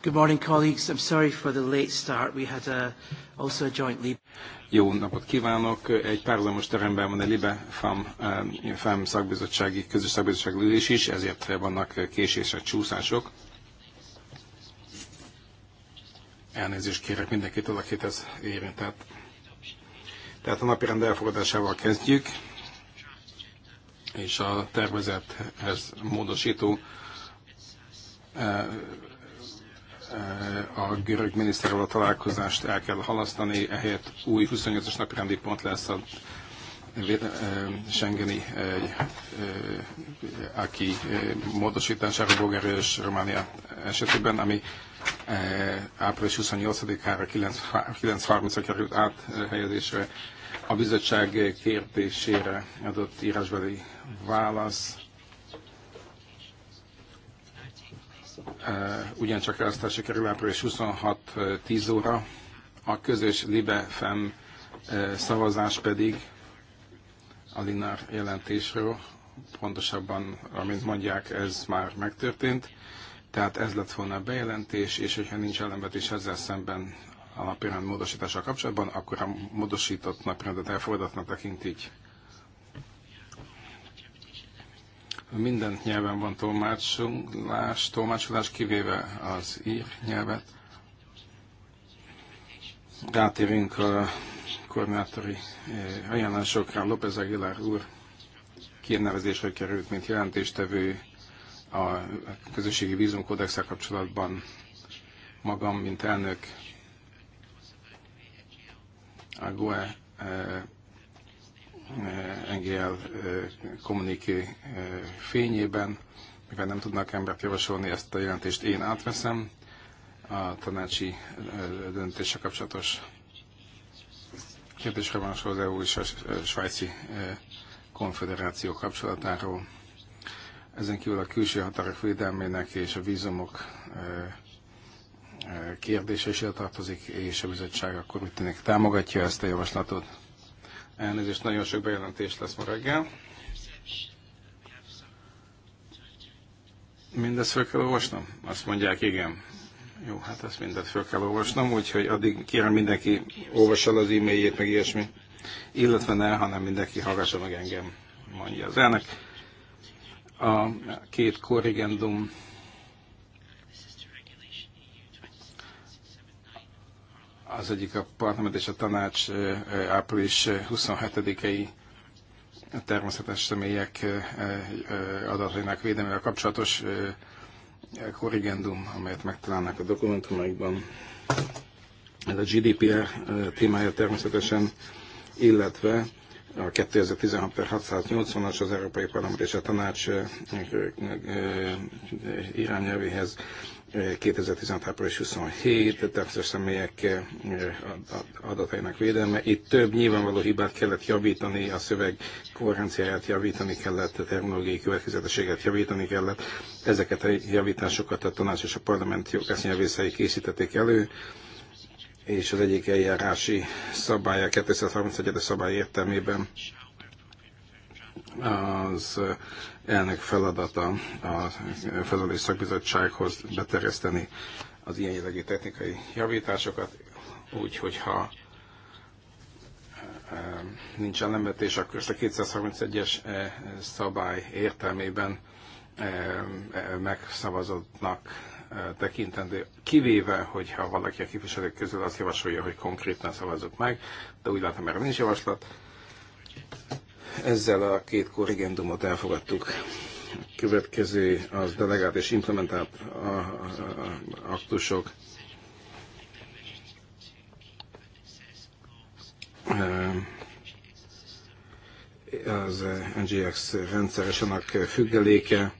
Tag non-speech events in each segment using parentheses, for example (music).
Good morning, colleagues. I'm sorry for the late start. We had a, uh, also a joint lead. Jó napot kívánok! Egy párhuzamos teremben van a Libe FAM, um, FAM szakbizottsági, közös szakbizottsági ülés is, ezért vannak késések, csúszások. Elnézést kérek mindenkitől, akit ez érintett. Tehát a napi rend elfogadásával kezdjük, és a tervezethez módosító uh, Eh, a görög miniszterrel a találkozást el kell halasztani, ehelyett új 28-as napirendi pont lesz a eh, Schengeni eh, aki módosítására Bulgária és Románia esetében, ami április 28-ára 9.30-ra került áthelyezésre. A bizottság kérdésére adott írásbeli válasz ugyancsak elosztásra kerül április 26 10 óra, a közös LibeFem szavazás pedig a Linár jelentésről, pontosabban, amint mondják, ez már megtörtént, tehát ez lett volna a bejelentés, és hogyha nincs ellenvetés ezzel szemben a napirend módosítással kapcsolatban, akkor a módosított napirendet elfogadatnak tekintik. Minden nyelven van tolmácsolás, tolmácsolás kivéve az ír nyelvet. Rátérünk a koordinátori eh, ajánlásokra. López Aguilar úr kinevezésre került, mint jelentéstevő a közösségi vízumkódexel kapcsolatban. Magam, mint elnök, a GOE eh, Eh, NGL eh, kommuniké eh, fényében, mivel nem tudnak embert javasolni, ezt a jelentést én átveszem a tanácsi döntése kapcsolatos kérdésre van az EU és a svájci konfederáció kapcsolatáról. Ezen kívül a külső határok védelmének és a vízumok kérdése is tartozik, és a bizottság akkor úgy tűnik támogatja ezt a javaslatot. Elnézést, nagyon sok bejelentés lesz ma reggel. Mindezt fel kell olvasnom? Azt mondják, igen. Jó, hát ezt mindent fel kell olvasnom, úgyhogy addig kérem mindenki olvassa az e-mailjét, meg ilyesmi. Illetve ne, hanem mindenki hallgassa meg engem, mondja az elnök. A két korrigendum Az egyik a parlament és a tanács április 27-i természetes személyek adatainak védelmével kapcsolatos korrigendum, amelyet megtalálnak a dokumentumaikban. Ez a GDPR témája természetesen, illetve a 2016 680-as az Európai Parlament és a Tanács irányelvéhez 2016. április 27, természetes személyek eh, adatainak védelme. Itt több nyilvánvaló hibát kellett javítani, a szöveg koherenciáját javítani kellett, a terminológiai következetességet javítani kellett. Ezeket a javításokat a tanács és a parlament jogásznyelvészei készítették elő és az egyik eljárási szabálya, 231. szabály értelmében az eh, elnök feladata a eh, Felelős Szakbizottsághoz beterjeszteni az ilyen jellegű technikai javításokat, úgy, hogyha eh, nincs ellenvetés, akkor ezt a 231-es szabály értelmében megszavazottnak tekintendő, kivéve, hogyha valaki a képviselők közül azt javasolja, hogy konkrétan szavazzuk meg, de úgy látom, erre nincs javaslat. Ezzel a két korrigendumot elfogadtuk. A következő az delegált és implementált a, a, a, a aktusok. Az NGX rendszeres annak függeléke.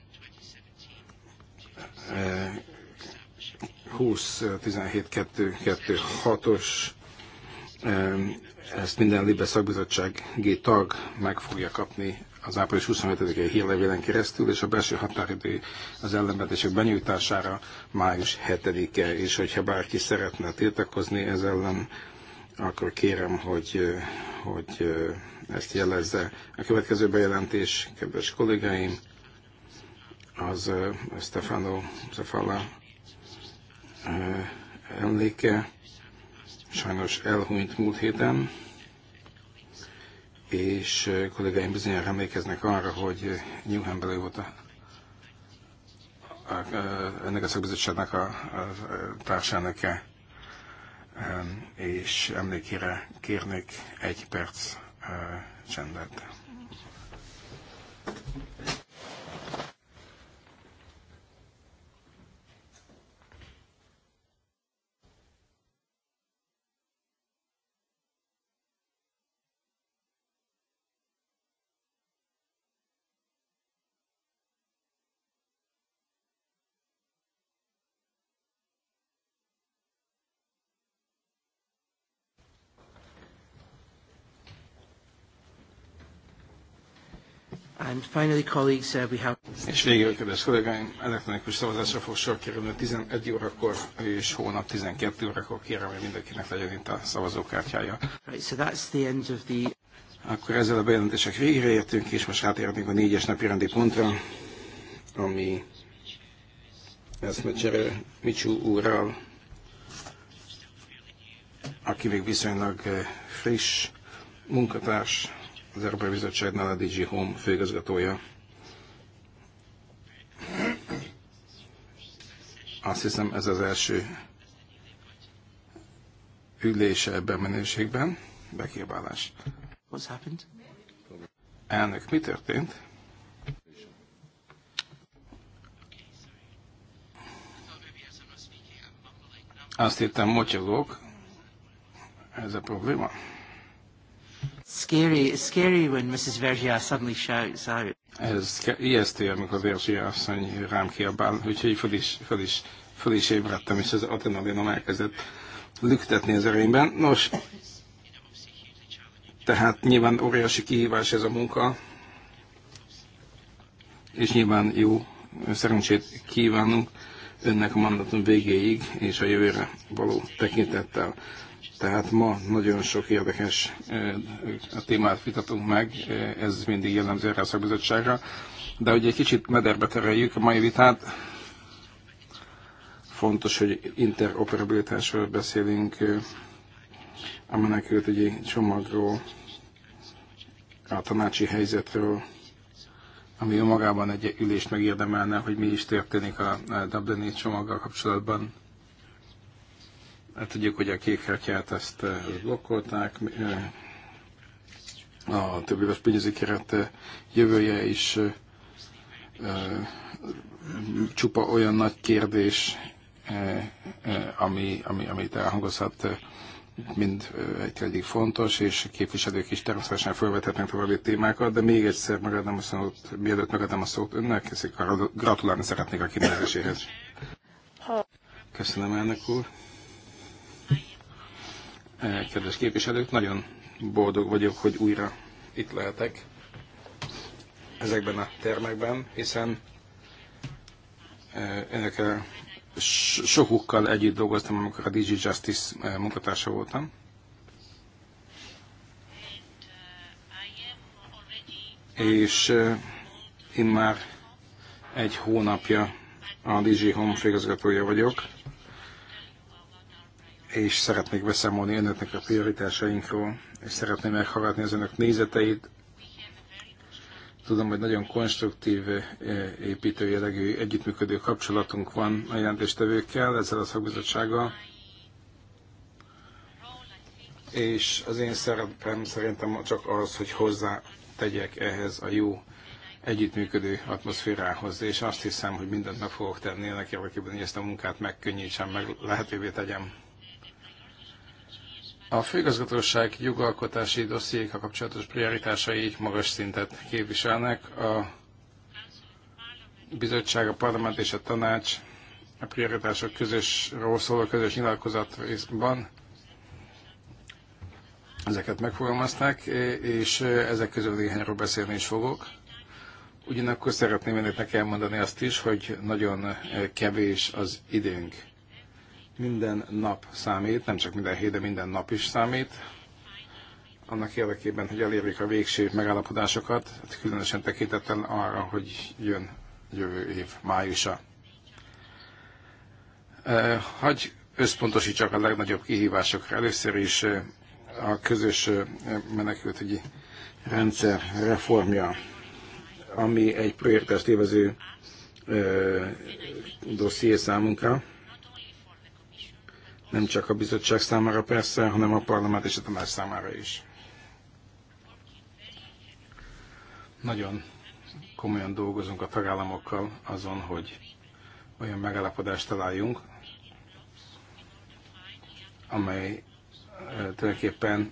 20 17 2 2 6-os Ehm, ezt minden Libe szakbizottsági tag meg fogja kapni az április 25-i hírlevélen keresztül, és a belső határidő az ellenvetések benyújtására május 7-e, és hogyha bárki szeretne tiltakozni ez ellen, akkor kérem, hogy, hogy eh, ezt jelezze. A következő bejelentés, kedves kollégáim, az eh, Stefano Zafala eh, emléke sajnos elhunyt múlt héten, és kollégáim bizonyára emlékeznek arra, hogy New Hampshire volt a, a, a, ennek a szakbizottságnak a, a, a társelnöke, és emlékére kérnék egy perc csendet. And finally, colleagues, uh, we have... És végül, kedves kollégáim, elektronikus szavazásra fog sor kerülni 11 órakor és hónap 12 órakor. Kérem, hogy mindenkinek legyen itt a szavazókártyája. Right, so that's the end of the... Akkor ezzel a bejelentések végére értünk, és most átérnénk a négyes napi rendi pontra, ami eszmecsere Micsú úrral, aki még viszonylag eh, friss munkatárs, az Európai Bizottságnál a DG Home főigazgatója. Azt hiszem ez az első ülése ebben minőségben. Bekébálás. What's happened? Elnök, mi történt? Azt hittem, motyogok. Ez a probléma? Scary, scary when Mrs. Vergia suddenly shouts out. Ez ijesztő, amikor Vergia asszony rám kiabál, úgyhogy föl is, föl is, föl is ébredtem, és az adrenalinom elkezdett lüktetni az erőmben. Nos, tehát nyilván óriási kihívás ez a munka, és nyilván jó szerencsét kívánunk önnek a mandatum végéig és a jövőre való tekintettel. Tehát ma nagyon sok érdekes a témát vitatunk meg, ez mindig jellemző erre a szakbizottságra, de hogy egy kicsit mederbe tereljük a mai vitát, fontos, hogy interoperabilitásról beszélünk, a menekültügyi csomagról, a tanácsi helyzetről, ami magában egy ülést megérdemelne, hogy mi is történik a Dublini csomaggal kapcsolatban Hát tudjuk, hogy a kék kártyát ezt eh, blokkolták, eh, a többi éves pénzügyi keret eh, jövője is csupa olyan nagy kérdés, ami, ami, amit elhangozhat, mind egy eddig fontos, és képviselők is természetesen felvethetnek további témákat, de még egyszer megadom a szót, mielőtt megadom a szót önnek, ezért gratulálni szeretnék a kinevezéséhez. Köszönöm, elnök úr. Eh, kedves képviselők, nagyon boldog vagyok, hogy újra itt lehetek ezekben a termekben, hiszen eh, önökkel sokukkal együtt dolgoztam, amikor a Digi Justice eh, munkatársa voltam. És én már egy hónapja a Digi Home főigazgatója vagyok és szeretnék beszámolni önöknek a prioritásainkról, és szeretném meghallgatni az önök nézeteit. Tudom, hogy nagyon konstruktív eh, építőjelegű együttműködő kapcsolatunk van a jelentéstevőkkel, ezzel a szakbizottsággal. És az én szerepem szerintem csak az, hogy hozzá tegyek ehhez a jó együttműködő atmoszférához, és azt hiszem, hogy mindent meg fogok tenni ennek érdekében, hogy ezt a munkát megkönnyítsem, meg lehetővé tegyem. A főigazgatóság jogalkotási dossziéka kapcsolatos prioritásai magas szintet képviselnek. A bizottság, a parlament és a tanács a prioritások közösről szóló közös nyilatkozat részben ezeket megfogalmazták, és ezek közül néhányról beszélni is fogok. Ugyanakkor szeretném önöknek elmondani azt is, hogy nagyon kevés az időnk. Minden nap számít, nem csak minden hét, de minden nap is számít. Annak érdekében, hogy elérjük a végső megállapodásokat, hát különösen tekintettel arra, hogy jön jövő év májusa. Hagy összpontosítsak a legnagyobb kihívásokra. Először is a közös menekültügyi rendszer reformja, ami egy projektest évező dosszié számunkra nem csak a bizottság számára persze, hanem a parlament és a tanács számára is. Nagyon komolyan dolgozunk a tagállamokkal azon, hogy olyan megállapodást találjunk, amely eh, tulajdonképpen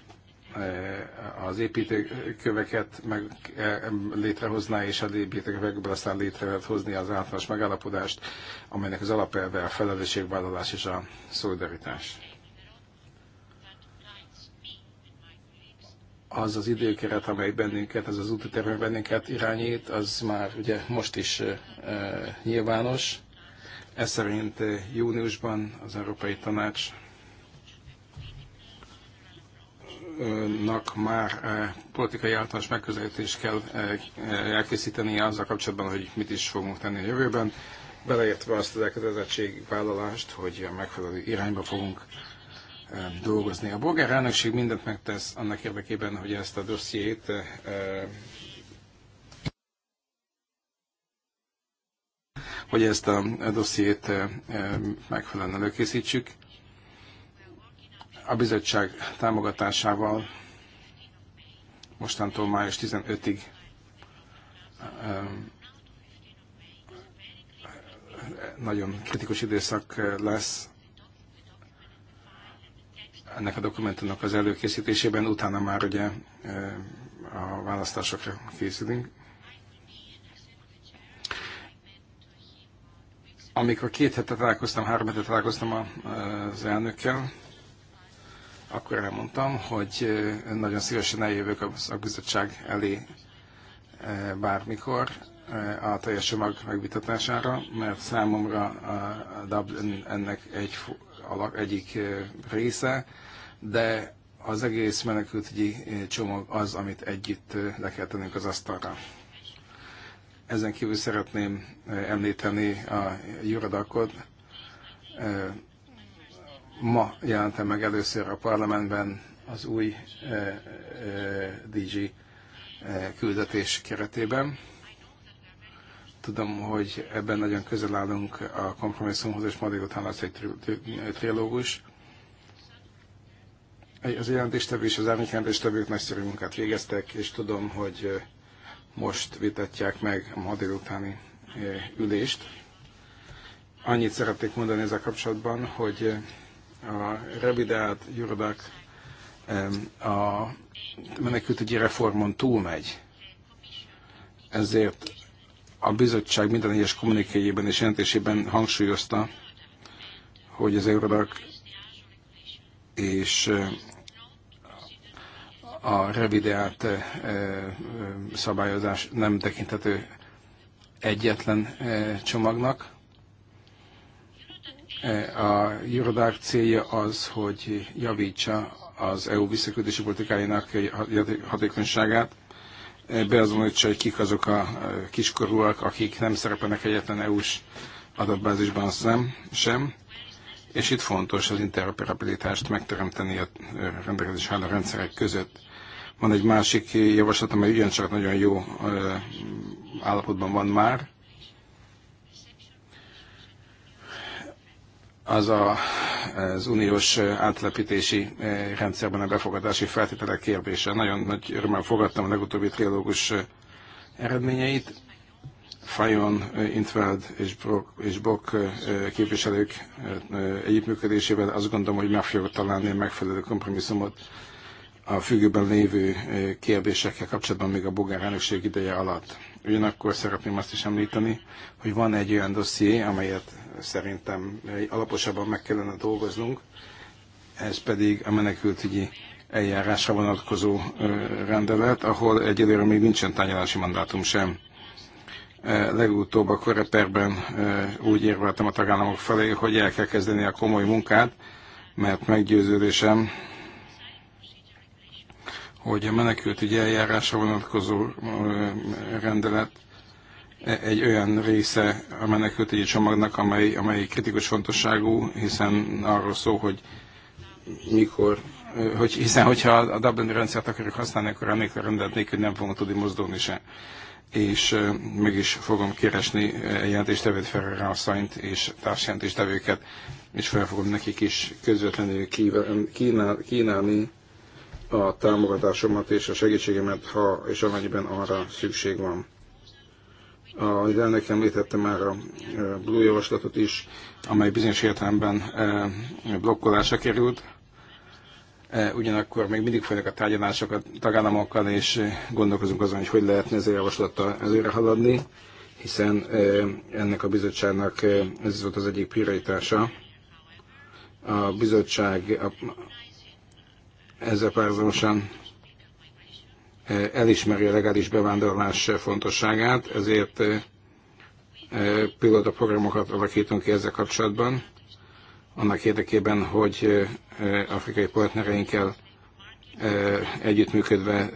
Eh, az építőköveket meg eh, létrehozná, és az építőkövekből aztán létre lehet hozni az általános megállapodást, amelynek az alapelve a felelősségvállalás és a szolidaritás. Az az időkeret, amely bennünket, az az úti bennünket irányít, az már ugye most is eh, nyilvános. Ez szerint júniusban az Európai Tanács nak már eh, politikai általános megközelítést kell eh, elkészítenie azzal kapcsolatban, hogy mit is fogunk tenni a jövőben, beleértve azt az vállalást, hogy a megfelelő irányba fogunk eh, dolgozni. A bolgár elnökség mindent megtesz annak érdekében, hogy ezt a dossziét hogy ezt a dossziét megfelelően előkészítsük a bizottság támogatásával mostantól május 15-ig nagyon kritikus időszak lesz ennek a dokumentumnak az előkészítésében, utána már ugye a választásokra készülünk. Amikor két hete találkoztam, három hete találkoztam az elnökkel, akkor elmondtam, hogy nagyon szívesen eljövök a bizottság elé bármikor a teljes csomag megvitatására, mert számomra a Dublin ennek egy, alak egyik része, de az egész menekültügyi csomag az, amit együtt le kell tennünk az asztalra. Ezen kívül szeretném említeni a Eurodacot, ma jelentem meg először a parlamentben az új eh, eh, DG eh, küldetés keretében. Tudom, hogy ebben nagyon közel állunk a kompromisszumhoz, és ma délután lesz egy trilógus. Az jelentéstevő és az árnyékjelentéstevők nagyszerű munkát végeztek, és tudom, hogy eh, most vitatják meg a ma délutáni eh, ülést. Annyit szeretnék mondani ezzel kapcsolatban, hogy eh, a Rebidát, Eurodac a menekültügyi reformon túlmegy. Ezért a bizottság minden egyes kommunikéjében és jelentésében hangsúlyozta, hogy az Eurodac és eh, a revideált eh, eh, szabályozás nem tekinthető egyetlen csomagnak. Eh, a Eurodac célja az, hogy javítsa az EU visszaküldési politikájának hatékonyságát, eh, beazonítsa, hogy kik azok a eh, kiskorúak, akik nem szerepelnek egyetlen EU-s adatbázisban sem, sem, és itt fontos az interoperabilitást megteremteni a rendelkezés álló rendszerek között. Van egy másik javaslat, amely ugyancsak nagyon jó állapotban van már, az a, az uniós átlepítési rendszerben a befogadási feltételek kérdése. Nagyon nagy örömmel fogadtam a legutóbbi trilógus eredményeit. Fajon, Intveld és, Brok és Bok képviselők együttműködésével azt gondolom, hogy meg fogjuk találni a megfelelő kompromisszumot a függőben lévő kérdésekkel kapcsolatban még a bulgár elnökség ideje alatt. Ugyanakkor szeretném azt is említeni, hogy van egy olyan dosszié, amelyet szerintem alaposabban meg kellene dolgoznunk, ez pedig a menekültügyi eljárásra vonatkozó rendelet, ahol egyelőre még nincsen tárgyalási mandátum sem. Legutóbb a koreperben úgy érveltem a tagállamok felé, hogy el kell kezdeni a komoly munkát, mert meggyőződésem, hogy a menekültügyi eljárásra vonatkozó rendelet E, egy olyan része a menekültügyi csomagnak, amely, amely kritikus fontosságú, hiszen arról szó, hogy mikor, e, hogy, hiszen hogyha a Dublin rendszert akarjuk használni, akkor a rendelet nélkül nem fogunk tudni mozdulni se. És e, meg is fogom keresni jelentéstevőt Ferrer asszonyt és társjelentéstevőket, és fel fogom nekik is közvetlenül kínál, kínálni a támogatásomat és a segítségemet, ha és amennyiben arra szükség van. Az elnök említette már a Blue javaslatot is, amely bizonyos értelemben blokkolásra került. Ugyanakkor még mindig folynak a tárgyalások a tagállamokkal, és gondolkozunk azon, hogy hogy lehetne ezzel a javaslattal előre haladni, hiszen ennek a bizottságnak ez volt az egyik prioritása. A bizottság ezzel párhuzamosan Eh, elismeri a legális bevándorlás fontosságát, ezért eh, eh, programokat alakítunk ki ezzel kapcsolatban, annak érdekében, hogy afrikai partnereinkkel együttműködve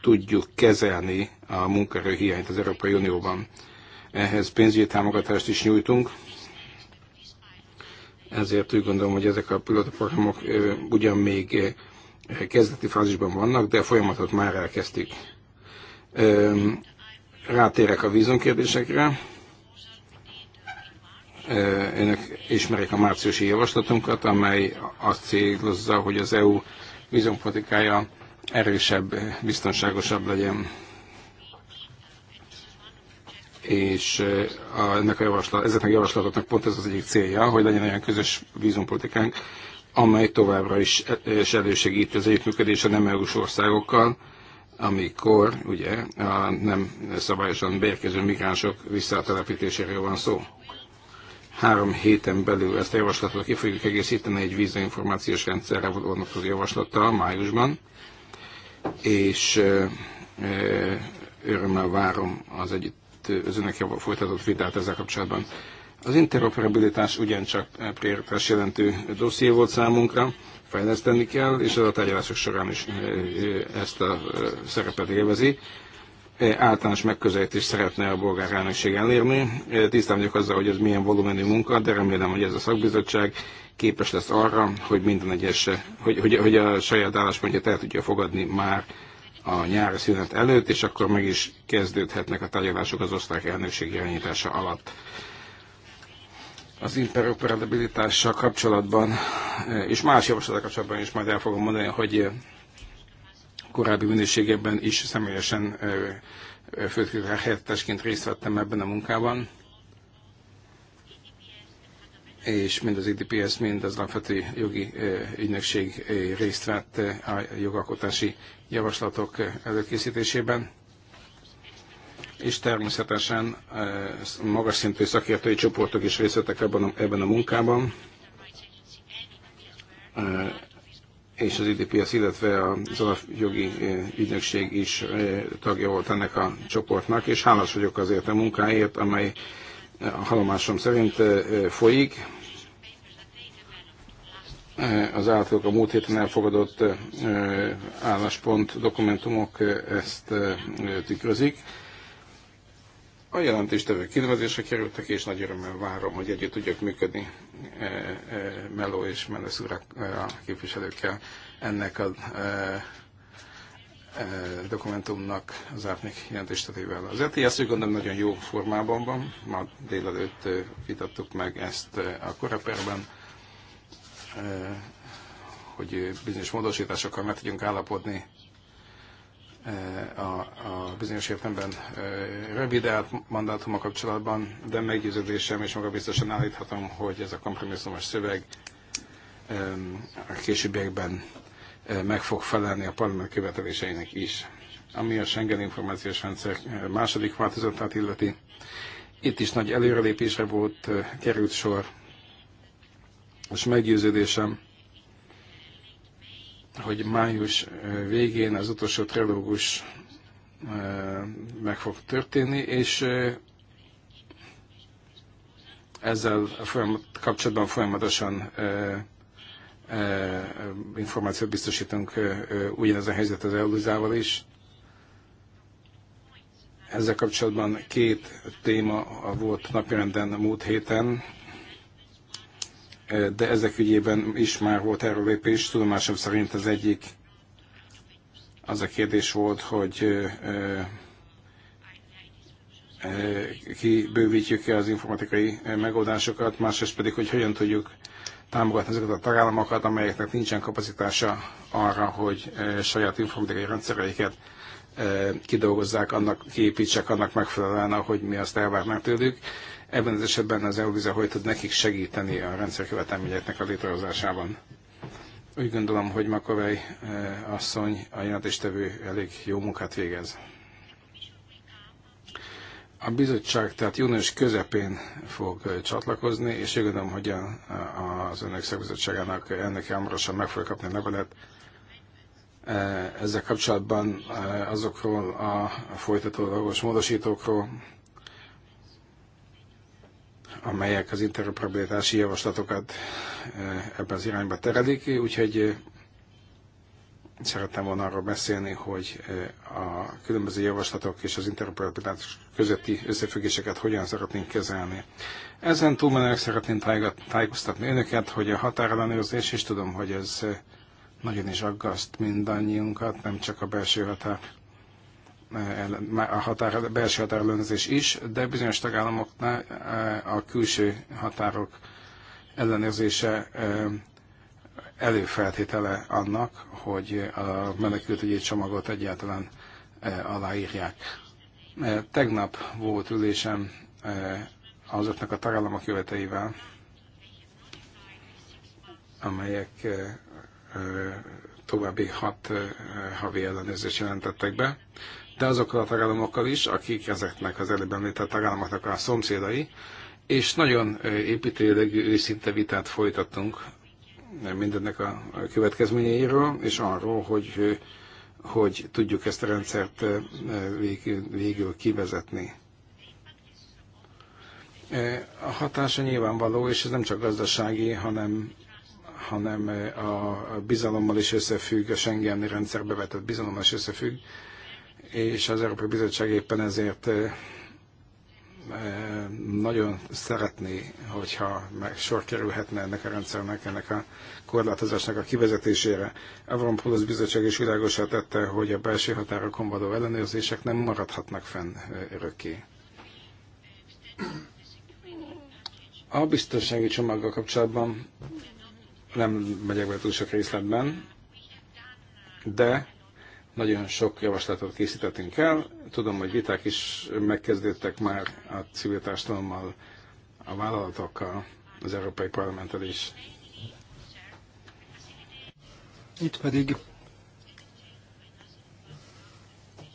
tudjuk kezelni a munkaerőhiányt az Európai Unióban. Ehhez pénzügyi támogatást is nyújtunk, ezért úgy gondolom, hogy ezek a pilotaprogramok ugyan még kezdeti fázisban vannak, de a folyamatot már elkezdték. Rátérek a vízumkérdésekre. Önök ismerik a márciusi javaslatunkat, amely azt célozza, hogy az EU vízumpolitikája erősebb, biztonságosabb legyen. És ennek a javaslat, ezeknek a javaslatoknak pont ez az egyik célja, hogy legyen olyan közös vízumpolitikánk, amely továbbra is, is elősegíti az együttműködés a nem eu országokkal, amikor ugye a nem szabályosan beérkező migránsok visszatelepítéséről van szó. Három héten belül ezt a javaslatot ki fogjuk egészíteni egy vízainformációs rendszerre vonatkozó javaslattal májusban, és e, e, örömmel várom az együtt az önök folytatott vitát ezzel kapcsolatban. Az interoperabilitás ugyancsak prioritás jelentő dosszié volt számunkra, fejleszteni kell, és az a tárgyalások során is ezt a szerepet élvezi. Általános megközelítést szeretne a bolgár elnökség elérni. Tisztán vagyok azzal, hogy ez milyen volumenű munka, de remélem, hogy ez a szakbizottság képes lesz arra, hogy minden egyes, hogy, hogy, hogy a saját álláspontját el tudja fogadni már a nyári szünet előtt, és akkor meg is kezdődhetnek a tárgyalások az osztrák elnökség irányítása alatt az interoperabilitással kapcsolatban, e, és más javaslatok kapcsolatban is majd el fogom mondani, hogy e, korábbi minőségében is személyesen e, főtitkár helyettesként részt vettem ebben a munkában és mind az IDPS, mind az alapvető jogi ügynökség részt vett a jogalkotási javaslatok előkészítésében és természetesen e, magas szintű szakértői csoportok is részt vettek ebben a, ebben a munkában, e, és az IDPS, illetve az alapjogi e, ügynökség is tagja volt ennek a csoportnak, és hálás vagyok azért a munkáért, amely a halomásom szerint folyik. Az általuk a múlt héten elfogadott álláspont dokumentumok ezt tükrözik a jelentéstevő kinevezésre kerültek, és nagy örömmel várom, hogy együtt tudjak működni e, e, Meló és Menesz a képviselőkkel ennek a e, dokumentumnak az árnyék jelentéstetével. Az ETS úgy gondolom nagyon jó formában van, ma délelőtt vitattuk meg ezt a e, hogy bizonyos módosításokkal meg tudjunk állapodni a, a bizonyos értelemben rövid mandátuma kapcsolatban, de meggyőződésem és maga biztosan állíthatom, hogy ez a kompromisszumos szöveg a későbbiekben meg fog felelni a parlament követeléseinek is. Ami a Schengen információs rendszer második változatát illeti, itt is nagy előrelépésre volt, került sor, és meggyőződésem, hogy május végén az utolsó trilógus meg fog történni, és ezzel a folyamat, kapcsolatban folyamatosan információt biztosítunk ugyanez a helyzet az Eulizával is. Ezzel kapcsolatban két téma volt napirenden múlt héten de ezek ügyében is már volt lépés. Tudomásom szerint az egyik az a kérdés volt, hogy kibővítjük-e az informatikai megoldásokat, másrészt pedig, hogy hogyan tudjuk támogatni azokat a tagállamokat, amelyeknek nincsen kapacitása arra, hogy saját informatikai rendszereiket kidolgozzák, annak, kiépítsek annak megfelelően, ahogy mi azt elvárnánk tőlük. Ebben az esetben az EU-vize hogy tud nekik segíteni a rendszerkövetelményeknek a létrehozásában? Úgy gondolom, hogy Makovej eh, asszony, a jelentéstevő elég jó munkát végez. A bizottság tehát június közepén fog eh, csatlakozni, és úgy gondolom, hogy a, az önök szakbizottságának ennek hamarosan meg fogja kapni a levelet. Eh, ezzel kapcsolatban azokról a folytató módosítókról, amelyek az interoperabilitási javaslatokat e, ebben az irányba terelik, úgyhogy e, szerettem volna arról beszélni, hogy e, a különböző javaslatok és az interoperabilitás közötti összefüggéseket hogyan szeretnénk kezelni. Ezen túlmenőleg szeretném tájékoztatni önöket, hogy a határellenőrzés, és tudom, hogy ez nagyon is aggaszt mindannyiunkat, nem csak a belső határ a határ, belső határellenőrzés is, de bizonyos tagállamoknál eh, a külső határok ellenőrzése eh, előfeltétele annak, hogy a menekültügyi csomagot egyáltalán eh, aláírják. Tegnap volt ülésem azoknak a tagállamok követeivel, amelyek további hat havi ellenőrzést jelentettek be de azokkal a tagállamokkal is, akik ezeknek az előbb említett tagállamoknak a szomszédai, és nagyon építőleg őszinte vitát folytattunk mindennek a következményeiről, és arról, hogy, hogy tudjuk ezt a rendszert végül, végül kivezetni. A hatása nyilvánvaló, és ez nem csak gazdasági, hanem, hanem a bizalommal is összefügg, a Schengen rendszerbe vetett bizalommal is összefügg, és az Európai Bizottság éppen ezért nagyon szeretné, hogyha meg sor kerülhetne ennek a rendszernek, ennek a korlátozásnak a kivezetésére. Avramopoulos bizottság is világosá tette, hogy a belső határokon való ellenőrzések nem maradhatnak fenn örökké. A biztonsági csomaggal kapcsolatban nem megyek be túl sok részletben, de nagyon sok javaslatot készítettünk el. Tudom, hogy viták is megkezdődtek már a civil társadalommal, a vállalatokkal, az Európai Parlamenttel is. Itt pedig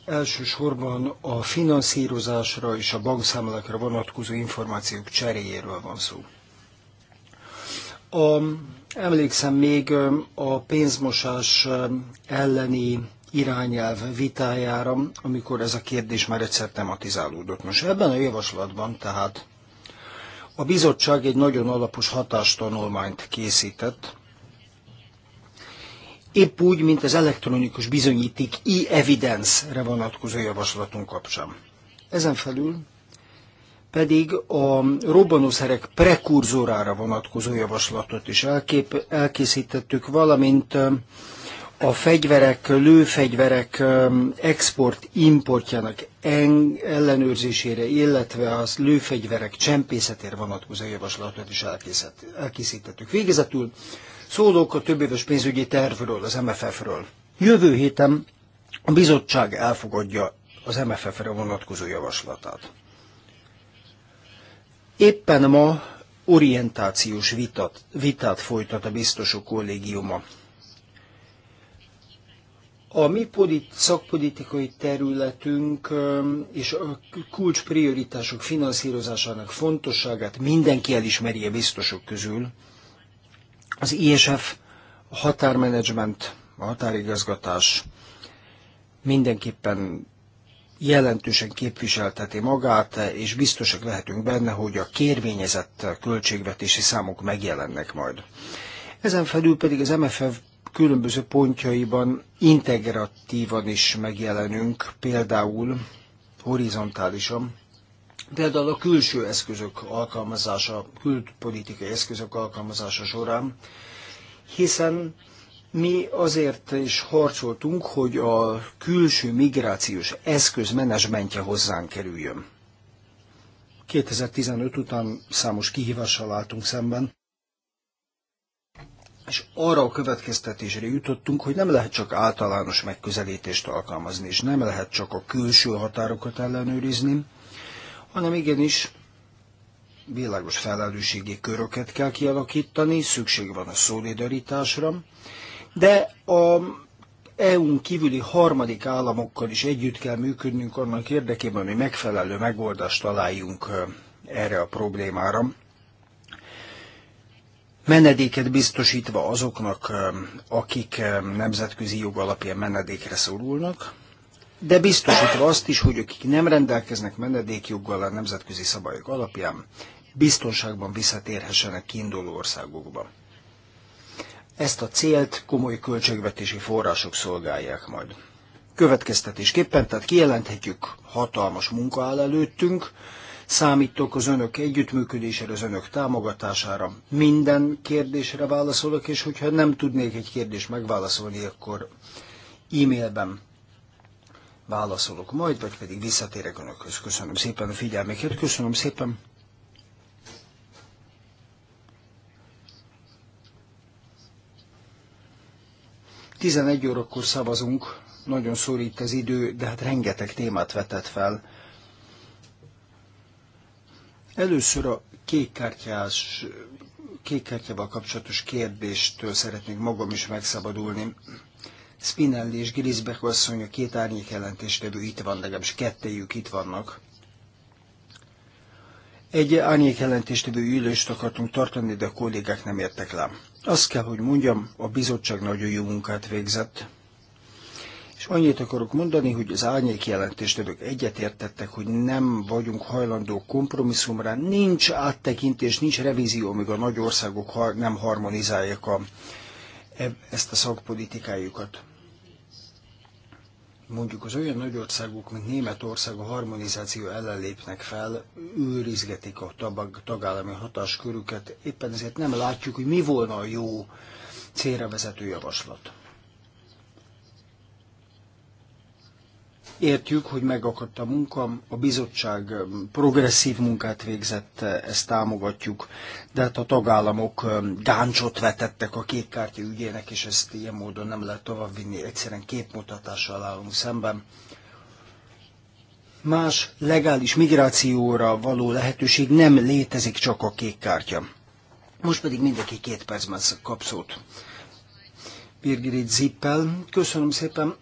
elsősorban a finanszírozásra és a bankszámlákra vonatkozó információk cseréjéről van szó. A, emlékszem még a pénzmosás elleni irányelv vitájára, amikor ez a kérdés már egyszer tematizálódott. Most ebben a javaslatban tehát a bizottság egy nagyon alapos hatástanulmányt készített, épp úgy, mint az elektronikus bizonyíték e-evidence-re vonatkozó javaslatunk kapcsán. Ezen felül pedig a robbanószerek prekurzorára vonatkozó javaslatot is elkép, elkészítettük, valamint a fegyverek, lőfegyverek um, export-importjának ellenőrzésére, illetve az lőfegyverek csempészetére vonatkozó javaslatot is elkészítettük. Végezetül szólok a éves pénzügyi tervről, az MFF-ről. Jövő héten a bizottság elfogadja az MFF-re vonatkozó javaslatát. Éppen ma orientációs vitat, vitát folytat a biztosok kollégiuma a mi politi- szakpolitikai területünk és a kulcsprioritások finanszírozásának fontosságát mindenki elismeri a biztosok közül. Az ISF a határmenedzsment, a határigazgatás mindenképpen jelentősen képviselteti magát, és biztosak lehetünk benne, hogy a kérvényezett költségvetési számok megjelennek majd. Ezen felül pedig az MFF különböző pontjaiban integratívan is megjelenünk, például horizontálisan. Például a külső eszközök alkalmazása, külpolitikai eszközök alkalmazása során, hiszen mi azért is harcoltunk, hogy a külső migrációs eszköz menedzsmentje hozzánk kerüljön. 2015 után számos kihívással álltunk szemben, és arra a következtetésre jutottunk, hogy nem lehet csak általános megközelítést alkalmazni, és nem lehet csak a külső határokat ellenőrizni, hanem igenis világos felelősségi köröket kell kialakítani, szükség van a szolidaritásra, de a EU-n kívüli harmadik államokkal is együtt kell működnünk annak érdekében, hogy megfelelő megoldást találjunk eh, erre a problémára menedéket biztosítva azoknak, akik nemzetközi jog alapján menedékre szorulnak, de biztosítva azt is, hogy akik nem rendelkeznek menedékjoggal a nemzetközi szabályok alapján, biztonságban visszatérhessenek kiinduló országokba. Ezt a célt komoly költségvetési források szolgálják majd. Következtetésképpen, tehát kijelenthetjük, hatalmas munka áll előttünk, Számítok az önök együttműködésére, az önök támogatására. Minden kérdésre válaszolok, és hogyha nem tudnék egy kérdést megválaszolni, akkor e-mailben válaszolok majd, vagy pedig visszatérek önökhöz. Köszönöm szépen a figyelmüket, köszönöm szépen. Tizenegy órakor szavazunk, nagyon szorít az idő, de hát rengeteg témát vetett fel Először a kékkártyás, kékkártyával kapcsolatos kérdéstől szeretnék magam is megszabadulni. Spinelli és Grisbeck asszony a két árnyék jelentéstevő itt van, legalábbis kettejük itt vannak. Egy árnyék jelentéstevő ülést akartunk tartani, de a kollégák nem értek le. Azt kell, hogy mondjam, a bizottság nagyon jó munkát végzett, és annyit akarok mondani, hogy az árnyék jelentéstevők egyetértettek, hogy nem vagyunk hajlandó kompromisszumra, nincs áttekintés, nincs revízió, amíg a nagy országok nem harmonizálják a, e, ezt a szakpolitikájukat. Mondjuk az olyan nagy országok, mint Németország a harmonizáció ellen lépnek fel, őrizgetik a tabag, tagállami hatáskörüket, éppen ezért nem látjuk, hogy mi volna a jó célra vezető javaslat. Értjük, hogy megakadt a munka, a bizottság progresszív munkát végzett, ezt támogatjuk, de hát a tagállamok um, gáncsot vetettek a kékkártya ügyének, és ezt ilyen módon nem lehet továbbvinni, egyszerűen képmutatással állunk szemben más legális migrációra való lehetőség nem létezik, csak a kékkártya. Most pedig mindenki két percben kap szót. Birgit Zippel, köszönöm szépen,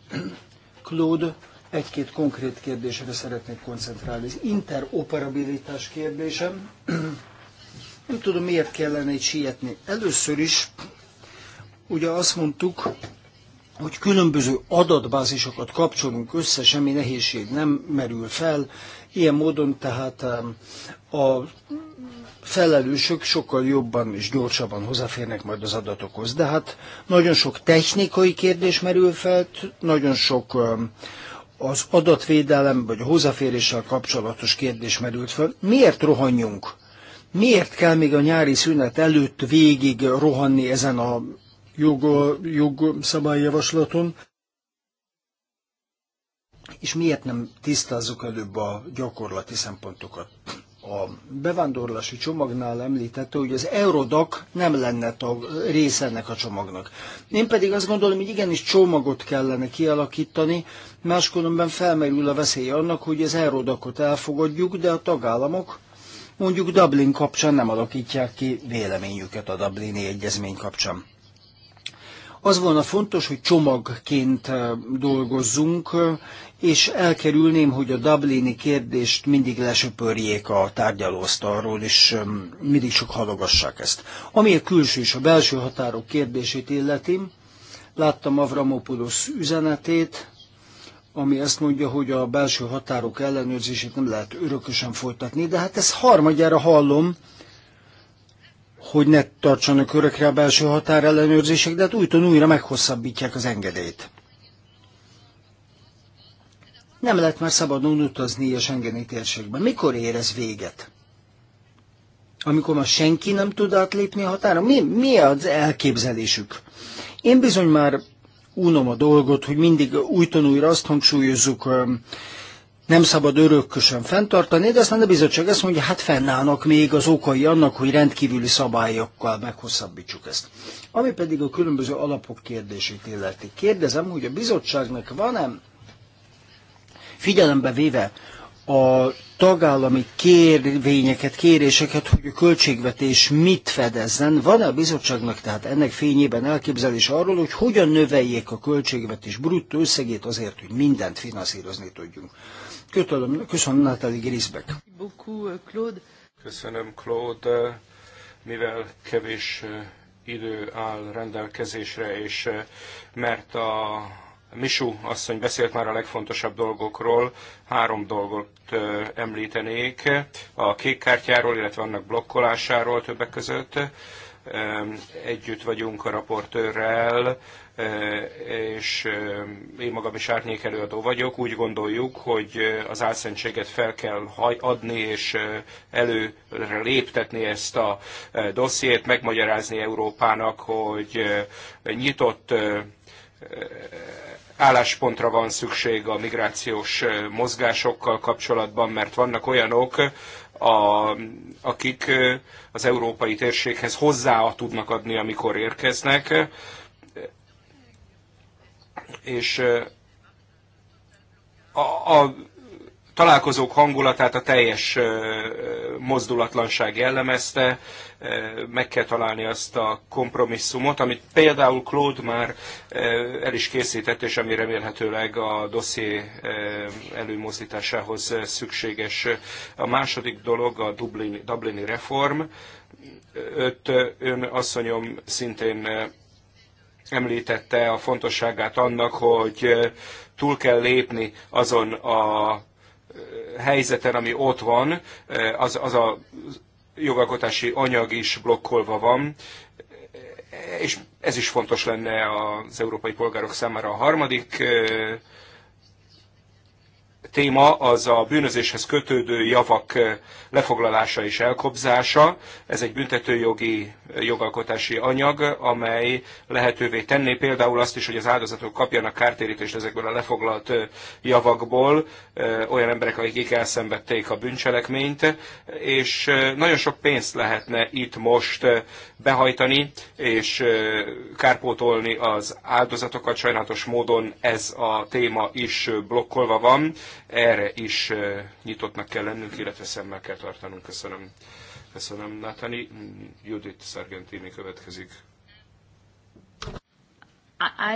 Claude, egy-két konkrét kérdésre szeretnék koncentrálni. Az interoperabilitás kérdésem, (clears throat) nem tudom miért kellene itt sietni. Először is, ugye azt mondtuk, hogy különböző adatbázisokat kapcsolunk össze, semmi nehézség nem merül fel. Ilyen módon tehát a felelősök sokkal jobban és gyorsabban hozzáférnek majd az adatokhoz. De hát nagyon sok technikai kérdés merül fel, nagyon sok az adatvédelem vagy a hozzáféréssel kapcsolatos kérdés merült fel. Miért rohanjunk? Miért kell még a nyári szünet előtt végig rohanni ezen a jogszabályjavaslaton? És miért nem tisztázzuk előbb a gyakorlati szempontokat? a bevándorlási csomagnál említette, hogy az Eurodac nem lenne tag, része ennek a csomagnak. Én pedig azt gondolom, hogy igenis csomagot kellene kialakítani, máskülönben felmerül a veszély annak, hogy az Eurodacot elfogadjuk, de a tagállamok mondjuk Dublin kapcsán nem alakítják ki véleményüket a Dublini egyezmény kapcsán. Az volna fontos, hogy csomagként eh, dolgozzunk, eh, és elkerülném, hogy a Dublini kérdést mindig lesöpörjék a tárgyalóasztalról, és eh, mindig sok halogassák ezt. Ami a külső és a belső határok kérdését illeti, láttam Avramopoulos üzenetét, ami azt mondja, hogy a belső határok ellenőrzését nem lehet örökösen folytatni, de hát ezt harmadjára hallom, hogy ne tartsanak örökre a belső határellenőrzések, de hát újton újra meghosszabbítják az engedélyt. Nem lehet már szabadon utazni a Schengeni térségben. Mikor érez véget? Amikor már senki nem tud átlépni a határon? Mi, mi az elképzelésük? Én bizony már unom a dolgot, hogy mindig újton újra azt hangsúlyozzuk, nem szabad örökkösen fenntartani, de aztán a bizottság azt mondja, hát fennállnak még az okai annak, hogy rendkívüli szabályokkal meghosszabbítsuk ezt. Ami pedig a különböző alapok kérdését illeti. Kérdezem, hogy a bizottságnak van-e figyelembe véve a tagállami kérvényeket, kéréseket, hogy a költségvetés mit fedezzen. Van-e a bizottságnak tehát ennek fényében elképzelés arról, hogy hogyan növeljék a költségvetés bruttó összegét azért, hogy mindent finanszírozni tudjunk? Köszönöm, köszönöm Grisbeck. Köszönöm, Claude. Mivel kevés idő áll rendelkezésre, és mert a Misú asszony beszélt már a legfontosabb dolgokról, három dolgot említenék, a kék kártyáról, illetve annak blokkolásáról többek között. Együtt vagyunk a raportőrrel és én magam is árnyékelőadó vagyok, úgy gondoljuk, hogy az álszentséget fel kell adni, és előre léptetni ezt a dossziét, megmagyarázni Európának, hogy nyitott álláspontra van szükség a migrációs mozgásokkal kapcsolatban, mert vannak olyanok, a, akik az európai térséghez hozzá tudnak adni, amikor érkeznek, és a, a találkozók hangulatát a teljes mozdulatlanság jellemezte, meg kell találni azt a kompromisszumot, amit például Claude már el is készített, és ami remélhetőleg a dosszié előmozdításához szükséges. A második dolog a Dublini, Dublini reform. Öt ön asszonyom szintén említette a fontosságát annak, hogy túl kell lépni azon a helyzeten, ami ott van, az, az a jogalkotási anyag is blokkolva van, és ez is fontos lenne az európai polgárok számára. A harmadik téma az a bűnözéshez kötődő javak lefoglalása és elkobzása. Ez egy büntetőjogi jogalkotási anyag, amely lehetővé tenné például azt is, hogy az áldozatok kapjanak kártérítést ezekből a lefoglalt javakból, olyan emberek, akik elszenvedték a bűncselekményt, és nagyon sok pénzt lehetne itt most behajtani, és kárpótolni az áldozatokat. Sajnálatos módon ez a téma is blokkolva van, erre is nyitottnak kell lennünk, illetve szemmel kell tartanunk. Köszönöm. Köszönöm, Natani. Judith Sargentini következik.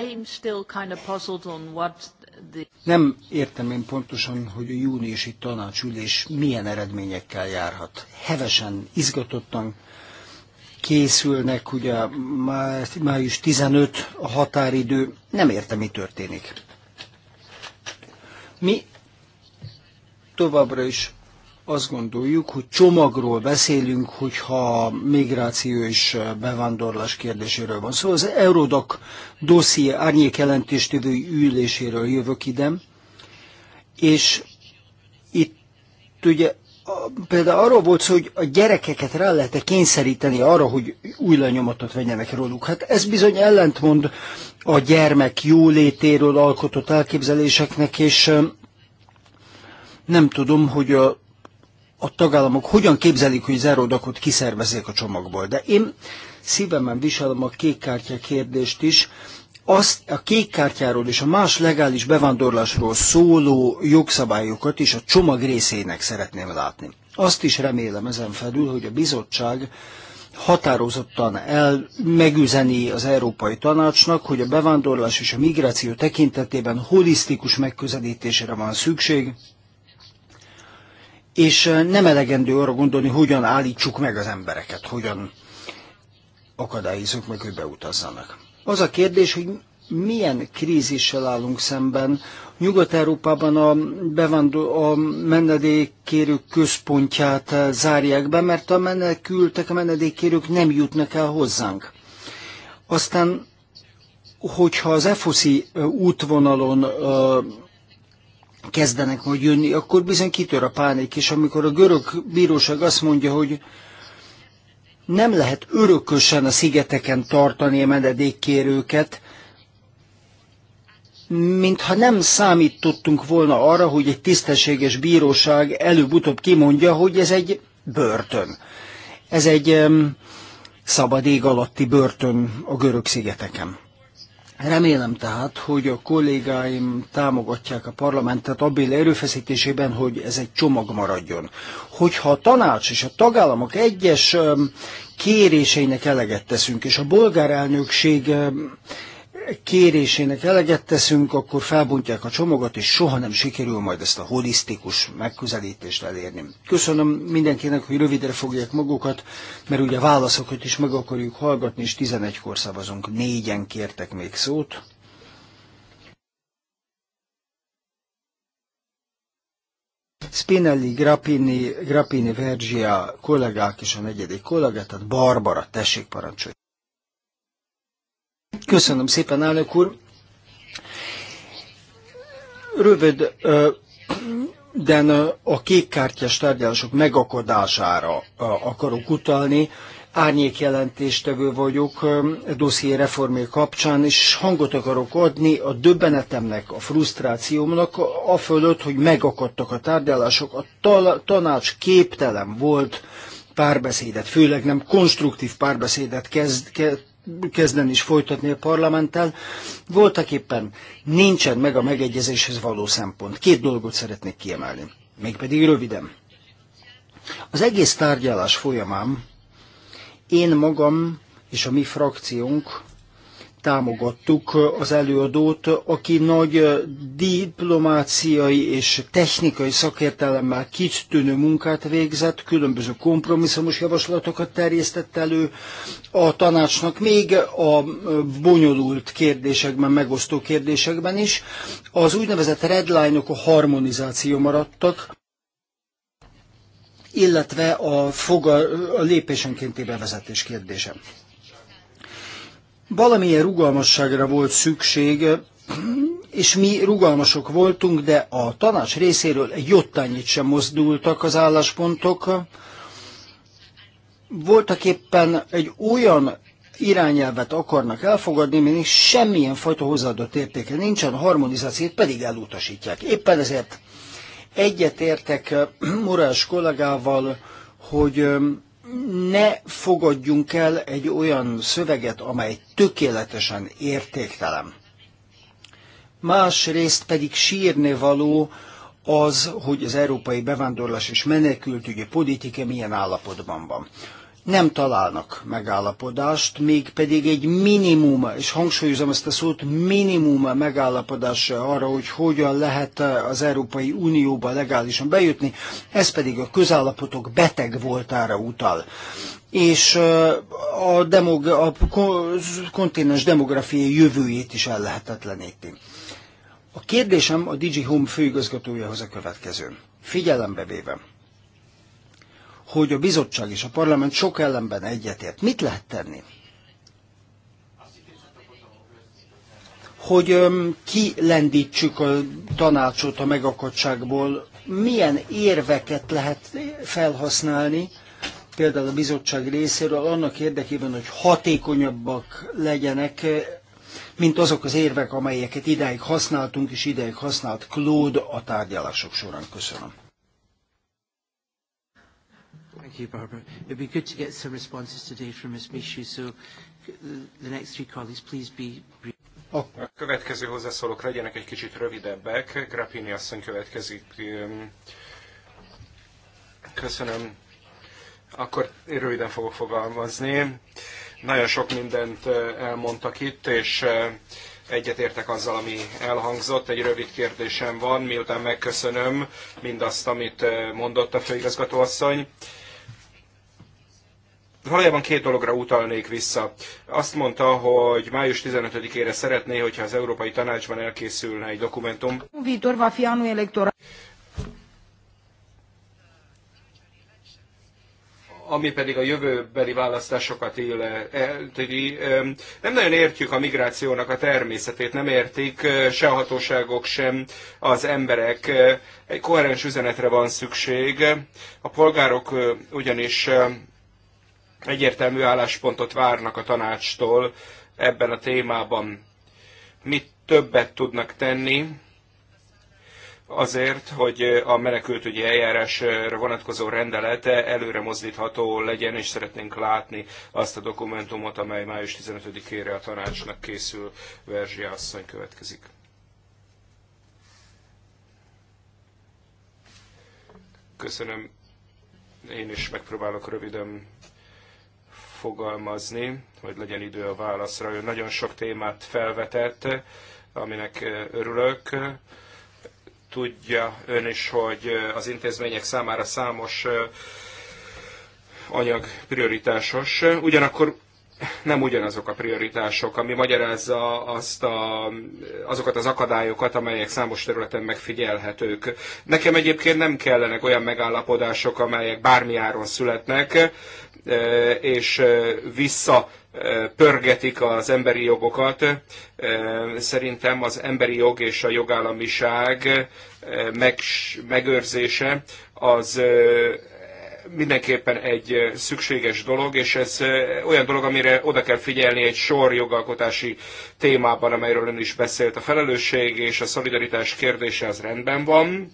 I'm still kind of puzzled on what the... Nem értem én pontosan, hogy a júniusi tanácsülés milyen eredményekkel járhat. Hevesen, izgatottan készülnek, ugye május 15 a határidő, nem értem, mi történik. Mi továbbra is azt gondoljuk, hogy csomagról beszélünk, hogyha migráció és bevándorlás kérdéséről van szó. Szóval az Eurodac dosszié árnyék jelentéstévő üléséről jövök ide, és itt ugye például arról volt szó, hogy a gyerekeket rá lehet -e kényszeríteni arra, hogy új lenyomatot vegyenek róluk. Hát ez bizony ellentmond a gyermek jólétéről alkotott elképzeléseknek, és nem tudom, hogy a a tagállamok hogyan képzelik, hogy zárodakot kiszervezzék a csomagból. De én szívemben viselem a kék kártya kérdést is, azt a kék kártyáról és a más legális bevándorlásról szóló jogszabályokat is a csomag részének szeretném látni. Azt is remélem ezen felül, hogy a bizottság határozottan el megüzeni az Európai Tanácsnak, hogy a bevándorlás és a migráció tekintetében holisztikus megközelítésre van szükség, és nem elegendő arra gondolni, hogyan állítsuk meg az embereket, hogyan akadályozunk meg, hogy beutazzanak. Az a kérdés, hogy milyen krízissel állunk szemben. Nyugat-Európában a, bevándor, a menedékkérők központját zárják be, mert a menekültek, a menedékkérők nem jutnak el hozzánk. Aztán, hogyha az EFOSZI útvonalon kezdenek majd jönni, akkor bizony kitör a pánik, és amikor a görög bíróság azt mondja, hogy nem lehet örökösen a szigeteken tartani a menedékkérőket, mintha nem számítottunk volna arra, hogy egy tisztességes bíróság előbb-utóbb kimondja, hogy ez egy börtön. Ez egy um, szabad ég alatti börtön a görög szigeteken. Remélem tehát, hogy a kollégáim támogatják a parlamentet abbél erőfeszítésében, hogy ez egy csomag maradjon. Hogyha a tanács és a tagállamok egyes kéréseinek eleget teszünk, és a bolgár elnökség kérésének eleget teszünk, akkor felbontják a csomagot, és soha nem sikerül majd ezt a holisztikus megközelítést elérni. Köszönöm mindenkinek, hogy rövidre fogják magukat, mert ugye válaszokat is meg akarjuk hallgatni, és 11-kor szavazunk. Négyen kértek még szót. Spinelli, Grappini, Grappini Vergia kollégák és a negyedik kollega, tehát Barbara, tessék parancsolj. Köszönöm szépen, elnök úr. Rövid, de a kékkártyás tárgyalások megakadására akarok utalni. Árnyékjelentéstevő jelentéstevő vagyok dosszié reformé kapcsán, és hangot akarok adni a döbbenetemnek, a frusztrációmnak, a fölött, hogy megakadtak a tárgyalások. A tanács képtelen volt párbeszédet, főleg nem konstruktív párbeszédet kezd, kezden is folytatni a parlamenttel. Voltak éppen nincsen meg a megegyezéshez való szempont. Két dolgot szeretnék kiemelni, mégpedig röviden. Az egész tárgyalás folyamán én magam és a mi frakciónk támogattuk az előadót, aki nagy diplomáciai és technikai szakértelemmel kitűnő munkát végzett, különböző kompromisszumos javaslatokat terjesztett elő a tanácsnak, még a bonyolult kérdésekben, megosztó kérdésekben is. Az úgynevezett redline-ok -ok a harmonizáció maradtak, illetve a, foga, a lépésenkénti bevezetés kérdése. Valamilyen rugalmasságra volt szükség, és mi rugalmasok voltunk, de a tanács részéről egy jottányit sem mozdultak az álláspontok. Voltak éppen egy olyan irányelvet akarnak elfogadni, még semmilyen fajta hozzáadott értéke nincsen, harmonizációt pedig elutasítják. Éppen ezért egyetértek Morás kollégával, hogy ne fogadjunk el egy olyan szöveget, amely tökéletesen értéktelen. Másrészt pedig sírni való az, hogy az európai bevándorlás és menekültügyi politika milyen állapotban van nem találnak megállapodást, mégpedig egy minimum, és hangsúlyozom ezt a szót, minimum megállapodás arra, hogy hogyan lehet az Európai Unióba legálisan bejutni, ez pedig a közállapotok beteg voltára utal. És a, demog- a kontinens demográfiai jövőjét is lehetetleníti. A kérdésem a Digi Home főigazgatójahoz a következő. Figyelembe véve, hogy a bizottság és a parlament sok ellenben egyetért. Mit lehet tenni? Hogy öm, kilendítsük a tanácsot a megakadságból, milyen érveket lehet felhasználni, például a bizottság részéről annak érdekében, hogy hatékonyabbak legyenek, mint azok az érvek, amelyeket ideig használtunk, és ideig használt Claude a tárgyalások során. Köszönöm you, Barbara. It would be good to get some responses today from Ms. Mishu, so uh, the next three colleagues, please be brief. Oh. A következő hozzászólók legyenek egy kicsit rövidebbek. Grappini asszony következik. Um, köszönöm. Akkor én röviden fogok fogalmazni. Nagyon sok mindent uh, elmondtak itt, és uh, egyetértek azzal, ami elhangzott. Egy rövid kérdésem van, miután megköszönöm mindazt, amit mondott a főigazgatóasszony. asszony valójában két dologra utalnék vissza. Azt mondta, hogy május 15-ére szeretné, hogyha az Európai Tanácsban elkészülne egy dokumentum. Vitor va elektora. ami pedig a jövőbeli választásokat illeti. E, nem nagyon értjük a migrációnak a természetét, nem értik se a hatóságok, sem az emberek. Egy koherens üzenetre van szükség. A polgárok ugyanis egyértelmű álláspontot várnak a tanácstól ebben a témában. Mit többet tudnak tenni azért, hogy a menekültügyi eljárásra vonatkozó rendelete előre mozdítható legyen, és szeretnénk látni azt a dokumentumot, amely május 15-ére a tanácsnak készül. Verzsia asszony következik. Köszönöm. Én is megpróbálok röviden fogalmazni, hogy legyen idő a válaszra. Ő nagyon sok témát felvetett, aminek eh, örülök. Tudja ön is, hogy eh, az intézmények számára számos eh, anyag prioritásos. Ugyanakkor nem ugyanazok a prioritások, ami magyarázza azt a, azokat az akadályokat, amelyek számos területen megfigyelhetők. Nekem egyébként nem kellenek olyan megállapodások, amelyek bármi áron születnek és vissza pörgetik az emberi jogokat. Szerintem az emberi jog és a jogállamiság megőrzése az mindenképpen egy szükséges dolog, és ez olyan dolog, amire oda kell figyelni egy sor jogalkotási témában, amelyről ön is beszélt. A felelősség és a szolidaritás kérdése az rendben van,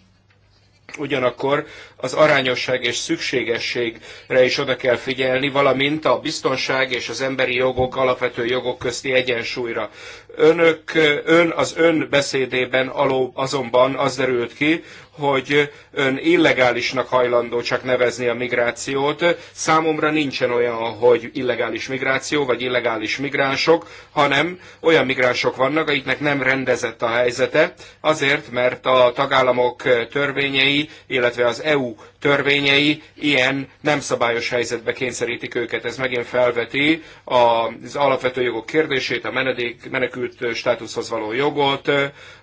ugyanakkor az arányosság és szükségességre is oda kell figyelni, valamint a biztonság és az emberi jogok, alapvető jogok közti egyensúlyra. Önök, ön az ön beszédében aló, azonban az derült ki, hogy ön illegálisnak hajlandó csak nevezni a migrációt. Számomra nincsen olyan, hogy illegális migráció, vagy illegális migránsok, hanem olyan migránsok vannak, akiknek nem rendezett a helyzete, azért, mert a tagállamok törvényei, illetve az EU törvényei ilyen nem szabályos helyzetbe kényszerítik őket. Ez megint felveti az alapvető jogok kérdését, a menedék, menekült státuszhoz való jogot,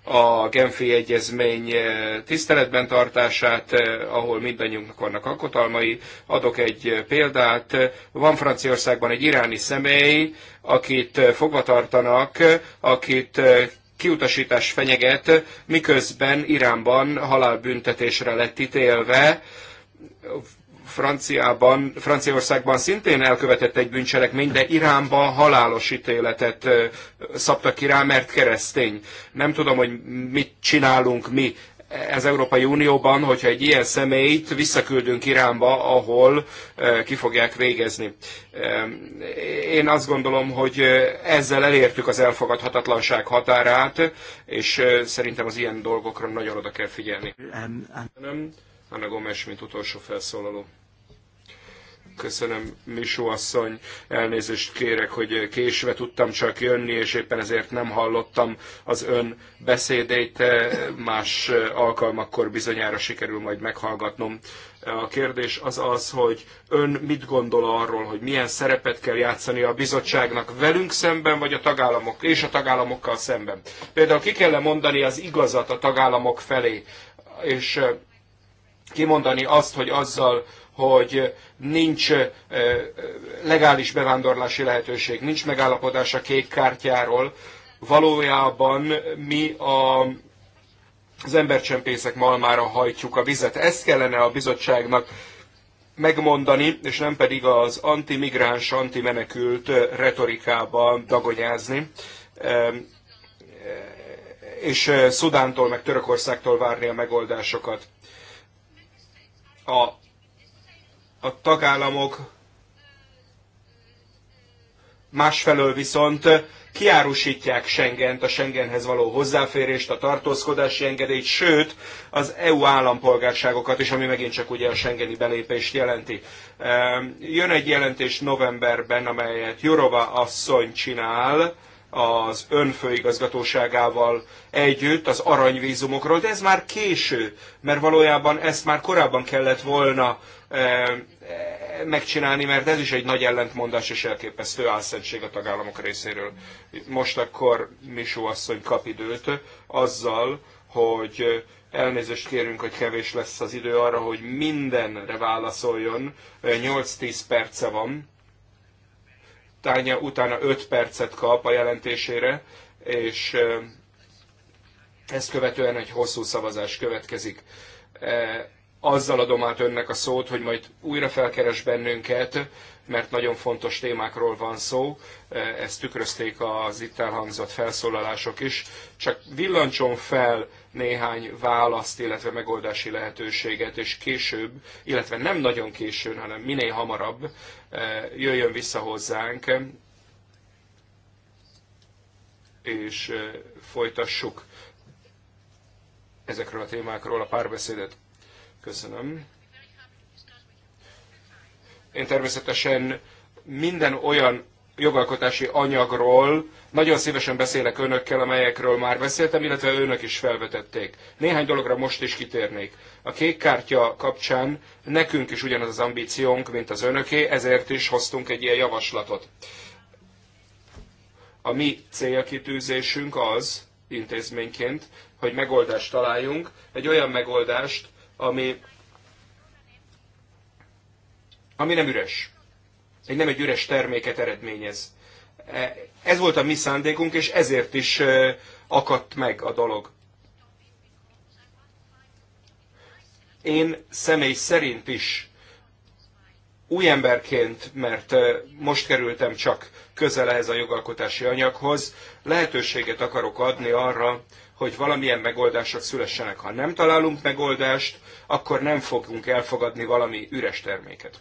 a Genfi Egyezmény eh, tiszteletben tartását, eh, ahol mindannyiunknak vannak alkotalmai. Adok egy eh, példát. Van Franciaországban egy iráni személy, akit fogvatartanak, akit kiutasítás fenyeget, miközben Iránban halálbüntetésre lett ítélve. Franciában, Franciaországban szintén elkövetett egy bűncselekményt, de Iránban halálos ítéletet szabtak ki rá, mert keresztény. Nem tudom, hogy mit csinálunk mi az Európai Unióban, hogyha egy ilyen személyt visszaküldünk Iránba, ahol eh, ki fogják végezni. Eh, én azt gondolom, hogy eh, ezzel elértük az elfogadhatatlanság határát, és szerintem az ilyen dolgokra nagyon oda kell figyelni. Um, Anna Gomes, mint utolsó felszólaló. Köszönöm, Misó asszony, elnézést kérek, hogy késve tudtam csak jönni, és éppen ezért nem hallottam az ön beszédét. Más alkalmakkor bizonyára sikerül majd meghallgatnom. A kérdés az az, hogy ön mit gondol arról, hogy milyen szerepet kell játszani a bizottságnak velünk szemben, vagy a tagállamok, és a tagállamokkal szemben. Például ki kell mondani az igazat a tagállamok felé, és kimondani azt, hogy azzal hogy nincs legális bevándorlási lehetőség, nincs megállapodás a kék kártyáról. Valójában mi a, az embercsempészek malmára hajtjuk a vizet. Ezt kellene a bizottságnak megmondani, és nem pedig az antimigráns, antimenekült retorikába dagonyázni és Szudántól, meg Törökországtól várni a megoldásokat. A a tagállamok másfelől viszont kiárusítják Schengent, a Schengenhez való hozzáférést, a tartózkodási engedélyt, sőt, az EU állampolgárságokat is, ami megint csak ugye a Schengeni belépést jelenti. Ehm, jön egy jelentés novemberben, amelyet Jurova asszony csinál, az önfőigazgatóságával együtt az aranyvízumokról, de ez már késő, mert valójában ezt már korábban kellett volna e, megcsinálni, mert ez is egy nagy ellentmondás és elképesztő álszentség a tagállamok részéről. Most akkor Misó asszony kap időt azzal, hogy elnézést kérünk, hogy kevés lesz az idő arra, hogy mindenre válaszoljon. 8-10 perce van Tánya utána 5 percet kap a jelentésére, és ezt követően egy hosszú szavazás következik. Azzal adom át önnek a szót, hogy majd újra felkeres bennünket, mert nagyon fontos témákról van szó, ezt tükrözték az itt elhangzott felszólalások is. Csak villancson fel néhány választ, illetve megoldási lehetőséget, és később, illetve nem nagyon későn, hanem minél hamarabb eh, jöjjön vissza hozzánk, és eh, folytassuk ezekről a témákról a párbeszédet. Köszönöm. Én természetesen minden olyan jogalkotási anyagról nagyon szívesen beszélek önökkel, amelyekről már beszéltem, illetve önök is felvetették. Néhány dologra most is kitérnék. A kék kártya kapcsán nekünk is ugyanaz az ambíciónk, mint az önöké, ezért is hoztunk egy ilyen javaslatot. A mi célkitűzésünk az, intézményként, hogy megoldást találjunk, egy olyan megoldást, ami, ami nem üres egy nem egy üres terméket eredményez. E, ez volt a mi szándékunk, és ezért is e, akadt meg a dolog. Én személy szerint is új emberként, mert e, most kerültem csak közel ehhez a jogalkotási anyaghoz, lehetőséget akarok adni arra, hogy valamilyen megoldások szülessenek. Ha nem találunk megoldást, akkor nem fogunk elfogadni valami üres terméket.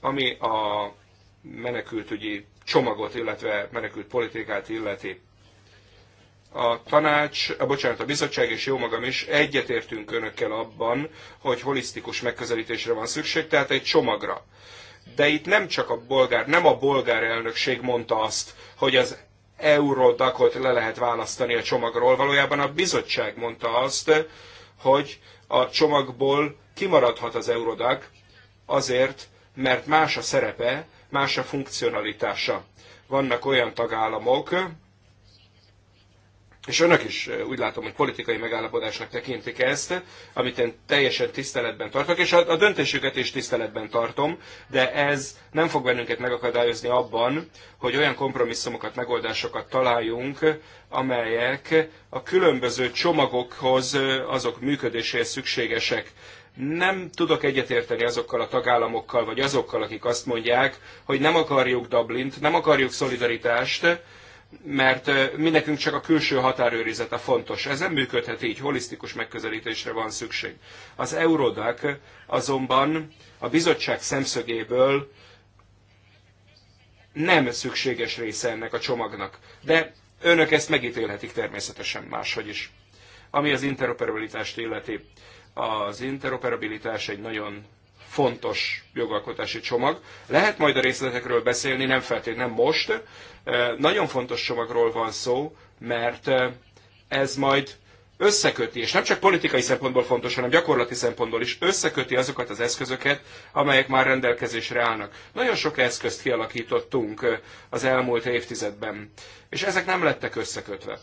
Ami a menekültügyi csomagot, illetve menekült politikát illeti. A tanács, a, eh, bocsánat, a bizottság és jó magam is egyetértünk önökkel abban, hogy holisztikus megközelítésre van szükség, tehát egy csomagra. De itt nem csak a bolgár, nem a bolgár elnökség mondta azt, hogy az eurodakot le lehet választani a csomagról. Valójában a bizottság mondta azt, hogy a csomagból kimaradhat az eurodak azért, mert más a szerepe, más a funkcionalitása. Vannak olyan tagállamok, és önök is eh, úgy látom, hogy politikai megállapodásnak tekintik ezt, amit én teljesen tiszteletben tartok, és a, a döntésüket is tiszteletben tartom, de ez nem fog bennünket megakadályozni abban, hogy olyan kompromisszumokat, megoldásokat találjunk, amelyek a különböző csomagokhoz, eh, azok működéséhez szükségesek. Nem tudok egyetérteni azokkal a tagállamokkal, vagy azokkal, akik azt mondják, hogy nem akarjuk Dublint, nem akarjuk szolidaritást, mert mi nekünk csak a külső határőrizet a fontos. Ez nem működhet így, holisztikus megközelítésre van szükség. Az Eurodac azonban a bizottság szemszögéből nem szükséges része ennek a csomagnak. De önök ezt megítélhetik természetesen máshogy is. Ami az interoperabilitást illeti. Az interoperabilitás egy nagyon fontos jogalkotási csomag. Lehet majd a részletekről beszélni, nem feltétlenül nem most. Nagyon fontos csomagról van szó, mert ez majd összeköti, és nem csak politikai szempontból fontos, hanem gyakorlati szempontból is összeköti azokat az eszközöket, amelyek már rendelkezésre állnak. Nagyon sok eszközt kialakítottunk az elmúlt évtizedben, és ezek nem lettek összekötve.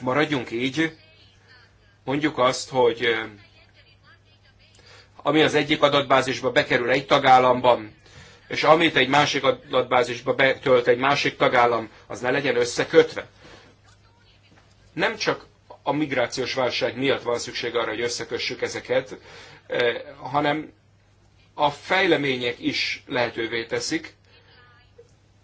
Maradjunk így, Mondjuk azt, hogy ami az egyik adatbázisba bekerül egy tagállamban, és amit egy másik adatbázisba betölt egy másik tagállam, az ne legyen összekötve. Nem csak a migrációs válság miatt van szükség arra, hogy összekössük ezeket, hanem a fejlemények is lehetővé teszik,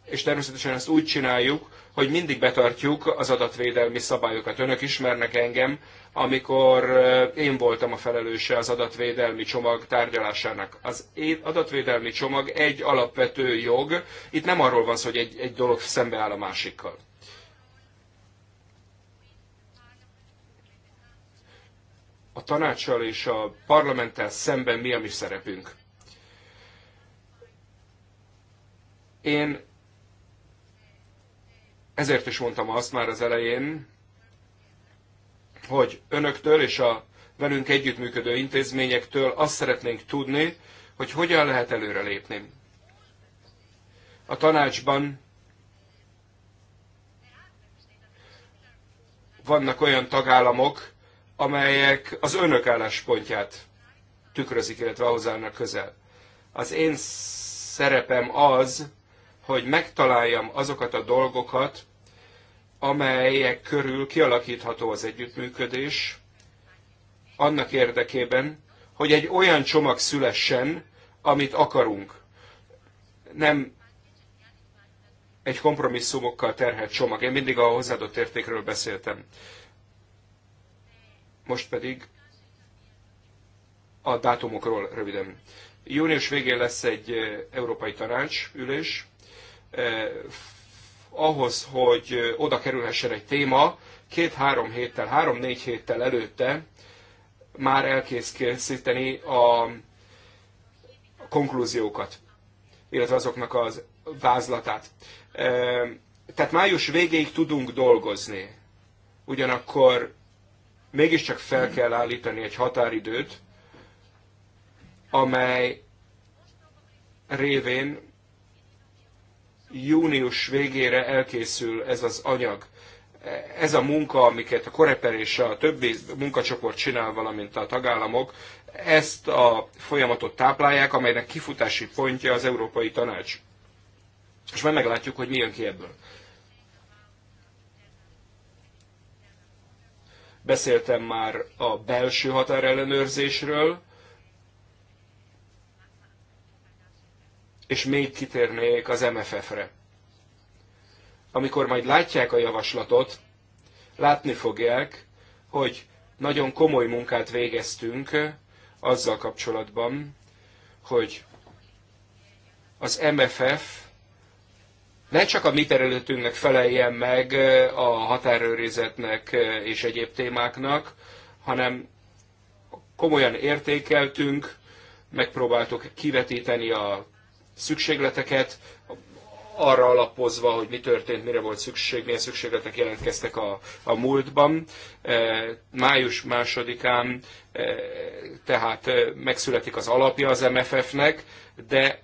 és természetesen ezt úgy csináljuk, hogy mindig betartjuk az adatvédelmi szabályokat. Önök ismernek engem, amikor eh, én voltam a felelőse az adatvédelmi csomag tárgyalásának. Az adatvédelmi csomag egy alapvető jog, itt nem arról van szó, hogy egy, egy dolog szembeáll a másikkal. A tanácssal és a parlamenttel szemben mi a mi szerepünk? Én ezért is mondtam azt már az elején, hogy önöktől és a velünk együttműködő intézményektől azt szeretnénk tudni, hogy hogyan lehet előrelépni. A tanácsban vannak olyan tagállamok, amelyek az önök álláspontját tükrözik, illetve ahhoz állnak közel. Az én szerepem az, hogy megtaláljam azokat a dolgokat, amelyek körül kialakítható az együttműködés, annak érdekében, hogy egy olyan csomag szülessen, amit akarunk. Nem egy kompromisszumokkal terhelt csomag. Én mindig a hozzáadott értékről beszéltem. Most pedig a dátumokról röviden. Június végén lesz egy eh, Európai Tanács ülés. Eh, ahhoz, hogy oda kerülhessen egy téma, két-három héttel, három-négy héttel előtte már elkész készíteni a konklúziókat, illetve azoknak az vázlatát. Tehát május végéig tudunk dolgozni, ugyanakkor mégiscsak fel kell állítani egy határidőt, amely révén június végére elkészül ez az anyag. Ez a munka, amiket a Koreper és a többi munkacsoport csinál, valamint a tagállamok, ezt a folyamatot táplálják, amelynek kifutási pontja az Európai Tanács. És majd meglátjuk, hogy mi jön ki ebből. Beszéltem már a belső határellenőrzésről, és még kitérnék az MFF-re. Amikor majd látják a javaslatot, látni fogják, hogy nagyon komoly munkát végeztünk azzal kapcsolatban, hogy az MFF ne csak a mi területünknek feleljen meg a határőrizetnek és egyéb témáknak, hanem komolyan értékeltünk, megpróbáltuk kivetíteni a szükségleteket, arra alapozva, hogy mi történt, mire volt szükség, milyen szükségletek jelentkeztek a, a múltban. E, május másodikán e, tehát e, megszületik az alapja az MFF-nek, de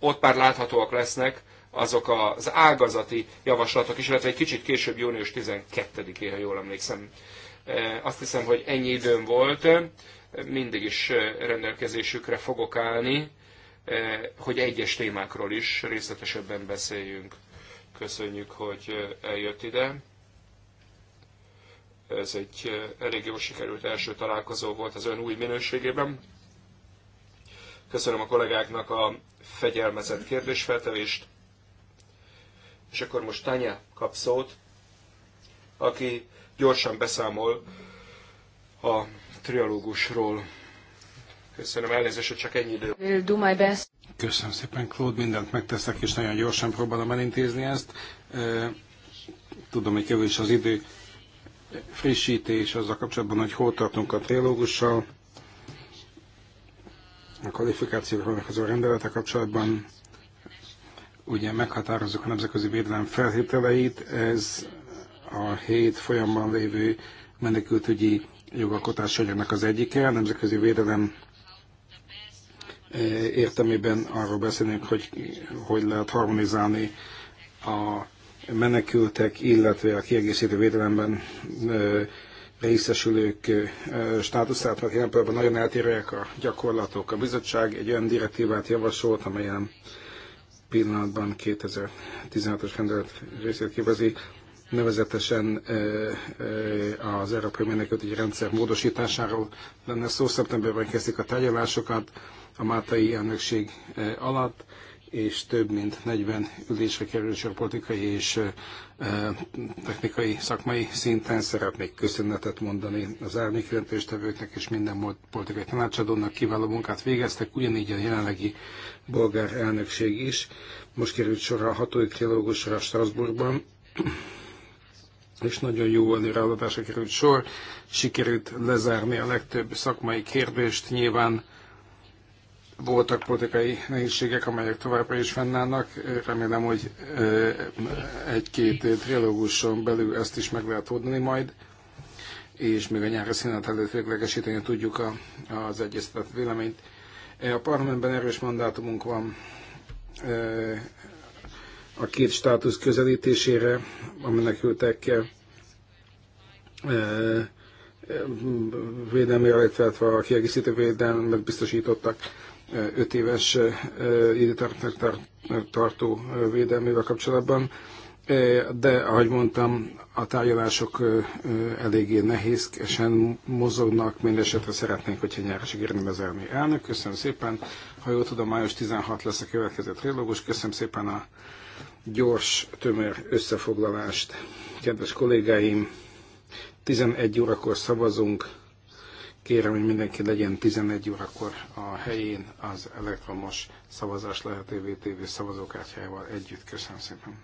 ott már láthatóak lesznek azok az ágazati javaslatok is, illetve egy kicsit később, június 12-én, ha jól emlékszem. Azt hiszem, hogy ennyi időm volt, mindig is rendelkezésükre fogok állni Eh, hogy egyes témákról is részletesebben beszéljünk. Köszönjük, hogy eh, eljött ide. Ez egy eh, elég jól sikerült első találkozó volt az ön új minőségében. Köszönöm a kollégáknak a fegyelmezett kérdésfeltevést. És akkor most Tanya kap szót, aki gyorsan beszámol a trialógusról. Köszönöm elnézést, hogy csak ennyi idő. We'll do my best. Köszönöm szépen, Claude, mindent megteszek, és nagyon gyorsan próbálom elintézni ezt. Tudom, hogy kevés az idő frissítés azzal kapcsolatban, hogy hol tartunk a trilógussal, a kvalifikációkra vonatkozó rendelete kapcsolatban. Ugye meghatározzuk a nemzetközi védelem feltételeit, ez a hét folyamban lévő menekültügyi jogalkotási anyagnak az egyike, a nemzetközi védelem értelmében arról beszélünk, hogy hogy lehet harmonizálni a menekültek, illetve a kiegészítő védelemben részesülők státuszát, mert ilyen például nagyon eltérőek a gyakorlatok. A bizottság egy olyan direktívát javasolt, amelyen pillanatban 2016-os rendelet részét képezi, nevezetesen az Európai Menekültügyi Rendszer módosításáról lenne szó. Szeptemberben kezdik a tárgyalásokat, a Mátai elnökség eh, alatt, és több mint 40 ülésre kerül a politikai és eh, technikai, szakmai szinten. Szeretnék köszönetet mondani az árnyékjelentéstevőknek és minden politikai tanácsadónak. Kiváló munkát végeztek, ugyanígy a jelenlegi bolgár elnökség is. Most került sorra a hatodik trilógusra Strasbourgban, és nagyon jó előrehaladásra került sor. Sikerült lezárni a legtöbb szakmai kérdést. Nyilván voltak politikai nehézségek, amelyek továbbra is fennállnak. Remélem, hogy egy-két trilóguson belül ezt is meg lehet oldani majd, és még a nyári színát előtt véglegesíteni tudjuk a, az egyeztetett véleményt. A parlamentben erős mandátumunk van a két státusz közelítésére, a menekültekkel védelmére, illetve a kiegészítő védelmet biztosítottak öt éves tartó védelmével kapcsolatban, de ahogy mondtam, a tárgyalások eléggé nehézkesen mozognak, mindesetre szeretnénk, hogyha nyárisig érni az elmi elnök. Köszönöm szépen, ha jól tudom, május 16 lesz a következő trilógus. Köszönöm szépen a gyors, tömör összefoglalást. Kedves kollégáim, 11 órakor szavazunk Kérem, hogy mindenki legyen 11 órakor a helyén az elektromos szavazás lehetővé tévő szavazókártyájával együtt. Köszönöm szépen!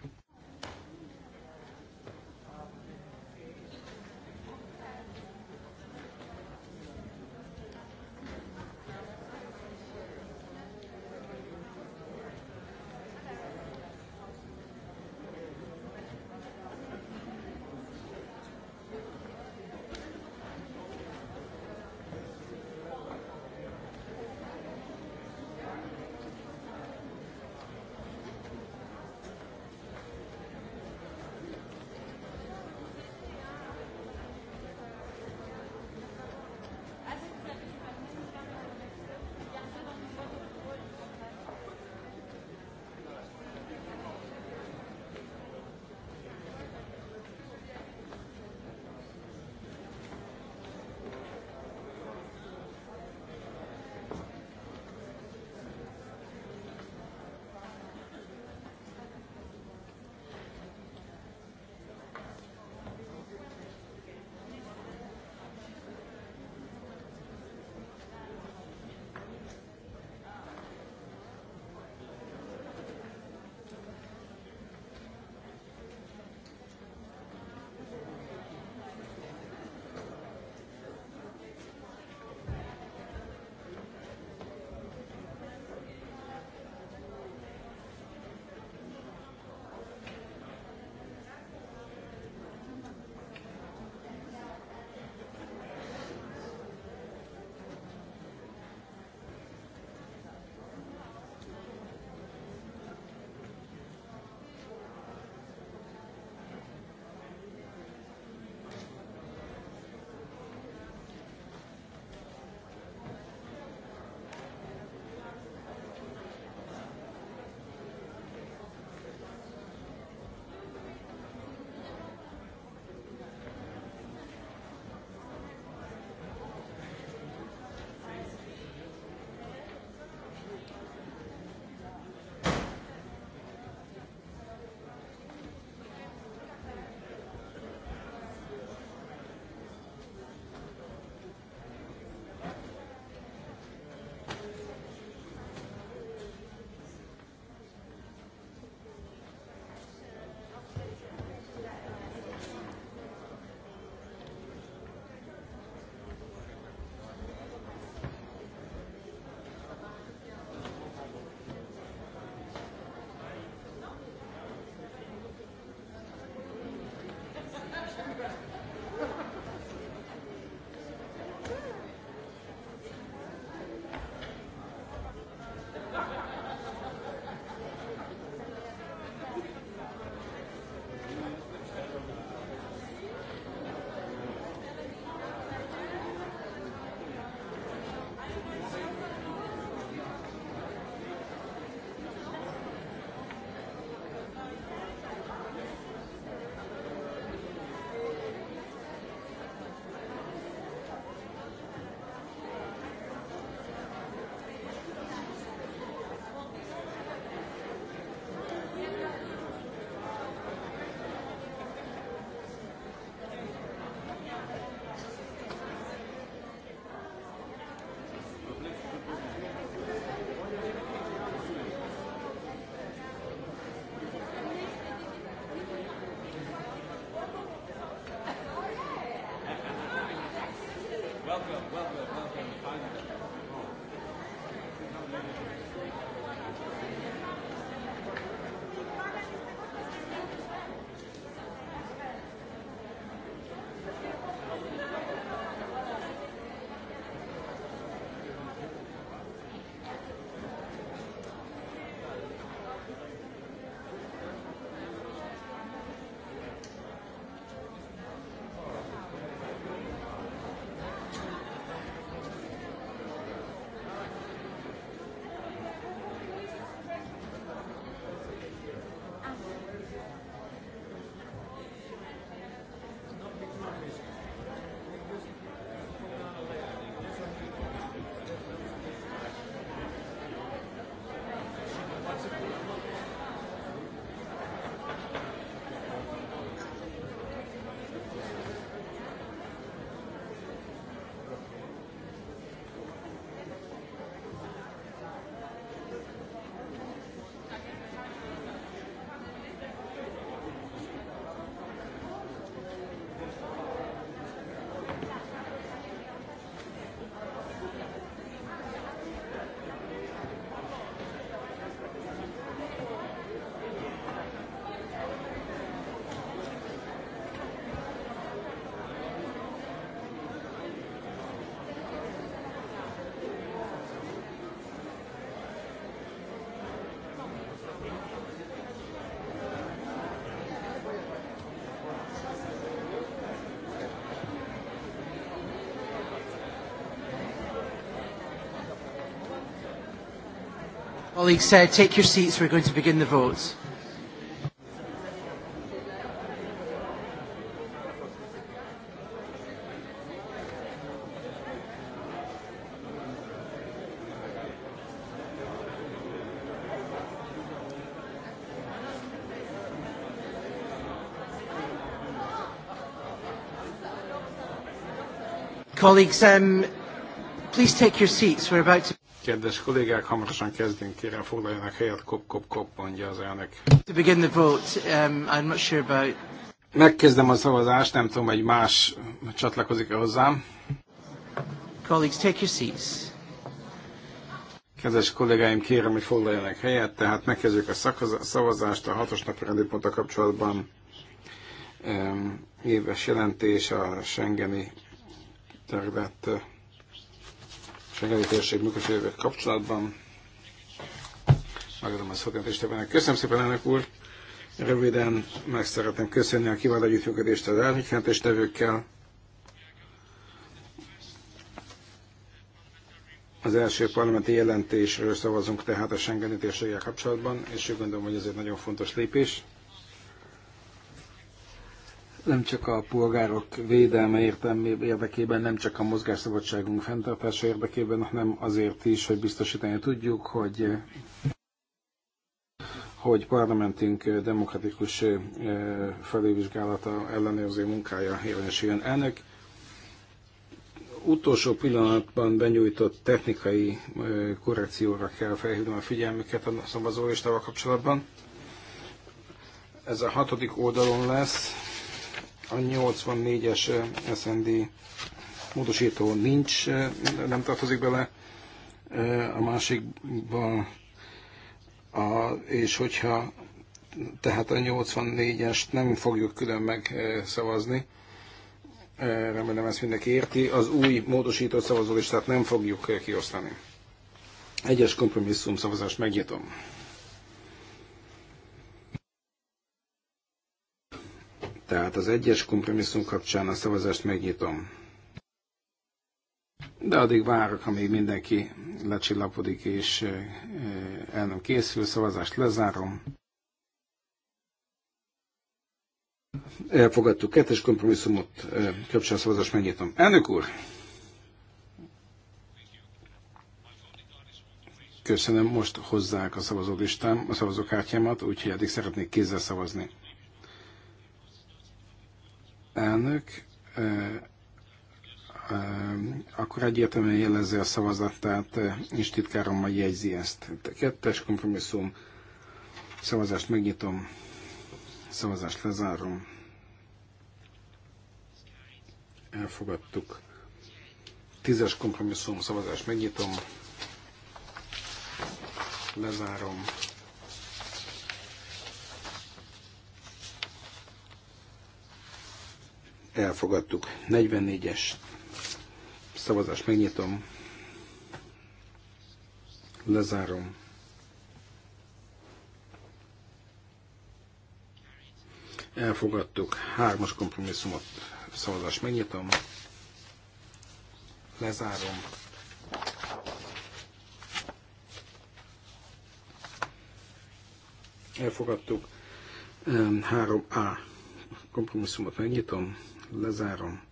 Colleagues, uh, take your seats. We're going to begin the votes. Colleagues, um, please take your seats. We're about to Kedves kollégák, hamarosan kezdünk, kérem foglaljanak helyet, kop, kop, kop, mondja az elnök. To begin the vote, um, I'm not sure about... Megkezdem a szavazást, nem tudom, hogy más csatlakozik -e hozzám. Colleagues, take your seats. Kedves kollégáim, kérem, hogy foglaljanak helyet, tehát megkezdjük a szavazást a hatos napi rendőrponttal kapcsolatban um, éves jelentés a Schengeni terület Schengeni térség működőjével kapcsolatban. Megadom a szokálástevőnek. Köszönöm szépen, elnök úr! Röviden meg szeretném köszönni a kiváló együttműködést az tevőkkel. Az első parlamenti jelentésről szavazunk tehát a Schengeni térséggel kapcsolatban, és úgy gondolom, hogy ez egy nagyon fontos lépés nem csak a polgárok védelme értelmében érdekében, nem csak a mozgásszabadságunk fenntartása érdekében, hanem azért is, hogy biztosítani tudjuk, hogy hogy parlamentünk demokratikus eh, felévizsgálata ellenőrző munkája érvényesüljön. Elnök utolsó pillanatban benyújtott technikai eh, korrekcióra kell felhívnom a figyelmüket a szavazólistával kapcsolatban. Ez a hatodik oldalon lesz. A 84-es eh, SND módosító nincs, eh, nem tartozik bele. Eh, a másikban a, és hogyha tehát a 84-est nem fogjuk külön megszavazni, remélem ezt mindenki érti, az új módosított szavazólistát nem fogjuk kiosztani. Egyes kompromisszum szavazást megnyitom. Tehát az egyes kompromisszum kapcsán a szavazást megnyitom. De addig várok, amíg mindenki lecsillapodik és el nem készül, szavazást lezárom. Elfogadtuk kettes kompromisszumot, kapcsán szavazást megnyitom. Elnök úr! Köszönöm, most hozzák a szavazólistám, a szavazókártyámat, úgyhogy eddig szeretnék kézzel szavazni. Elnök, akkor egyértelműen jelezze a szavazatát, és titkárom majd jegyzi ezt. Kettes kompromisszum, szavazást megnyitom, szavazást lezárom. Elfogadtuk. Tízes kompromisszum, szavazást megnyitom, lezárom. elfogadtuk. 44-es szavazást megnyitom, lezárom. Elfogadtuk. Hármas kompromisszumot szavazást megnyitom, lezárom. Elfogadtuk. 3A kompromisszumot megnyitom, lezárom.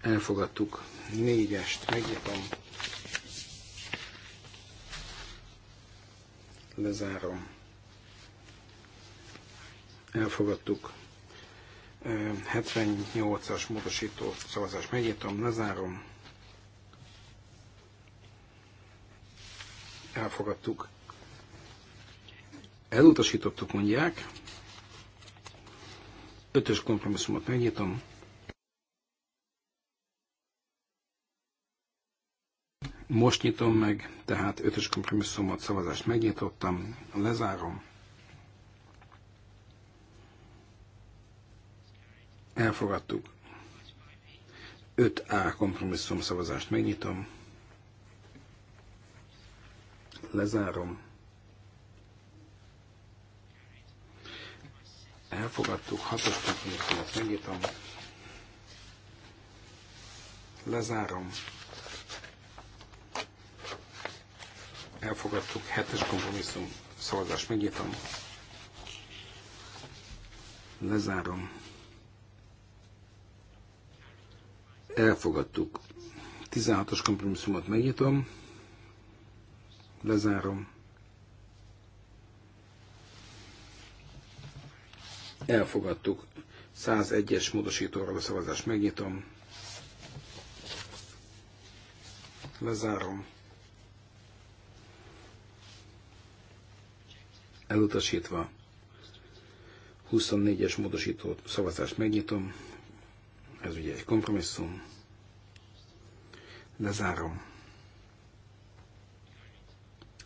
Elfogadtuk. Négyest megnyitom. Lezárom. Elfogadtuk. 78-as módosító szavazás megnyitom, lezárom. Elfogadtuk. Elutasítottuk, mondják. Ötös kompromisszumot megnyitom. Most nyitom meg, tehát ötös kompromisszumot, szavazást megnyitottam, lezárom. Elfogadtuk. 5A kompromisszum szavazást megnyitom. Lezárom. elfogadtuk, hatos kompromisszumot megnyitom, lezárom, elfogadtuk, hetes kompromisszum, szavazás megnyitom, lezárom, elfogadtuk, 16-os kompromisszumot megnyitom, lezárom, Elfogadtuk. 101-es módosítóra a szavazást megnyitom. Lezárom. Elutasítva. 24-es módosító szavazást megnyitom. Ez ugye egy kompromisszum. Lezárom.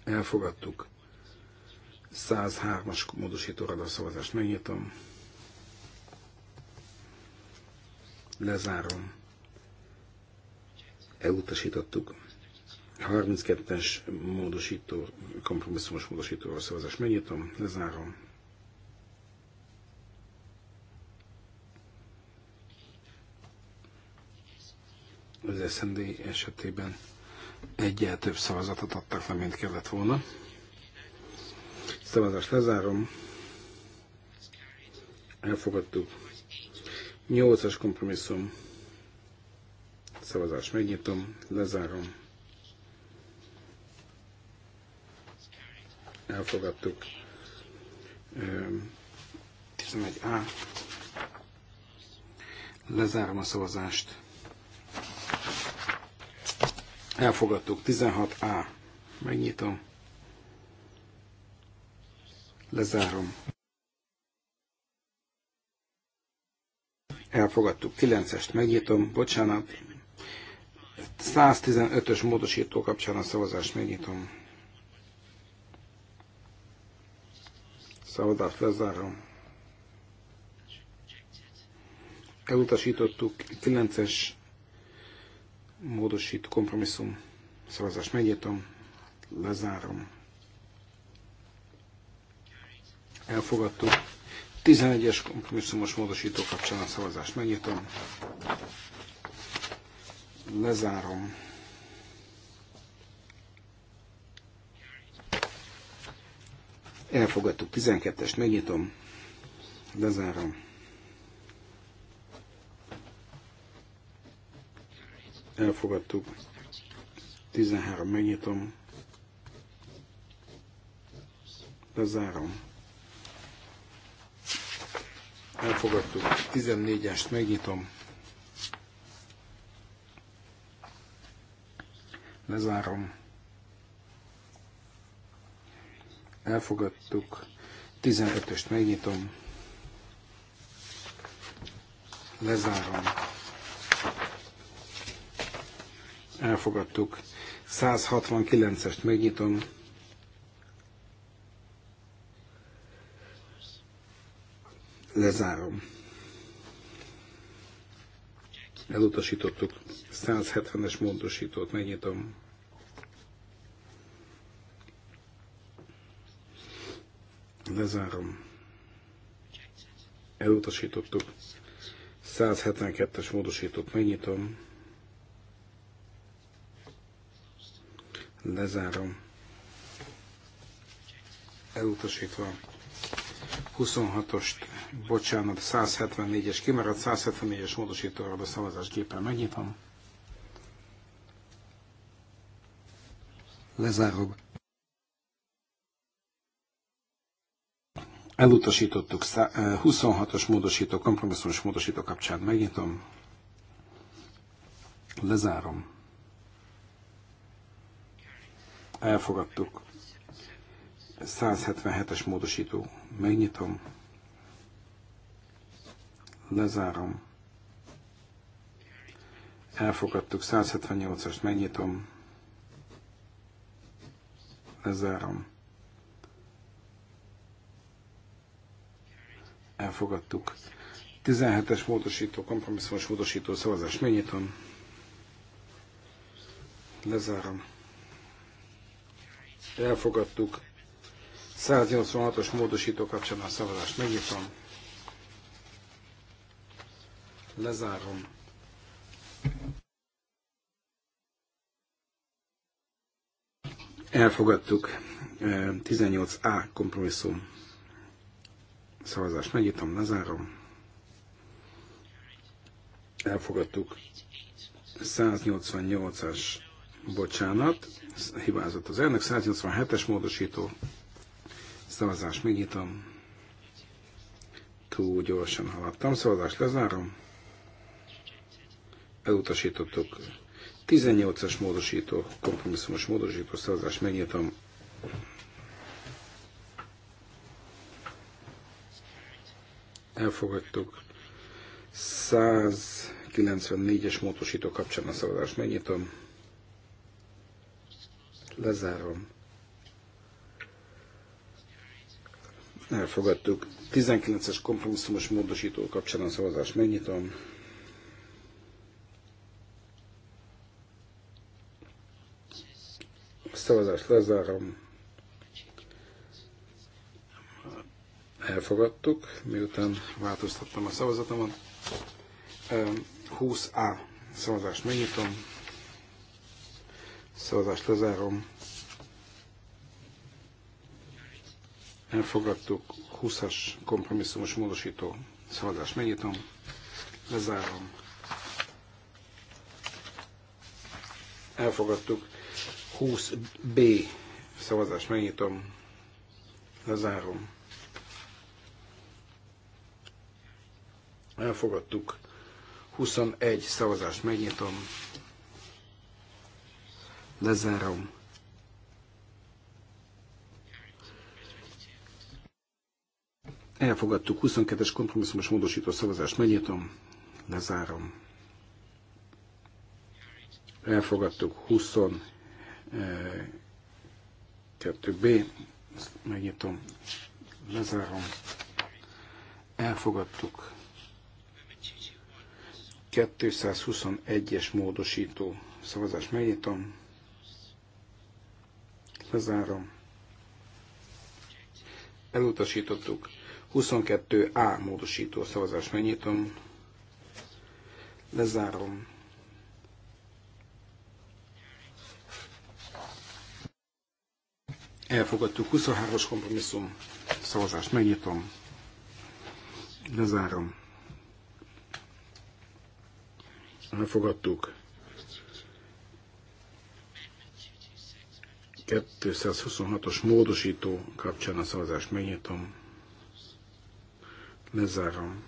Elfogadtuk. 103-as módosítóra a szavazást megnyitom. lezárom. Elutasítottuk. 32-es módosító, kompromisszumos módosítóval szavazás megnyitom, lezárom. Az SND esetében egyel több szavazatot adtak le, mint kellett volna. Szavazást lezárom. Elfogadtuk. Nyolcas kompromisszum. Szavazás megnyitom, lezárom. Elfogadtuk. 11A. Lezárom a szavazást. Elfogadtuk. 16A. Megnyitom. Lezárom. elfogadtuk. 9-est megnyitom, bocsánat. 115-ös módosító kapcsán a szavazást megnyitom. Szavazást lezárom. Elutasítottuk 9-es módosít kompromisszum. Szavazást megnyitom, lezárom. Elfogadtuk. 11-es kompromisszumos módosító kapcsán a szavazást megnyitom. Lezárom. Elfogadtuk 12-est, megnyitom. Lezárom. Elfogadtuk. 13, megnyitom. Lezárom elfogadtuk. 14-est megnyitom. Lezárom. Elfogadtuk. 15 est megnyitom. Lezárom. Elfogadtuk. 169-est megnyitom. Lezárom. Elutasítottuk. 170-es módosítót megnyitom. Lezárom. Elutasítottuk. 172-es módosítót megnyitom. Lezárom. Elutasítva. 26-ost, bocsánat, 174-es kimaradt, 174-es módosítóra a szavazásgépen megnyitom. Lezárom. Elutasítottuk 26-os módosító, kompromisszumos módosító kapcsán megnyitom. Lezárom. Elfogadtuk. 177-es módosító megnyitom, lezárom, elfogadtuk 178-ast, megnyitom, lezárom, elfogadtuk 17-es módosító, kompromisszumos módosító szavazás, megnyitom, lezárom, elfogadtuk 186-os módosító kapcsán a szavazást megnyitom. Lezárom. Elfogadtuk 18A kompromisszum. Szavazást megnyitom, lezárom. Elfogadtuk 188-as bocsánat, hibázott az elnök, 187-es módosító Szavazás megnyitom. Túl gyorsan haladtam. Szavazást lezárom. Elutasítottuk. 18-as módosító, kompromisszumos módosító szavazást megnyitom. Elfogadtuk. 194-es módosító kapcsán a szavazást megnyitom. Lezárom Elfogadtuk. 19-es kompromisszumos módosító kapcsán a szavazást megnyitom. A szavazást lezárom. Elfogadtuk, miután változtattam a szavazatomat. 20A ehm, szavazást megnyitom. Szavazást lezárom. elfogadtuk 20-as kompromisszumos módosító szavazást megnyitom, lezárom, elfogadtuk 20B szavazást megnyitom, lezárom, elfogadtuk 21 szavazást megnyitom, lezárom, Elfogadtuk 22-es kompromisszumos módosító szavazást. Megnyitom, lezárom. Elfogadtuk 22B, megnyitom, lezárom. Elfogadtuk 221-es módosító szavazást. Megnyitom, lezárom. Elutasítottuk 22A módosító szavazás megnyitom, lezárom. Elfogadtuk 23 os kompromisszum szavazást megnyitom, lezárom. Elfogadtuk 226-os módosító kapcsán a szavazást megnyitom. Lezárom.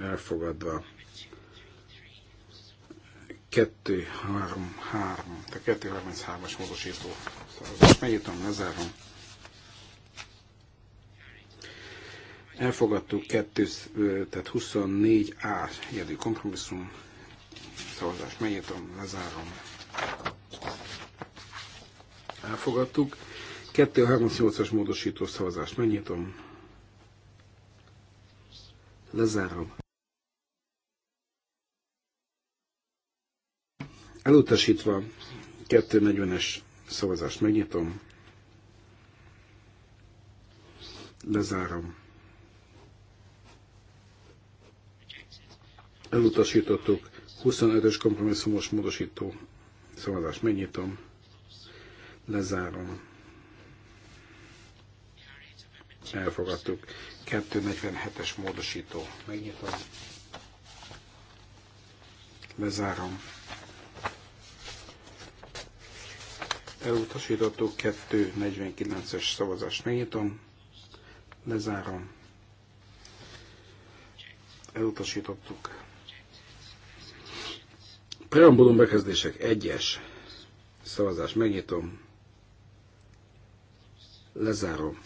Elfogadva. 2, 3, 3. Tehát 2, 33 as módosító. Most megnyitom, lezárom. Elfogadtuk 2, tehát 24A jelű kompromisszum. Szavazás megnyitom, lezárom. Elfogadtuk. 238-as módosító szavazást megnyitom. Lezárom. Elutasítva 240-es szavazást megnyitom. Lezárom. Elutasítottuk 25-ös kompromisszumos módosító szavazást megnyitom. Lezárom elfogadtuk. 247-es módosító. Megnyitom. Lezárom. Elutasítottuk 249-es szavazást. Megnyitom. Lezárom. Elutasítottuk. Preambulum bekezdések. Egyes. Szavazás. Megnyitom. Lezárom.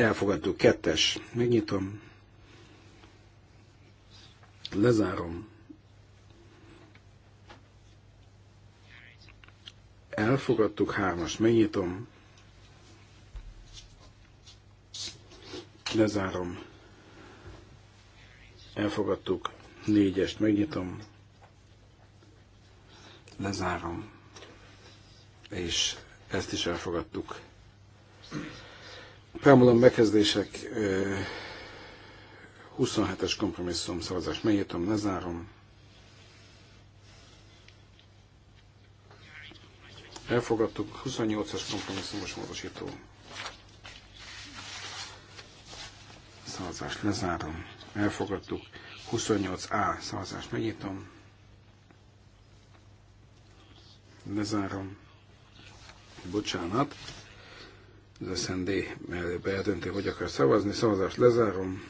Elfogadtuk. Kettes. Megnyitom. Lezárom. Elfogadtuk. Hármas. Megnyitom. Lezárom. Elfogadtuk. Négyest. Megnyitom. Lezárom. És ezt is elfogadtuk. Felmondom megkezdések 27-es kompromisszum szavazás. Megnyitom, zárom. Elfogadtuk 28-as kompromisszumos módosító. Szavazást lezárom. Elfogadtuk 28A szavazást. Megnyitom. Lezárom. Bocsánat az SND mellőbe eldönti, hogy akar szavazni. Szavazást lezárom.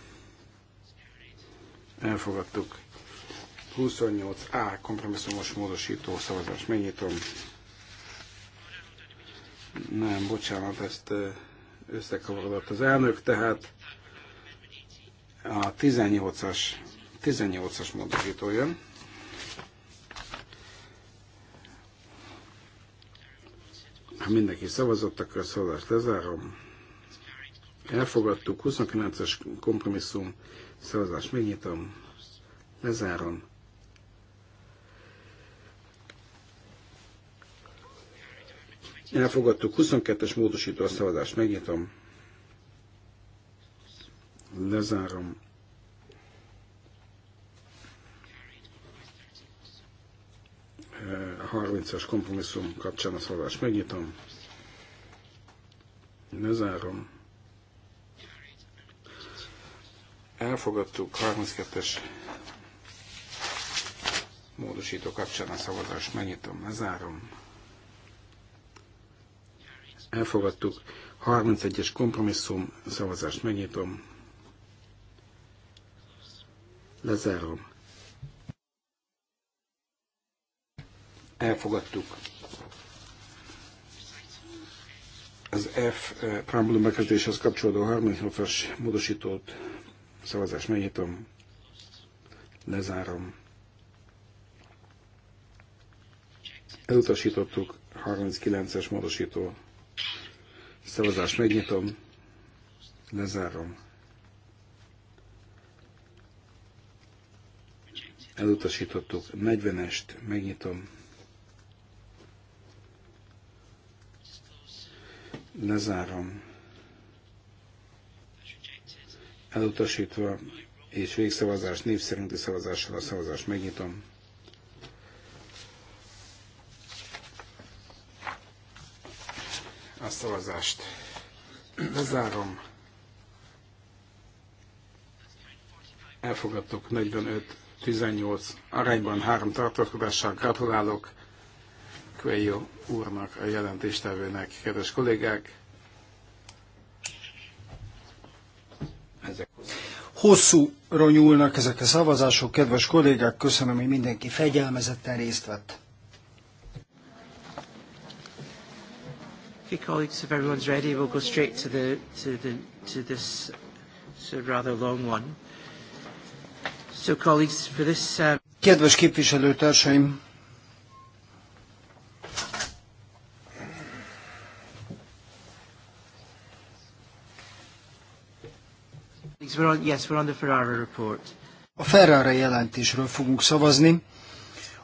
Elfogadtuk. 28A kompromisszumos módosító szavazást megnyitom. Nem, bocsánat, ezt összekavarodott az elnök, tehát a 18-as 18-as módosító jön. Ha mindenki szavazott, akkor a szavazást lezárom. Elfogadtuk, 29-es kompromisszum, szavazást megnyitom, lezárom. Elfogadtuk, 22-es módosító a szavazást megnyitom, lezárom. 30-as kompromisszum kapcsán a szavazást megnyitom, lezárom. Elfogadtuk 32-es módosító kapcsán a szavazást megnyitom, lezárom. Elfogadtuk 31-es kompromisszum, szavazást megnyitom, lezárom. Elfogadtuk. Az F eh, preambulum bekezdéshez kapcsolódó 38-as módosítót szavazás megnyitom, lezárom. Elutasítottuk 39-es módosító. szavazás megnyitom, lezárom. Elutasítottuk 40-est, megnyitom, Lezárom. Elutasítva és végszavazás, név szavazással a szavazást megnyitom. A szavazást lezárom. Elfogadtok 45-18 arányban három tartózkodással. Gratulálok Coelho úrnak, a jelentéstevőnek, kedves kollégák! Ezek hosszúra nyúlnak ezek a szavazások. Kedves kollégák, köszönöm, hogy mindenki fegyelmezetten részt vett. Okay, colleagues, if everyone's ready, we'll go straight to the to the to this so rather long one. So, colleagues, for this. Um, kedves képviselőtársaim, A Ferrara jelentésről fogunk szavazni.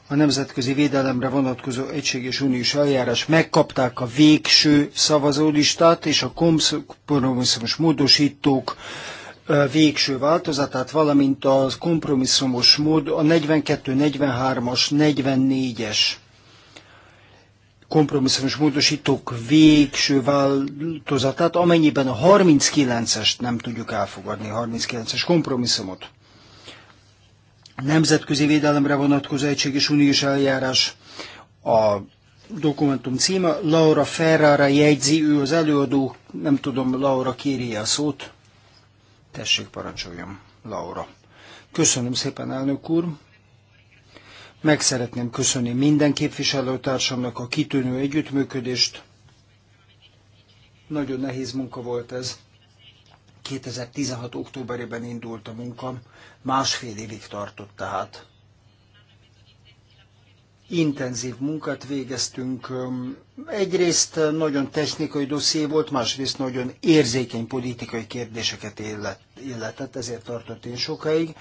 A nemzetközi védelemre vonatkozó egységes uniós eljárás megkapták a végső szavazólistát, és a kompromisszumos módosítók végső változatát, valamint a kompromisszumos mód a 42, 43-as, 44-es kompromisszumos módosítók végső változatát, amennyiben a 39-est nem tudjuk elfogadni, a 39-es kompromisszumot. Nemzetközi védelemre vonatkozó és uniós eljárás a dokumentum címe. Laura Ferrara jegyzi, ő az előadó. Nem tudom, Laura kéri a szót. Tessék, parancsoljam Laura. Köszönöm szépen, elnök úr. Meg szeretném köszönni minden képviselőtársamnak a kitűnő együttműködést. Nagyon nehéz munka volt ez. 2016. októberében indult a munkam, másfél évig tartott tehát. Intenzív munkát végeztünk. Egyrészt nagyon technikai dosszié volt, másrészt nagyon érzékeny politikai kérdéseket illetett, ezért tartott én sokáig.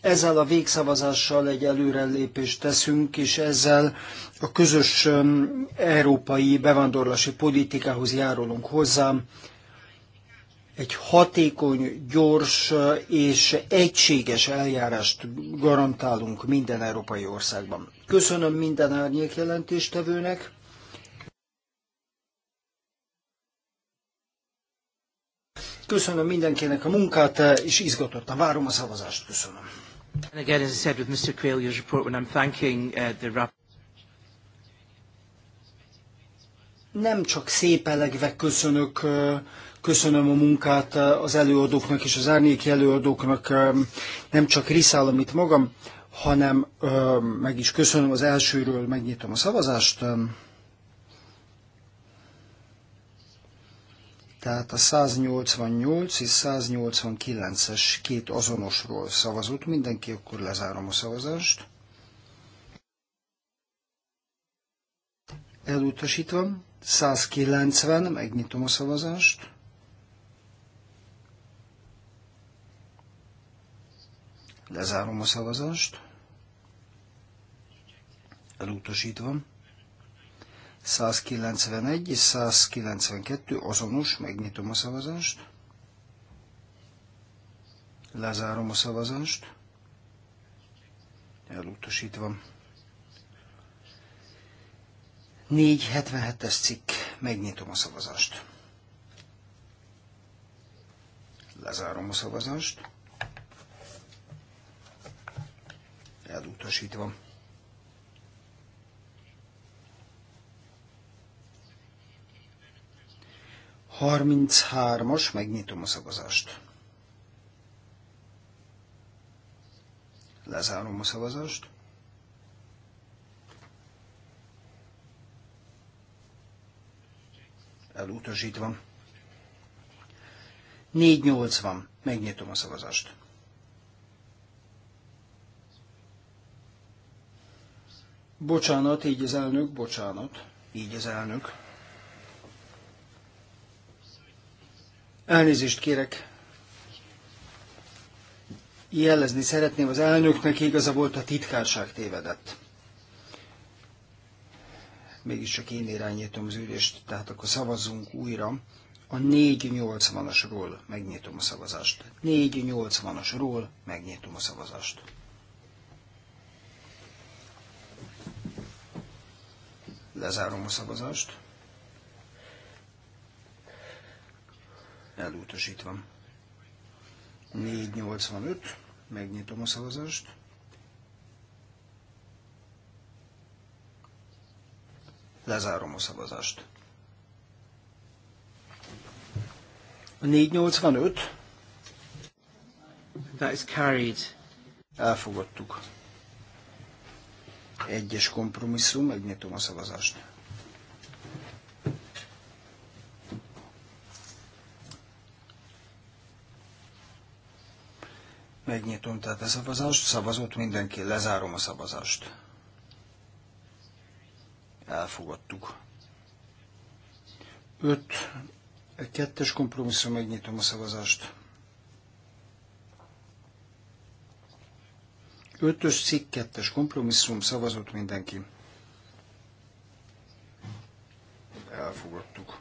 Ezzel a végszavazással egy előrelépést teszünk, és ezzel a közös európai bevándorlási politikához járulunk hozzá. Egy hatékony, gyors és egységes eljárást garantálunk minden európai országban. Köszönöm minden árnyék jelentéstevőnek. Köszönöm mindenkinek a munkát, és izgatottan várom a szavazást. Köszönöm. And again, as I said with Mr. report, when I'm thanking uh, the rap- Nem csak szép elegve köszönök, köszönöm a munkát az előadóknak és az árnyék előadóknak, nem csak riszállom itt magam, hanem meg is köszönöm az elsőről, megnyitom a szavazást. Tehát a 188 és 189-es két azonosról szavazott mindenki, akkor lezárom a szavazást. Elutasítom. 190, megnyitom a szavazást. Lezárom a szavazást. Elutasítom. 191 és 192 azonos, megnyitom a szavazást. Lezárom a szavazást. Elutasítva. 477-es cikk, megnyitom a szavazást. Lezárom a szavazást. Elutasítva. 33-as, megnyitom a szavazást. Lezárom a szavazást. Elutasítva. 480. Megnyitom a szavazást. Bocsánat, így az elnök, bocsánat, így az elnök. Elnézést kérek. Jelezni szeretném az elnöknek, igaza volt a titkárság tévedett. Mégiscsak én irányítom az ülést, tehát akkor szavazzunk újra. A 480-asról megnyitom a szavazást. 480-asról megnyitom a szavazást. Lezárom a szavazást. elutasítva. 485, megnyitom a szavazást. Lezárom a szavazást. A 485. That is carried. Elfogadtuk. Egyes kompromisszum, megnyitom a szavazást. Megnyitom tehát a szavazást, szavazott mindenki, lezárom a szavazást. Elfogadtuk. 5. A kettes kompromisszum, megnyitom a szavazást. Ötös cikk, kettes kompromisszum, szavazott mindenki. Elfogadtuk.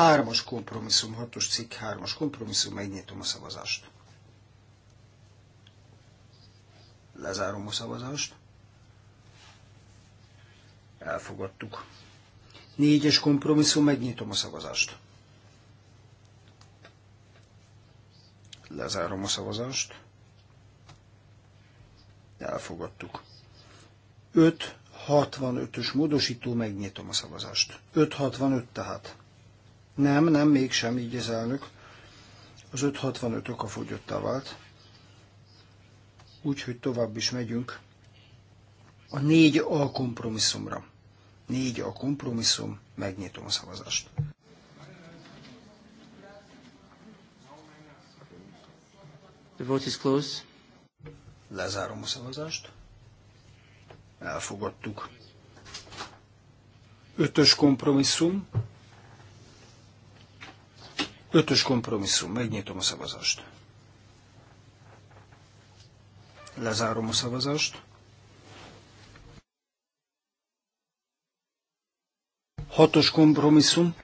Hármas kompromisszum, hatos cikk, hármas kompromisszum, megnyitom a szavazást. Lezárom a szavazást. Elfogadtuk. Négyes kompromisszum, megnyitom a szavazást. Lezárom a szavazást. Elfogadtuk. 565-ös módosító, megnyitom a szavazást. 565 tehát. Nem, nem, mégsem, így az elnök. Az 565 oka fogyottá vált. Úgyhogy tovább is megyünk. A négy a kompromisszumra. Négy a kompromisszum, megnyitom a szavazást. The vote is closed. Lezárom a szavazást. Elfogadtuk. Ötös kompromisszum Ötös kompromisszum, megnyitom a szavazást. Lezárom a szavazást. Hatos kompromisszum.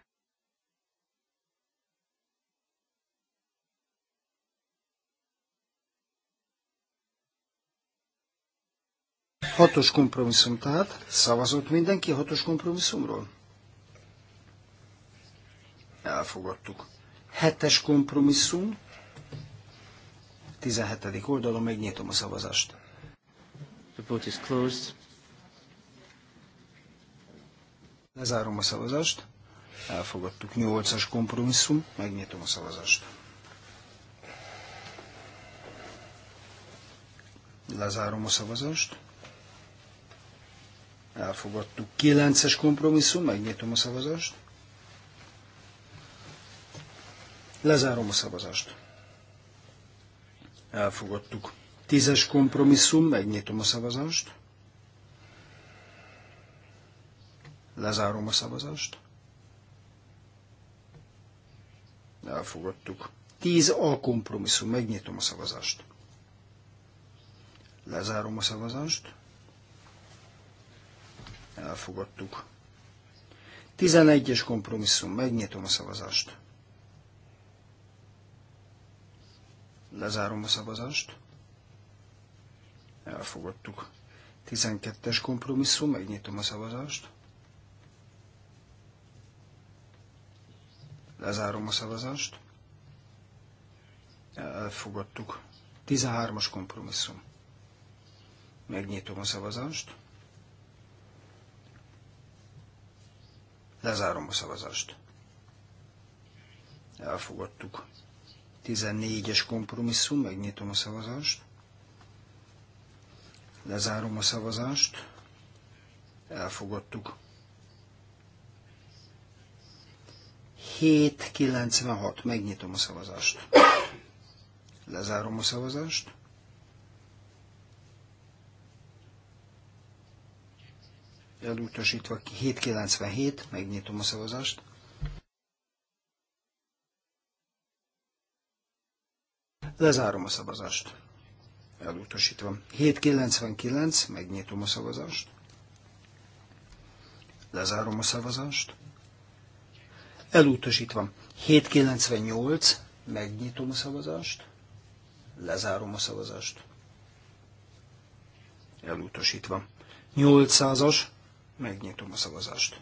Hatos kompromisszum, tehát szavazott mindenki hatos kompromisszumról? Elfogadtuk. Hetes kompromisszum, 17. oldalon megnyitom a szavazást. The vote is closed. Lezárom a szavazást. Elfogadtuk 8-as kompromisszum, megnyitom a szavazást. Lezárom a szavazást. Elfogadtuk 9-es kompromisszum, megnyitom a szavazást. Lezárom a szavazást. Elfogadtuk. Tízes kompromisszum, megnyitom a szavazást. Lezárom a szavazást. Elfogadtuk. Tíz a kompromisszum, megnyitom a szavazást. Lezárom a szavazást. Elfogadtuk. 11-es kompromisszum, megnyitom a szavazást. Lezárom a szavazást. Elfogadtuk. 12-es kompromisszum, megnyitom a szavazást. Lezárom a szavazást. Elfogadtuk. 13-as kompromisszum. Megnyitom a szavazást. Lezárom a szavazást. Elfogadtuk. 14-es kompromisszum, megnyitom a szavazást, lezárom a szavazást, elfogadtuk. 796, megnyitom a szavazást. Lezárom a szavazást. Elutasítva 797, megnyitom a szavazást. Lezárom a szavazást. Elutasítva. 799, megnyitom a szavazást. Lezárom a szavazást. Elutasítva. 798, megnyitom a szavazást. Lezárom a szavazást. Elutasítva. 800-as, megnyitom a szavazást.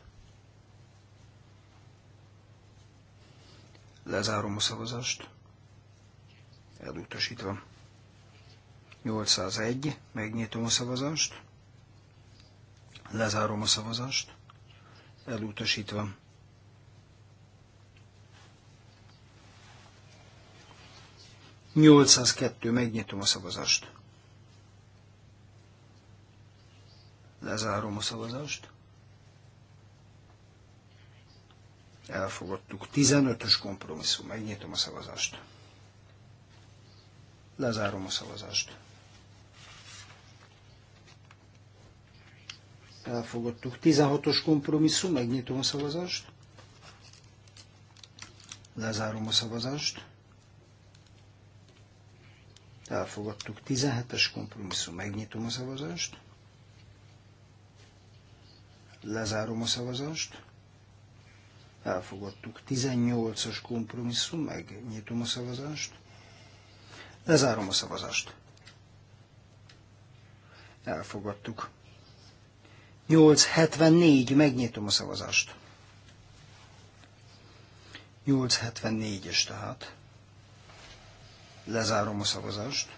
Lezárom a szavazást elutasítva. 801, megnyitom a szavazást, lezárom a szavazást, elutasítva. kettő megnyitom a szavazást. Lezárom a szavazást. Elfogadtuk. 15-ös kompromisszum. Megnyitom a szavazást. Lezárom a szavazást. Elfogadtuk. 16-os kompromisszum, megnyitom a szavazást. Lezárom a szavazást. Elfogadtuk. 17-es kompromisszum, megnyitom a szavazást. Lezárom a szavazást. Elfogadtuk. 18-as kompromisszum, megnyitom a szavazást. Lezárom a szavazást. Elfogadtuk. 874, megnyitom a szavazást. 874-es tehát. Lezárom a szavazást.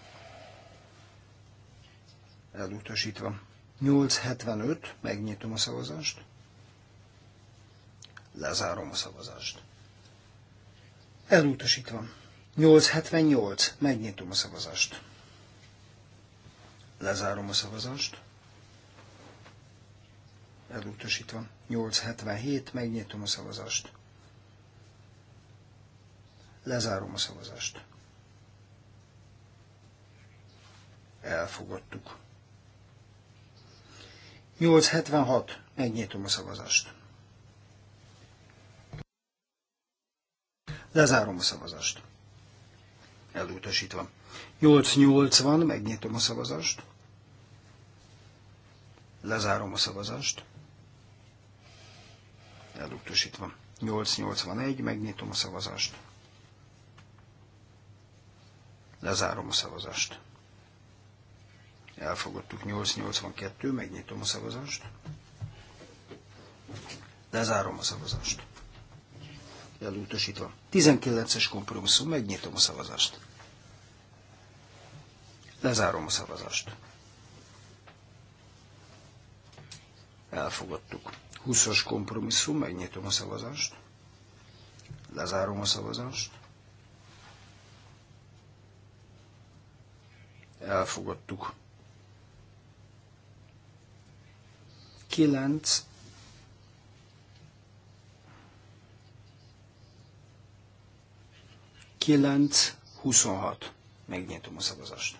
Elutasítva. 875, megnyitom a szavazást. Lezárom a szavazást. Elutasítva. 878. Megnyitom a szavazást. Lezárom a szavazást. Elutasítva. 877. Megnyitom a szavazást. Lezárom a szavazást. Elfogadtuk. 876. Megnyitom a szavazást. Lezárom a szavazást elutasítva. 880, megnyitom a szavazást. Lezárom a szavazást. Elutasítva. 881, megnyitom a szavazást. Lezárom a szavazást. Elfogadtuk 882, megnyitom a szavazást. Lezárom a szavazást. Elutasítva. 19-es kompromisszum, megnyitom a szavazást. Lezárom a szavazást. Elfogadtuk. 20-as kompromisszum, megnyitom a szavazást. Lezárom a szavazást. Elfogadtuk. 9 kilenc, 26. Megnyitom a szavazást.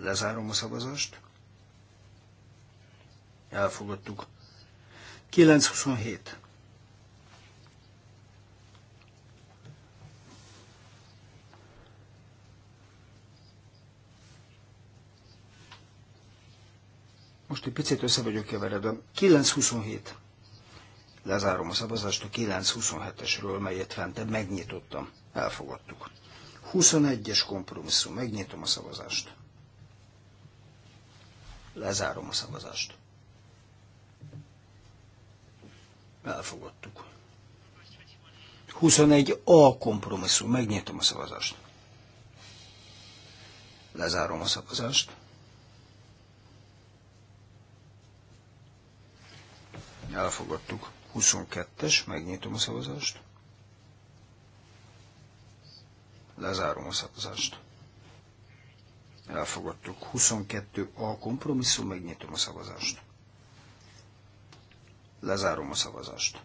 Lezárom a szavazást. Elfogadtuk. 927. Most egy picit össze vagyok keveredve. 927. Lezárom a szavazást a 927-esről, melyet fent megnyitottam. Elfogadtuk. 21-es kompromisszum. Megnyitom a szavazást. Lezárom a szavazást. Elfogadtuk. 21 A kompromisszum. Megnyitom a szavazást. Lezárom a szavazást. Elfogadtuk. 22-es. Megnyitom a szavazást. Lezárom a szavazást elfogadtuk. 22 a kompromisszum, megnyitom a szavazást. Lezárom a szavazást.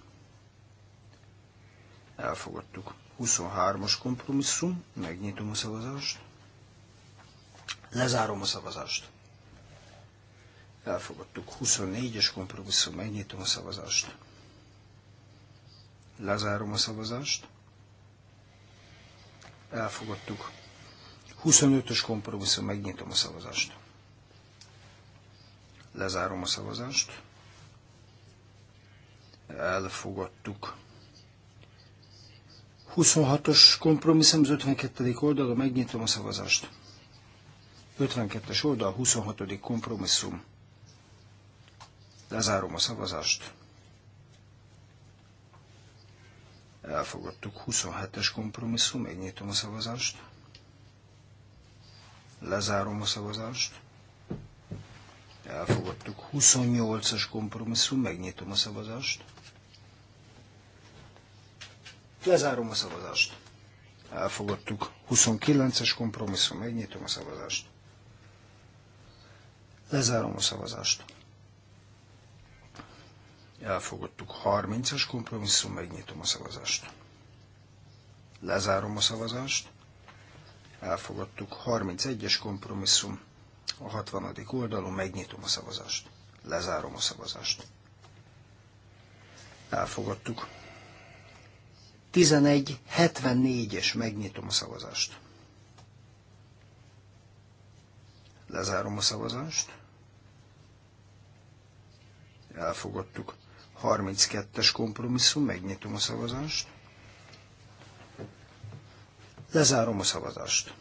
Elfogadtuk. 23-as kompromisszum, megnyitom a szavazást. Lezárom a szavazást. Elfogadtuk. 24-es kompromisszum, megnyitom a szavazást. Lezárom a szavazást. Elfogadtuk. 25-ös kompromisszum, megnyitom a szavazást. Lezárom a szavazást. Elfogadtuk. 26-os kompromisszum, az 52. oldalon megnyitom a szavazást. 52-es oldal, 26. kompromisszum. Lezárom a szavazást. Elfogadtuk 27-es kompromisszum, megnyitom a szavazást. Lezárom a szavazást. Elfogadtuk. 28-as kompromisszum, megnyitom a szavazást. Lezárom a szavazást. Elfogadtuk. 29-es kompromisszum, megnyitom a szavazást. Lezárom a szavazást. Elfogadtuk. 30 es kompromisszum, megnyitom a szavazást. Lezárom a szavazást elfogadtuk. 31-es kompromisszum a 60. oldalon, megnyitom a szavazást, lezárom a szavazást. Elfogadtuk. 11.74-es, megnyitom a szavazást. Lezárom a szavazást. Elfogadtuk. 32-es kompromisszum, megnyitom a szavazást. Lezárom a szavazást.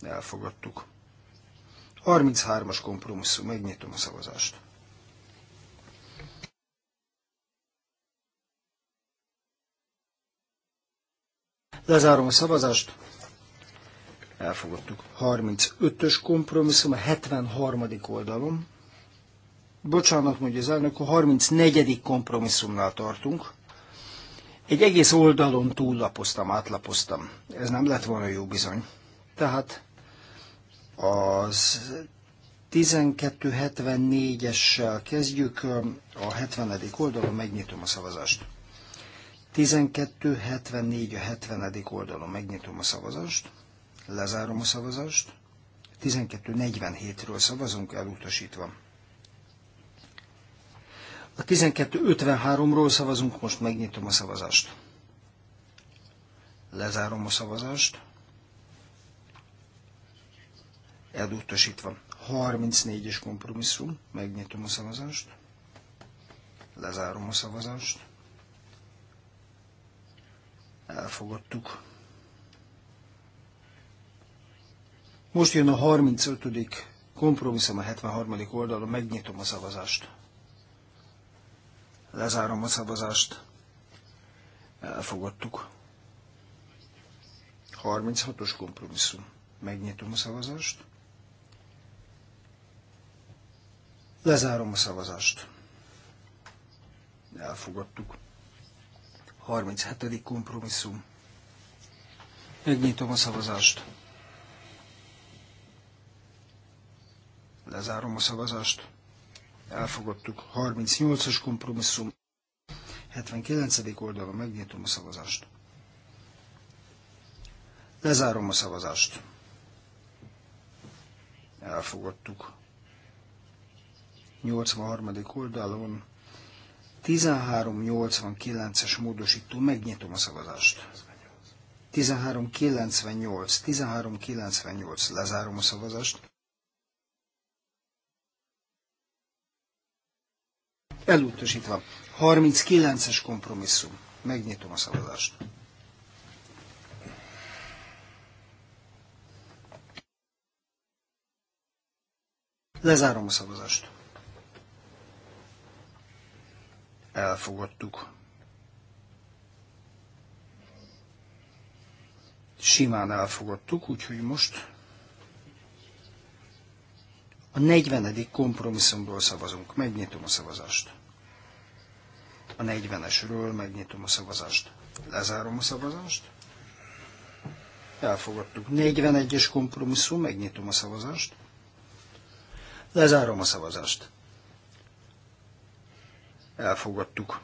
Elfogadtuk. 33-as kompromisszum, megnyitom a szavazást. Lezárom a szavazást. Elfogadtuk. 35-ös kompromisszum a 73. oldalon. Bocsánat, mondja az elnök, a 34. kompromisszumnál tartunk. Egy egész oldalon túllapoztam, átlapoztam. Ez nem lett volna jó bizony. Tehát az 1274-essel kezdjük, a 70. oldalon megnyitom a szavazást. 1274 a 70. oldalon megnyitom a szavazást, lezárom a szavazást, 1247-ről szavazunk elutasítva. A 12.53-ról szavazunk, most megnyitom a szavazást. Lezárom a szavazást. Elutasítva. 34-es kompromisszum, megnyitom a szavazást. Lezárom a szavazást. Elfogadtuk. Most jön a 35. kompromisszum a 73. oldalon, megnyitom a szavazást. Lezárom a szavazást. Elfogadtuk. 36-os kompromisszum. Megnyitom a szavazást. Lezárom a szavazást. Elfogadtuk. 37. kompromisszum. Megnyitom a szavazást. Lezárom a szavazást elfogadtuk. 38-as kompromisszum, 79. oldalon megnyitom a szavazást. Lezárom a szavazást. Elfogadtuk. 83. oldalon 1389-es módosító, megnyitom a szavazást. 1398, 1398, lezárom a szavazást. Elutasítva. 39-es kompromisszum. Megnyitom a szavazást. Lezárom a szavazást. Elfogadtuk. Simán elfogadtuk, úgyhogy most a 40. kompromisszumról szavazunk. Megnyitom a szavazást. A 40-esről megnyitom a szavazást. Lezárom a szavazást. Elfogadtuk. 41-es kompromisszum, megnyitom a szavazást. Lezárom a szavazást. Elfogadtuk.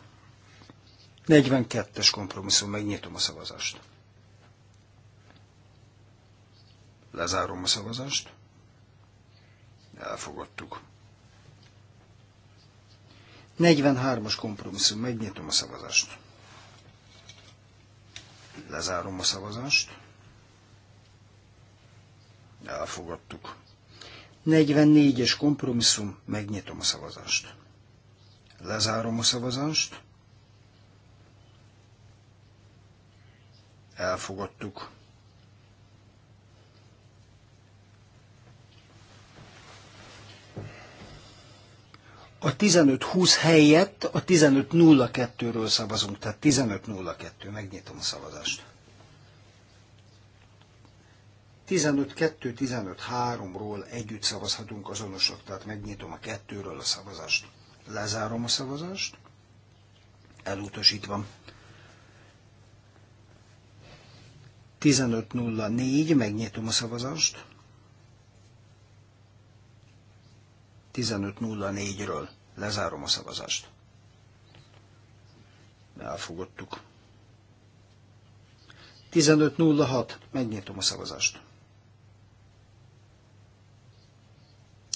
42-es kompromisszum, megnyitom a szavazást. Lezárom a szavazást. Elfogadtuk. 43-as kompromisszum. Megnyitom a szavazást. Lezárom a szavazást. Elfogadtuk. 44-es kompromisszum. Megnyitom a szavazást. Lezárom a szavazást. Elfogadtuk. a 15-20 helyett a 15-02-ről szavazunk, tehát 15-02, megnyitom a szavazást. 15-2-15-3-ról együtt szavazhatunk azonosok, tehát megnyitom a kettőről a szavazást. Lezárom a szavazást, elutasítva. 15-04, megnyitom a szavazást. 15-05, 1504-ről. Lezárom a szavazást. Elfogadtuk. 1506. Megnyitom a szavazást.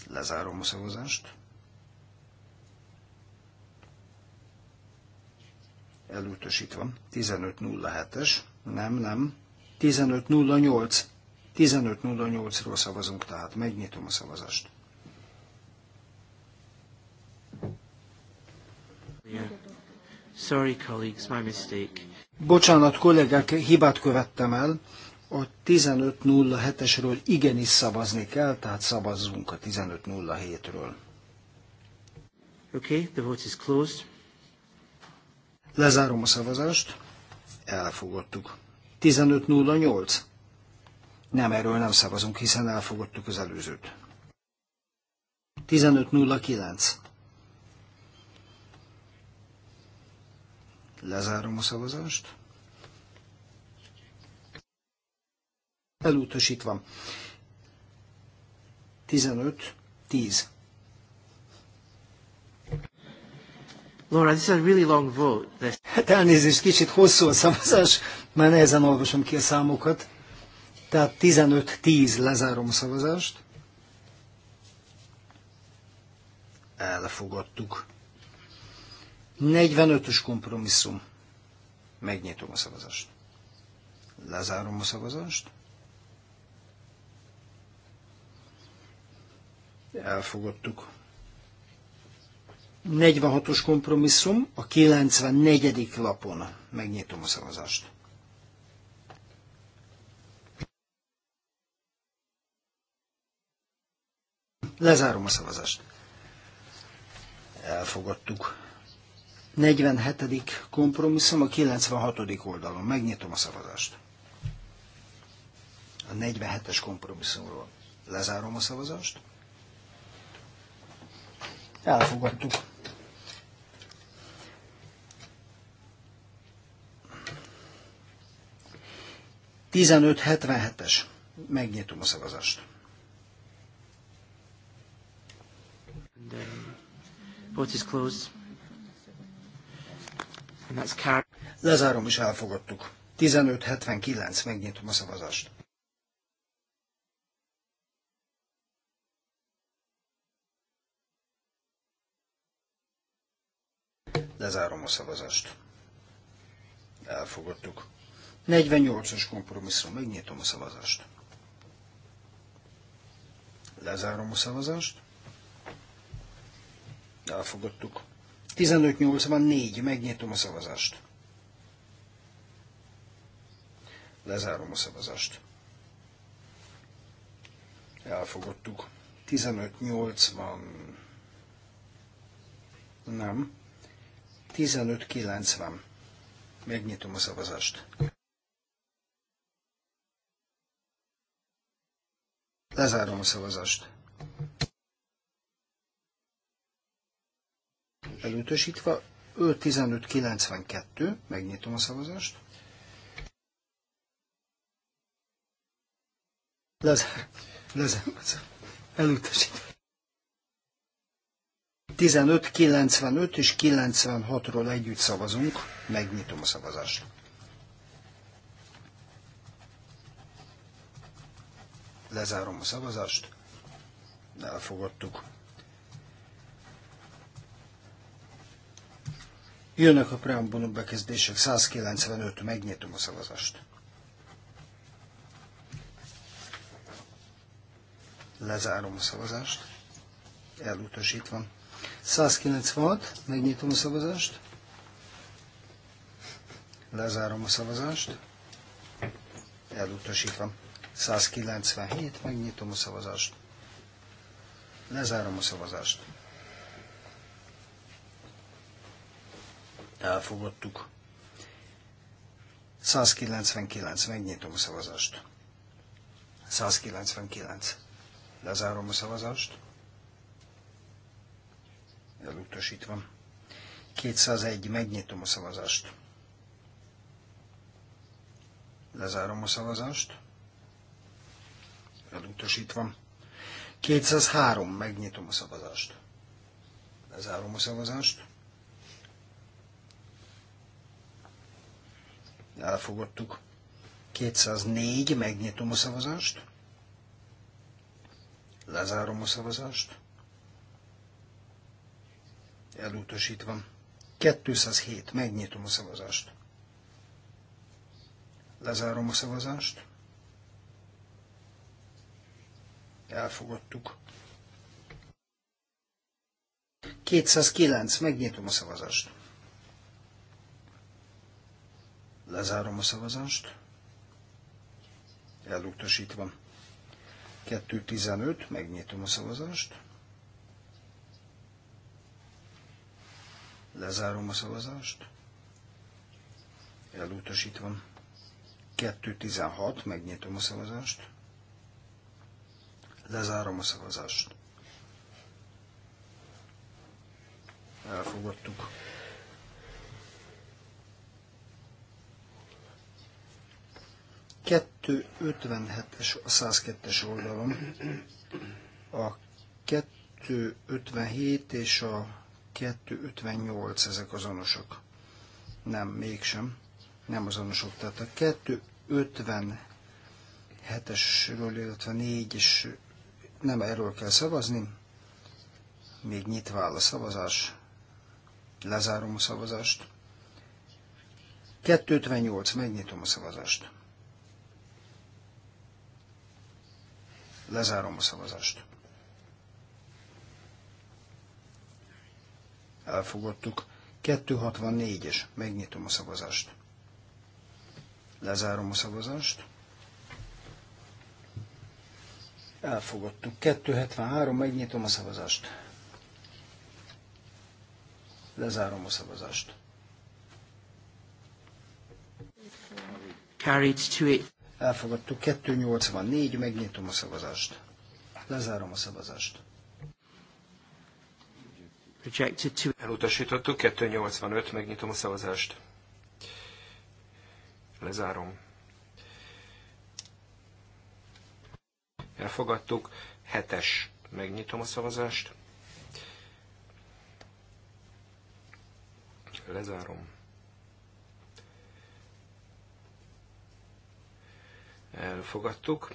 Lezárom a szavazást. Elutasítva. 1507-es. Nem, nem. 1508. 1508-ról szavazunk, tehát megnyitom a szavazást. Sorry, colleagues, my mistake. Bocsánat, kollégák, hibát követtem el. A 1507-esről igenis szavazni kell, tehát szavazzunk a 1507-ről. Okay, the vote is closed. Lezárom a szavazást. Elfogadtuk. 1508. Nem, erről nem szavazunk, hiszen elfogadtuk az előzőt. 1509. Lezárom a szavazást. Elutasítva. 15, 10. Laura, this is a really long vote. This... Hát elnézést, kicsit hosszú a szavazás, már nehezen olvasom ki a számokat. Tehát 15-10 lezárom a szavazást. Elfogadtuk. 45-ös kompromisszum. Megnyitom a szavazást. Lezárom a szavazást. Elfogadtuk. 46-os kompromisszum a 94. lapon. Megnyitom a szavazást. Lezárom a szavazást. Elfogadtuk. 47. kompromisszum a 96. oldalon. Megnyitom a szavazást. A 47-es kompromisszumról lezárom a szavazást. Elfogadtuk. Tizenöt es Megnyitom a szavazást. Vote is closed. Lezárom és elfogadtuk. 15.79, megnyitom a szavazást. Lezárom a szavazást. Elfogadtuk. 48-as kompromisszum, megnyitom a szavazást. Lezárom a szavazást. Elfogadtuk. 1584, megnyitom a szavazást. Lezárom a szavazást. Elfogadtuk. 1580. Nem. 1590. Megnyitom a szavazást. Lezárom a szavazást. elutasítva. 5.15.92, megnyitom a szavazást. Lezárom, lezárom, elutasítva. 15, 95 és 96-ról együtt szavazunk, megnyitom a szavazást. Lezárom a szavazást, elfogadtuk. Jönnek a preambulum bekezdések, 195, megnyitom a szavazást. Lezárom a szavazást. Elutasítva. 196, megnyitom a szavazást. Lezárom a szavazást. Elutasítva. 197, megnyitom a szavazást. Lezárom a szavazást elfogadtuk. 199, megnyitom a szavazást. 199. Lezárom a szavazást. Elutasítva. 201, megnyitom a szavazást. Lezárom a szavazást. Elutasítva. 203, megnyitom a szavazást. Lezárom a szavazást. elfogadtuk. 204, megnyitom a szavazást, lezárom a szavazást, elutasítva. 207, megnyitom a szavazást, lezárom a szavazást, elfogadtuk. 209, megnyitom a szavazást. Lezárom a szavazást. Elutasítva. 2.15, megnyitom a szavazást. Lezárom a szavazást. Elutasítva. 2.16, megnyitom a szavazást. Lezárom a szavazást. Elfogadtuk. 257-es a 102-es oldalon. A 257 és a 258 ezek azonosak. Nem, mégsem. Nem azonosok. Tehát a 257-esről, illetve 4 is nem erről kell szavazni. Még nyitva áll a szavazás. Lezárom a szavazást. 258, megnyitom a szavazást. Lezárom a szavazást. Elfogadtuk. 264-es. Megnyitom a szavazást. Lezárom a szavazást. Elfogadtuk. 273. Megnyitom a szavazást. Lezárom a szavazást. Carried to it. Elfogadtuk 284, megnyitom a szavazást. Lezárom a szavazást. Elutasítottuk 285, megnyitom a szavazást. Lezárom. Elfogadtuk. 7-es, megnyitom a szavazást. Lezárom. elfogadtuk.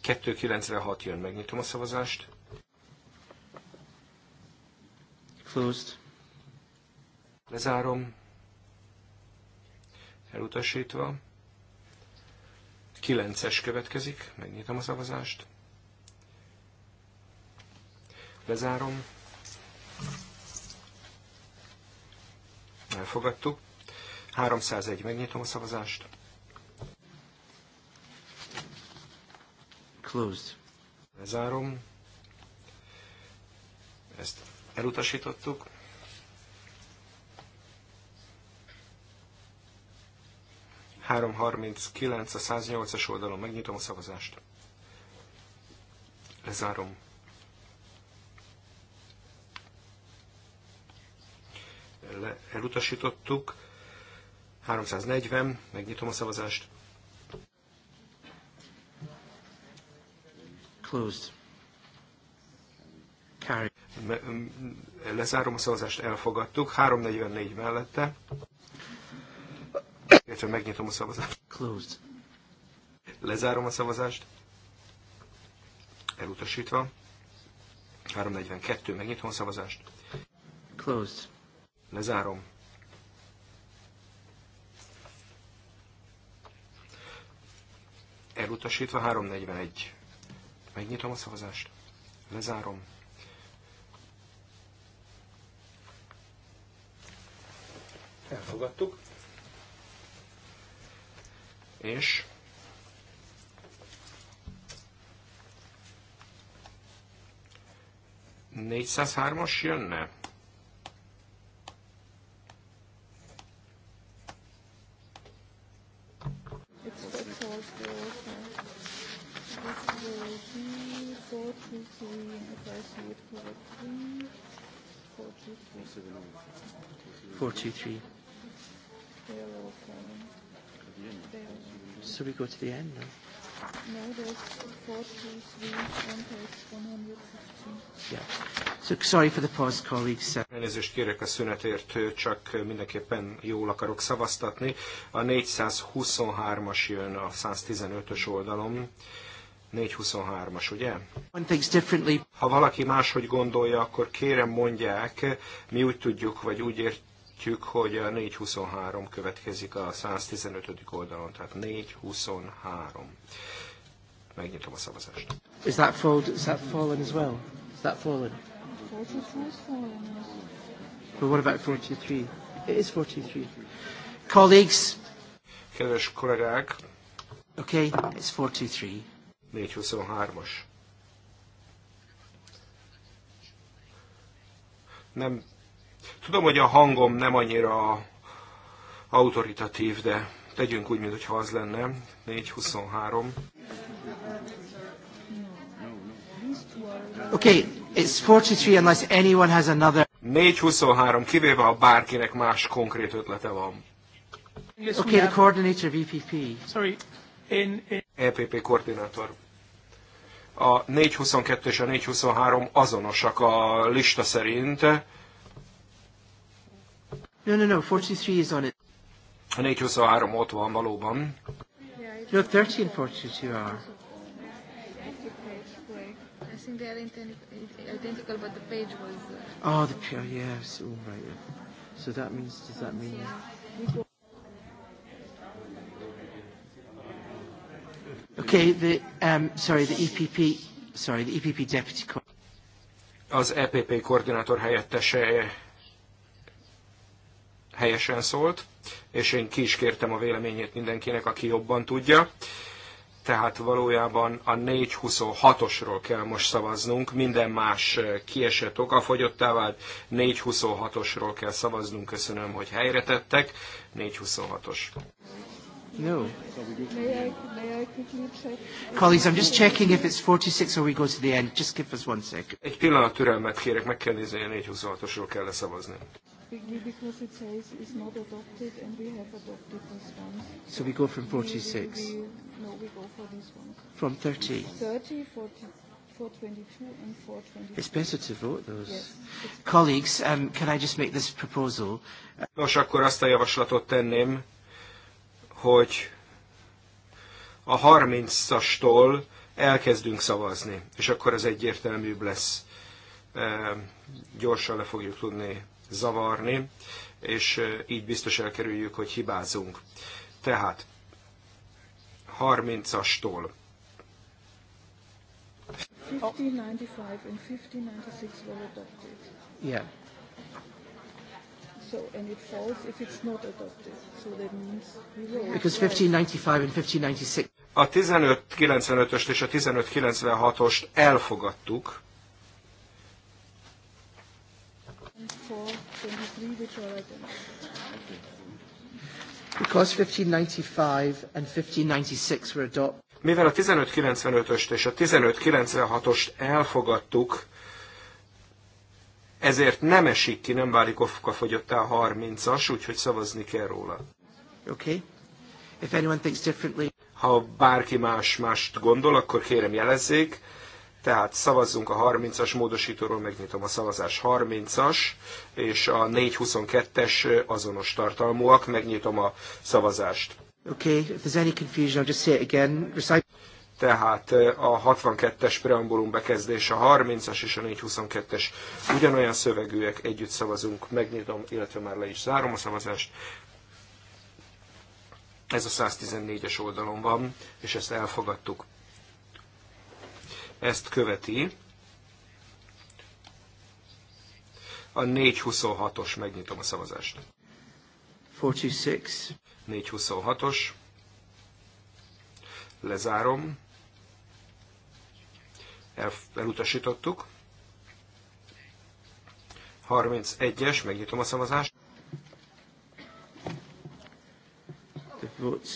296 jön, megnyitom a szavazást. Closed. Lezárom. Elutasítva. 9-es következik, megnyitom a szavazást. Lezárom. Elfogadtuk. 301. Megnyitom a szavazást. Closed. Lezárom. Ezt elutasítottuk. Három kilenc a 108-as oldalon. Megnyitom a szavazást. Lezárom. Le, elutasítottuk. 340, megnyitom a szavazást. Closed. Carry. Lezárom a szavazást, elfogadtuk. 344 mellette. Illetve megnyitom a szavazást. Closed. Lezárom a szavazást. Elutasítva. 342, megnyitom a szavazást. Closed. Lezárom. elutasítva, 341. Megnyitom a szavazást, lezárom. Elfogadtuk. És négyszázhármas jönne? 423. So we go to the end now? No, there's 423 on page Yeah. So sorry for the pause, colleagues. Elnézést kérek a szünetért, csak mindenképpen jól akarok szavaztatni. A 423-as jön a 115-ös oldalon. 423-as, ugye? Ha valaki máshogy gondolja, akkor kérem mondják, mi úgy tudjuk, vagy úgy értjük, hogy a 423 következik a 115. oldalon, tehát 423. Megnyitom a szavazást. Is that, fold, is that fallen as well? Is that fallen? 43 is fallen. But what about 43? It is 43. Colleagues. Kedves kollégák. Okay, it's 43. 423-as. Nem. Tudom, hogy a hangom nem annyira autoritatív, de tegyünk úgy, mintha az lenne. 423. Okay, it's 43 unless anyone has another. 423, kivéve a bárkinek más konkrét ötlete van. Okay, the coordinator of EPP. Sorry, én, én... EPP koordinátor. A 422 és a 423 azonosak a lista szerint. No, no, no, 43 is on it. A 423 ott van valóban. No, 1342 are. I think they are identical, but the page was. Uh... Oh, the pure, oh, yes, all right. So that means, does that mean? Okay, the, um, sorry, the EPP, sorry, the EPP deputy Az EPP koordinátor helyettese helyesen szólt, és én ki is kértem a véleményét mindenkinek, aki jobban tudja. Tehát valójában a 426-osról kell most szavaznunk, minden más kiesett okafogyottá vált, 426-osról kell szavaznunk, köszönöm, hogy helyre tettek, 426-os. No. May I, may I quickly check? Colleagues, I'm just checking if it's 46 or we go to the end. Just give us one sec. Egy pillanat türelmet kérek, meg kell nézni, a 426-osról kell leszavazni. Because it says it's not adopted and we have adopted this one. So we go from 46? no, we go for this one. From 30? 30, 40. 422 and 422. It's better to vote those. Yes. Colleagues, um, can I just make this proposal? Nos, akkor azt a javaslatot tenném, hogy a 30-astól elkezdünk szavazni, és akkor ez egyértelműbb lesz. Gyorsan le fogjuk tudni zavarni, és így biztos elkerüljük, hogy hibázunk. Tehát 30-astól. 1595 and 1596 were adopted. Yeah so, and it falls if it's not adopted. So that means we roll. Because 1595 and 1596. A 1595-öst és a 1596-ost elfogadtuk. Because 1595 and 1596 were adopted. Mivel a 1595-öst és a 1596-ost elfogadtuk, ezért nem esik ki, nem válik offkafogyottá a 30-as, úgyhogy szavazni kell róla. Okay. If anyone thinks differently... Ha bárki más mást gondol, akkor kérem jelezzék. Tehát szavazzunk a 30-as módosítóról, megnyitom a szavazás 30-as, és a 422-es azonos tartalmúak, megnyitom a szavazást. Okay, if there's any confusion, I'll just say it again. Recite tehát a 62-es preambulum bekezdés, a 30-as és a 422-es ugyanolyan szövegűek, együtt szavazunk, megnyitom, illetve már le is zárom a szavazást. Ez a 114-es oldalon van, és ezt elfogadtuk. Ezt követi a 426-os, megnyitom a szavazást. 426. 426-os lezárom el, elutasítottuk. 31-es, megnyitom a szavazást. The vote,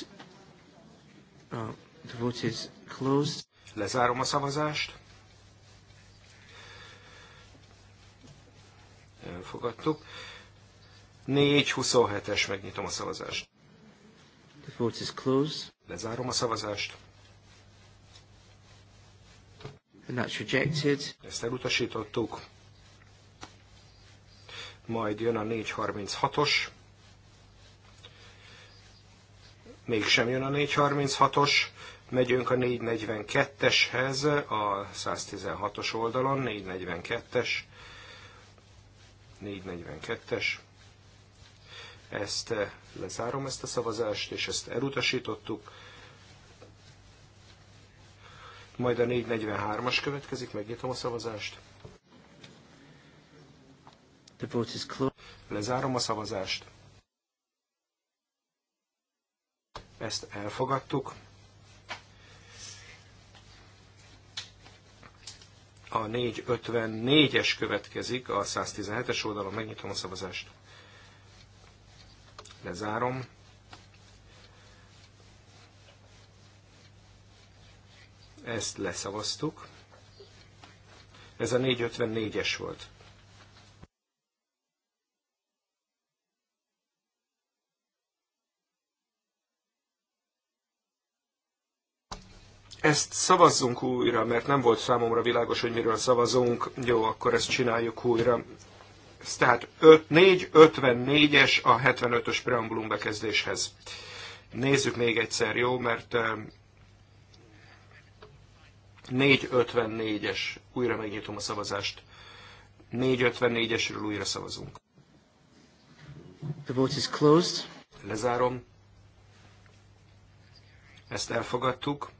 uh, the vote is closed. Lezárom a szavazást. Elfogadtuk. 4-27-es, megnyitom a szavazást. The vote is closed. Lezárom a szavazást. And that's rejected. Ezt elutasítottuk. Majd jön a 436-os. Mégsem jön a 436-os. Megyünk a 442-eshez, a 116-os oldalon, 442-es. 442-es. Ezt eh, lezárom ezt a szavazást, és ezt elutasítottuk majd a 443-as következik, megnyitom a szavazást. The vote is closed. Lezárom a szavazást. Ezt elfogadtuk. A 454-es következik, a 117-es oldalon megnyitom a szavazást. Lezárom. Ezt leszavaztuk. Ez a 454-es volt. Ezt szavazzunk újra, mert nem volt számomra világos, hogy miről szavazunk. Jó, akkor ezt csináljuk újra. Ez tehát 454-es a 75-ös preambulum bekezdéshez. Nézzük még egyszer, jó, mert 454-es, újra megnyitom a szavazást. 454-esről újra szavazunk. The vote is closed. Lezárom. Ezt elfogadtuk.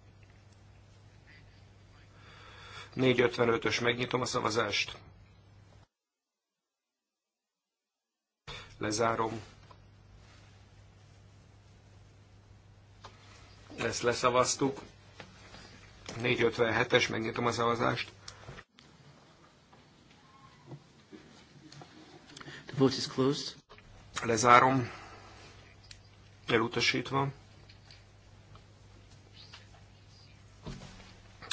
455-ös megnyitom a szavazást. Lezárom. Ezt leszavaztuk. 457-es, megnyitom a szavazást. The vote is closed. Lezárom. Elutasítva.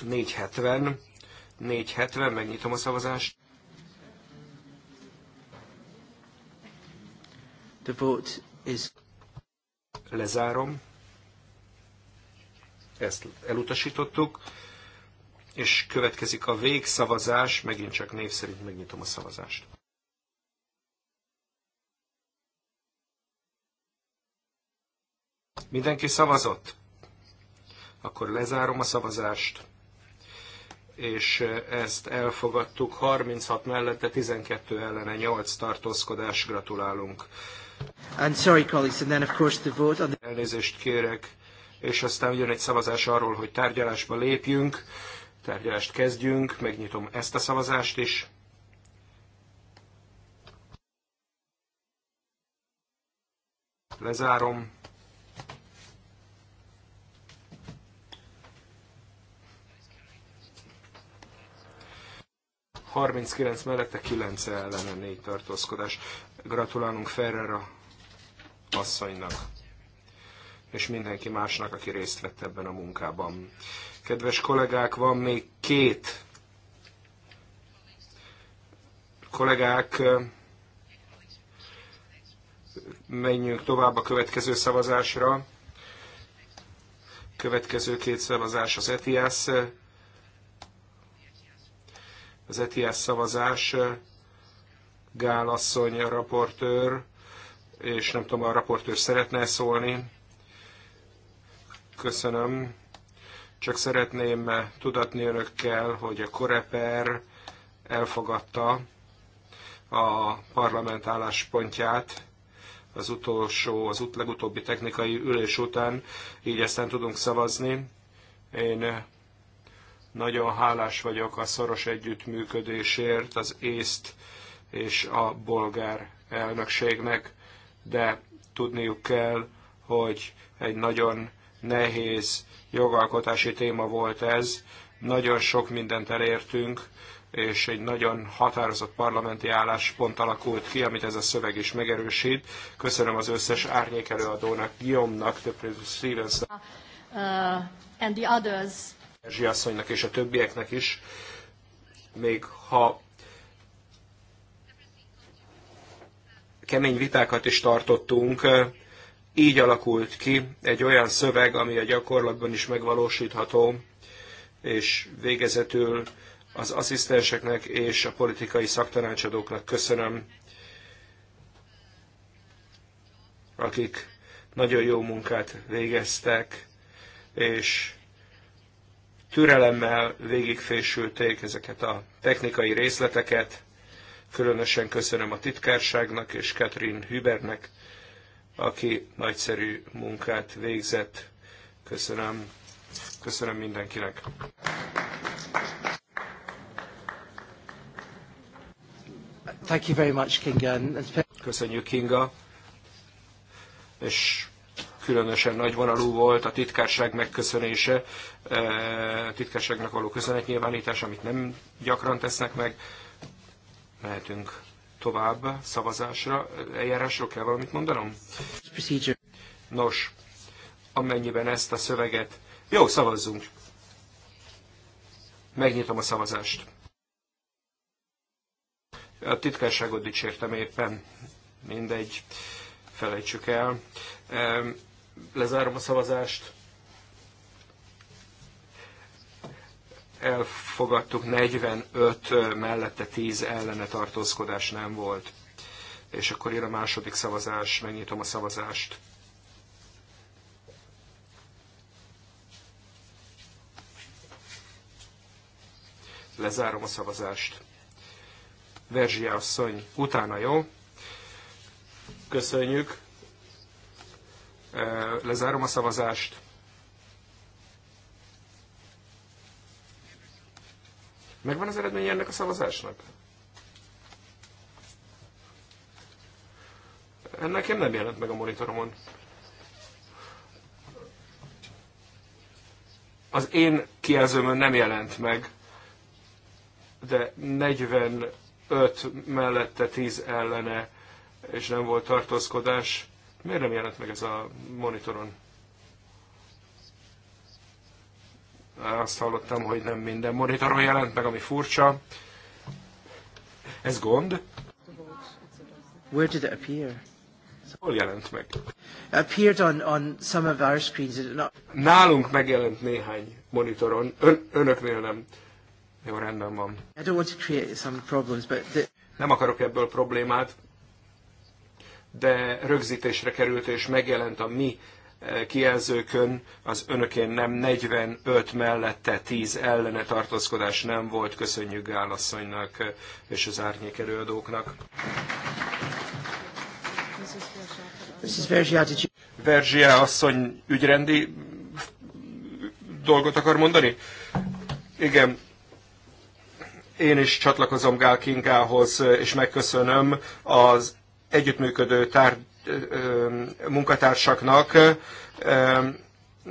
470. 470, megnyitom a szavazást. The vote is... Lezárom ezt elutasítottuk, és következik a végszavazás, megint csak név szerint megnyitom a szavazást. Mindenki szavazott? Akkor lezárom a szavazást, és ezt elfogadtuk 36 mellette, 12 ellene, 8 tartózkodás, gratulálunk. And sorry, colleagues, and then of course the vote on the... Elnézést kérek, és aztán jön egy szavazás arról, hogy tárgyalásba lépjünk, tárgyalást kezdjünk, megnyitom ezt a szavazást is. Lezárom. ...39 mellette 9 ellene 4 tartózkodás. Gratulálunk Ferrer asszonynak és mindenki másnak, aki részt vett ebben a munkában. Kedves kollégák, van még két kollégák, menjünk tovább a következő szavazásra. Következő két szavazás az ETIAS. Az ETIAS szavazás, Gál asszony a raportőr, és nem tudom, a raportőr szeretne szólni. Köszönöm. Csak szeretném tudatni önökkel, hogy a Koreper elfogadta a parlament álláspontját az utolsó, az ut legutóbbi technikai ülés után, így aztán tudunk szavazni. Én nagyon hálás vagyok a szoros együttműködésért az észt és a bolgár elnökségnek, de tudniuk kell, hogy egy nagyon nehéz jogalkotási téma volt ez. Nagyon sok mindent elértünk, és egy nagyon határozott parlamenti álláspont alakult ki, amit ez a szöveg is megerősít. Köszönöm az összes árnyékelőadónak, Guillaume-nak, Stevensnak, uh, Erzsi asszonynak és a többieknek is, még ha kemény vitákat is tartottunk, így alakult ki egy olyan szöveg, ami a gyakorlatban is megvalósítható, és végezetül az asszisztenseknek és a politikai szaktanácsadóknak köszönöm, akik nagyon jó munkát végeztek, és türelemmel végigfésülték ezeket a technikai részleteket. Különösen köszönöm a titkárságnak és Catherine Hübernek, aki nagyszerű munkát végzett. Köszönöm, köszönöm mindenkinek. Thank you very much, Kinga. Köszönjük, Kinga. És különösen nagyvonalú volt a titkárság megköszönése, a eh, titkárságnak való köszönetnyilvánítás, amit nem gyakran tesznek meg. Mehetünk tovább szavazásra, eljárásról kell valamit mondanom? Nos, amennyiben ezt a szöveget... Jó, szavazzunk! Megnyitom a szavazást. A titkárságot dicsértem éppen. Mindegy, felejtsük el. Lezárom a szavazást. elfogadtuk, 45 mellette 10 ellene tartózkodás nem volt. És akkor jön a második szavazás, megnyitom a szavazást. Lezárom a szavazást. Verzsia asszony, utána jó. Köszönjük. Lezárom a szavazást. Megvan az eredménye ennek a szavazásnak? Ennek én nem jelent meg a monitoromon. Az én kijelzőmön nem jelent meg, de 45 mellette 10 ellene, és nem volt tartózkodás. Miért nem jelent meg ez a monitoron? Azt hallottam, hogy nem minden monitoron jelent meg, ami furcsa. Ez gond? Where did it appear? Hol jelent meg? Appeared on, on some of our screens. Not... Nálunk megjelent néhány monitoron, Ön, önöknél nem. Jó, rendben van. I don't want to create some problems, but the... Nem akarok ebből problémát, de rögzítésre került és megjelent a mi kijelzőkön, az önökén nem 45 mellette 10 ellene tartózkodás nem volt. Köszönjük Gálasszonynak és az árnyék előadóknak. Verzsia asszony ügyrendi dolgot akar mondani? Igen, én is csatlakozom Gál Kingához, és megköszönöm az együttműködő tárgyalásokat, munkatársaknak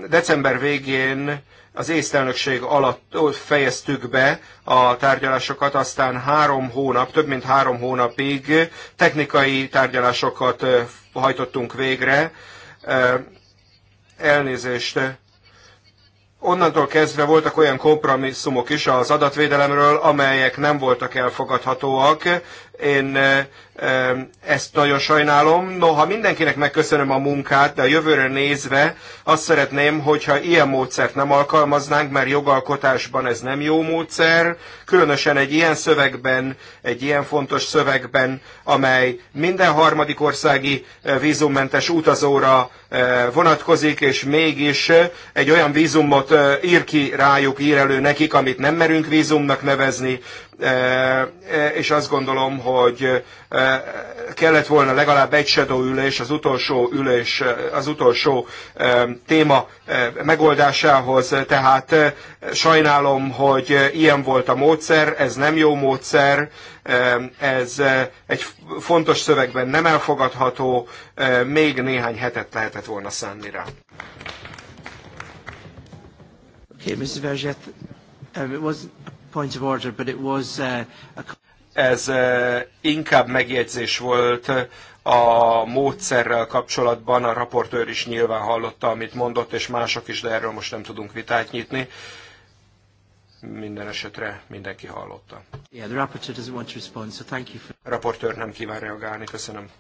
december végén az észtelnökség alatt fejeztük be a tárgyalásokat, aztán három hónap, több mint három hónapig technikai tárgyalásokat hajtottunk végre. Elnézést. Onnantól kezdve voltak olyan kompromisszumok is az adatvédelemről, amelyek nem voltak elfogadhatóak, én ezt nagyon sajnálom. Noha mindenkinek megköszönöm a munkát, de a jövőre nézve azt szeretném, hogyha ilyen módszert nem alkalmaznánk, mert jogalkotásban ez nem jó módszer, különösen egy ilyen szövegben, egy ilyen fontos szövegben, amely minden harmadik országi vízummentes utazóra vonatkozik, és mégis egy olyan vízumot ír ki rájuk, ír elő nekik, amit nem merünk vízumnak nevezni, E, e, és azt gondolom, hogy e, kellett volna legalább egy shadow ülés, az utolsó ülés, az utolsó téma megoldásához, tehát sajnálom, hogy ilyen volt a módszer, ez nem jó módszer, ez egy fontos szövegben nem elfogadható, még néhány hetet lehetett volna szánni rá. Okay, Mr. Vergette, um, it was a of order, but it was uh, a... Ez uh, inkább megjegyzés volt a módszerrel kapcsolatban, a raportőr is nyilván hallotta, amit mondott, és mások is, de erről most nem tudunk vitát nyitni. Minden esetre mindenki hallotta. Yeah, the rapporteur so for... A raportőr nem kíván reagálni, köszönöm.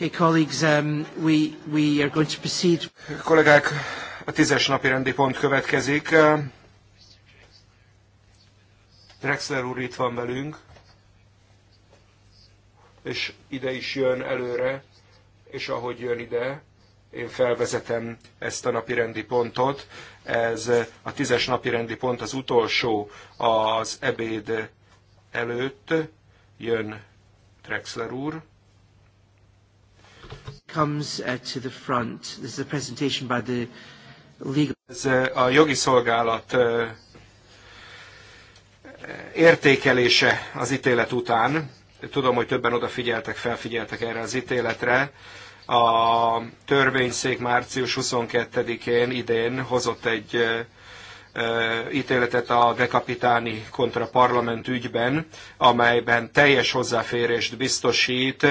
Okay, colleagues, um, we, we are going to proceed. Kollégák, a tízes napi rendi pont következik. Drexler úr itt van velünk, és ide is jön előre, és ahogy jön ide, én felvezetem ezt a napi rendi pontot. Ez a tízes napi rendi pont az utolsó az ebéd előtt. Jön Drexler úr comes uh, to the front. This is a presentation by the legal... Ez uh, a jogi szolgálat uh, uh, értékelése az ítélet után. Tudom, hogy többen odafigyeltek, felfigyeltek erre az ítéletre. A törvényszék március 22-én idén hozott egy ítéletet a dekapitáni kontra parlament ügyben, amelyben teljes hozzáférést biztosít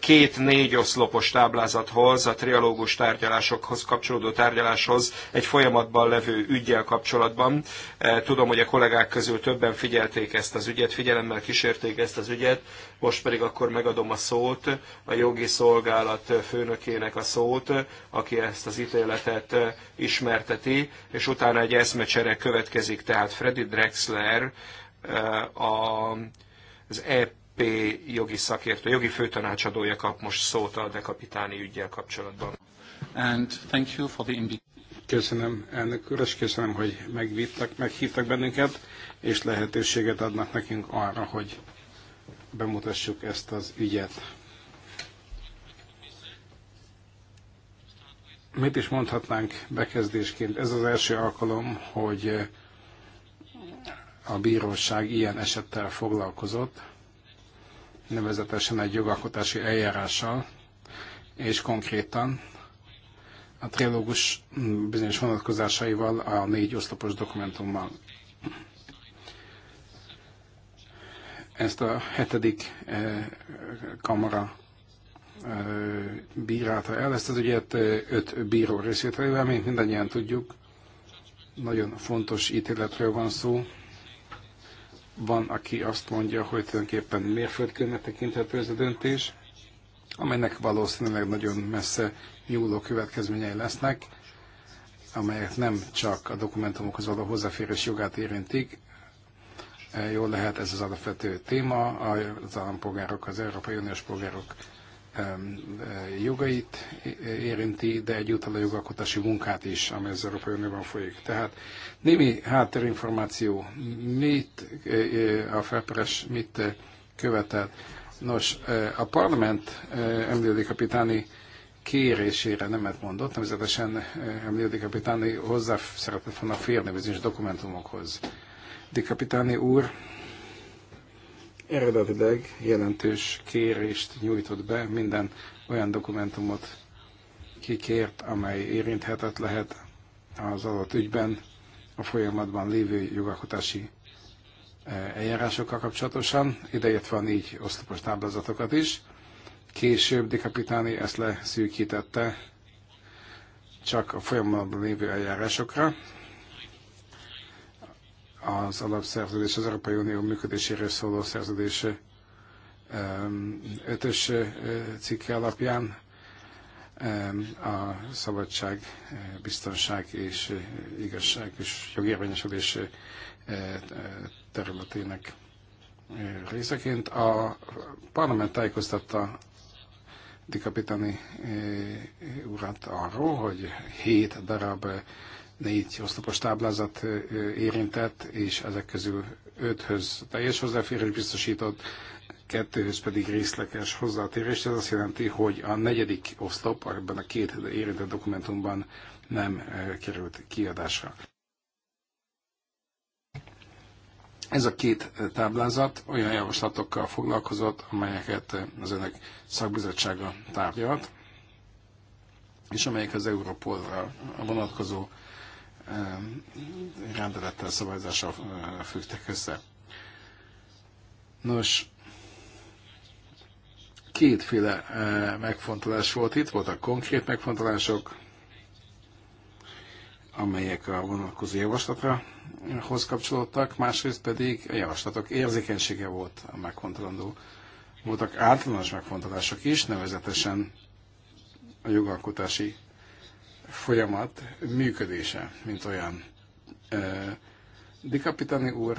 két-négy oszlopos táblázathoz, a trialógus tárgyalásokhoz kapcsolódó tárgyaláshoz egy folyamatban levő ügyjel kapcsolatban. E, tudom, hogy a kollégák közül többen figyelték ezt az ügyet, figyelemmel kísérték ezt az ügyet, most pedig akkor megadom a szót, a jogi szolgálat főnökének a szót, aki ezt az ítéletet ismerteti, és utána egy eszmecsere következik, tehát Freddy Drexler, e, a, az EP P. jogi szakértő, jogi főtanácsadója kap most szót a dekapitáni ügyjel kapcsolatban. And thank you for the Köszönöm, elnök úr, és köszönöm, hogy megvittek, meghívtak bennünket, és lehetőséget adnak nekünk arra, hogy bemutassuk ezt az ügyet. Mit is mondhatnánk bekezdésként? Ez az első alkalom, hogy a bíróság ilyen esettel foglalkozott nevezetesen egy jogalkotási eljárással, és konkrétan a trilógus bizonyos vonatkozásaival a négy oszlopos dokumentummal. Ezt a hetedik eh, kamara eh, bírálta el ezt az ügyet eh, öt bíró részvételével, mint mindannyian tudjuk. Nagyon fontos ítéletről van szó, van, aki azt mondja, hogy tulajdonképpen mérföldkőnek tekinthető ez a döntés, amelynek valószínűleg nagyon messze nyúló következményei lesznek, amelyek nem csak a dokumentumokhoz való hozzáférés jogát érintik, jól lehet ez az alapvető téma, az állampolgárok, az Európai Uniós polgárok Eh, jogait érinti, de egyúttal a jogalkotási munkát is, amely az Európai Unióban folyik. Tehát némi háttérinformáció, mit eh, eh, a felperes mit követett. Nos, a parlament MDD kapitáni kérésére nemet mondott, nemzetesen MDD kapitáni hozzá szeretett volna férni bizonyos dokumentumokhoz. De kapitáni úr eredetileg jelentős kérést nyújtott be, minden olyan dokumentumot kikért, amely érinthetett lehet az adott ügyben a folyamatban lévő jogalkotási e, eljárásokkal kapcsolatosan, ideértve van így oszlopos táblázatokat is. Később de Kapitáni ezt leszűkítette csak a folyamatban lévő eljárásokra, az alapszerződés, az Európai Unió működéséről szóló szerződés ötös cikke alapján a szabadság, biztonság és igazság és jogérvényesülés területének részeként. A parlament tájékoztatta Dikapitani urat arról, hogy hét darab négy oszlopos táblázat érintett, és ezek közül öthöz teljes hozzáférés biztosított, kettőhöz pedig részleges hozzátérés. Ez azt jelenti, hogy a negyedik oszlop ebben a két érintett dokumentumban nem került kiadásra. Ez a két táblázat olyan javaslatokkal foglalkozott, amelyeket az önök szakbizottsága tárgyalt, és amelyek az Európolra vonatkozó rendelettel, szabályzással fügtek össze. Nos, kétféle megfontolás volt itt, voltak konkrét megfontolások, amelyek a vonatkozó hoz kapcsolódtak, másrészt pedig a javaslatok érzékenysége volt a megfontolandó. Voltak általános megfontolások is, nevezetesen a jogalkotási folyamat működése, mint olyan. Dikapitani úr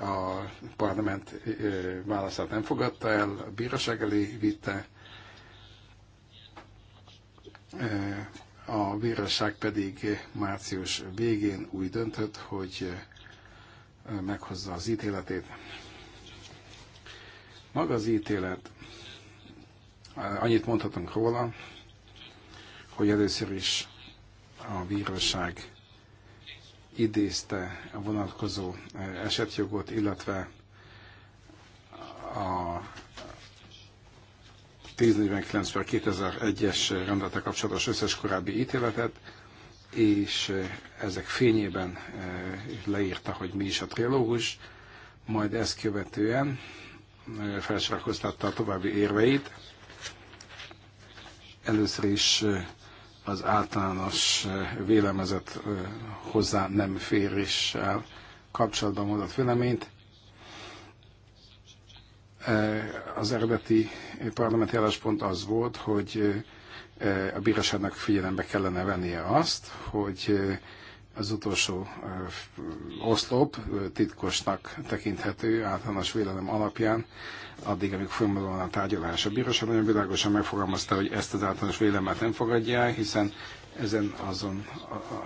a parlament válaszát nem fogadta el, a bíróság elé vitte, a bíróság pedig március végén úgy döntött, hogy meghozza az ítéletét. Maga az ítélet, annyit mondhatunk róla, hogy először is a bíróság idézte a vonatkozó e, esetjogot, illetve a 1049 per 2001-es rendelete kapcsolatos összes korábbi ítéletet, és e, ezek fényében e, leírta, hogy mi is a trilógus, majd ezt követően felsorakoztatta a további érveit. Először is az általános eh, vélemezett eh, hozzá nem féréssel kapcsolatban mondott véleményt. Eh, az eredeti parlamenti álláspont az volt, hogy a bíróságnak figyelembe kellene vennie azt, hogy az utolsó oszlop titkosnak tekinthető általános vélelem alapján, addig, amíg folyamodóan a tárgyalás. A bíróság nagyon világosan megfogalmazta, hogy ezt az általános vélemet nem fogadja hiszen ezen azon, a, a,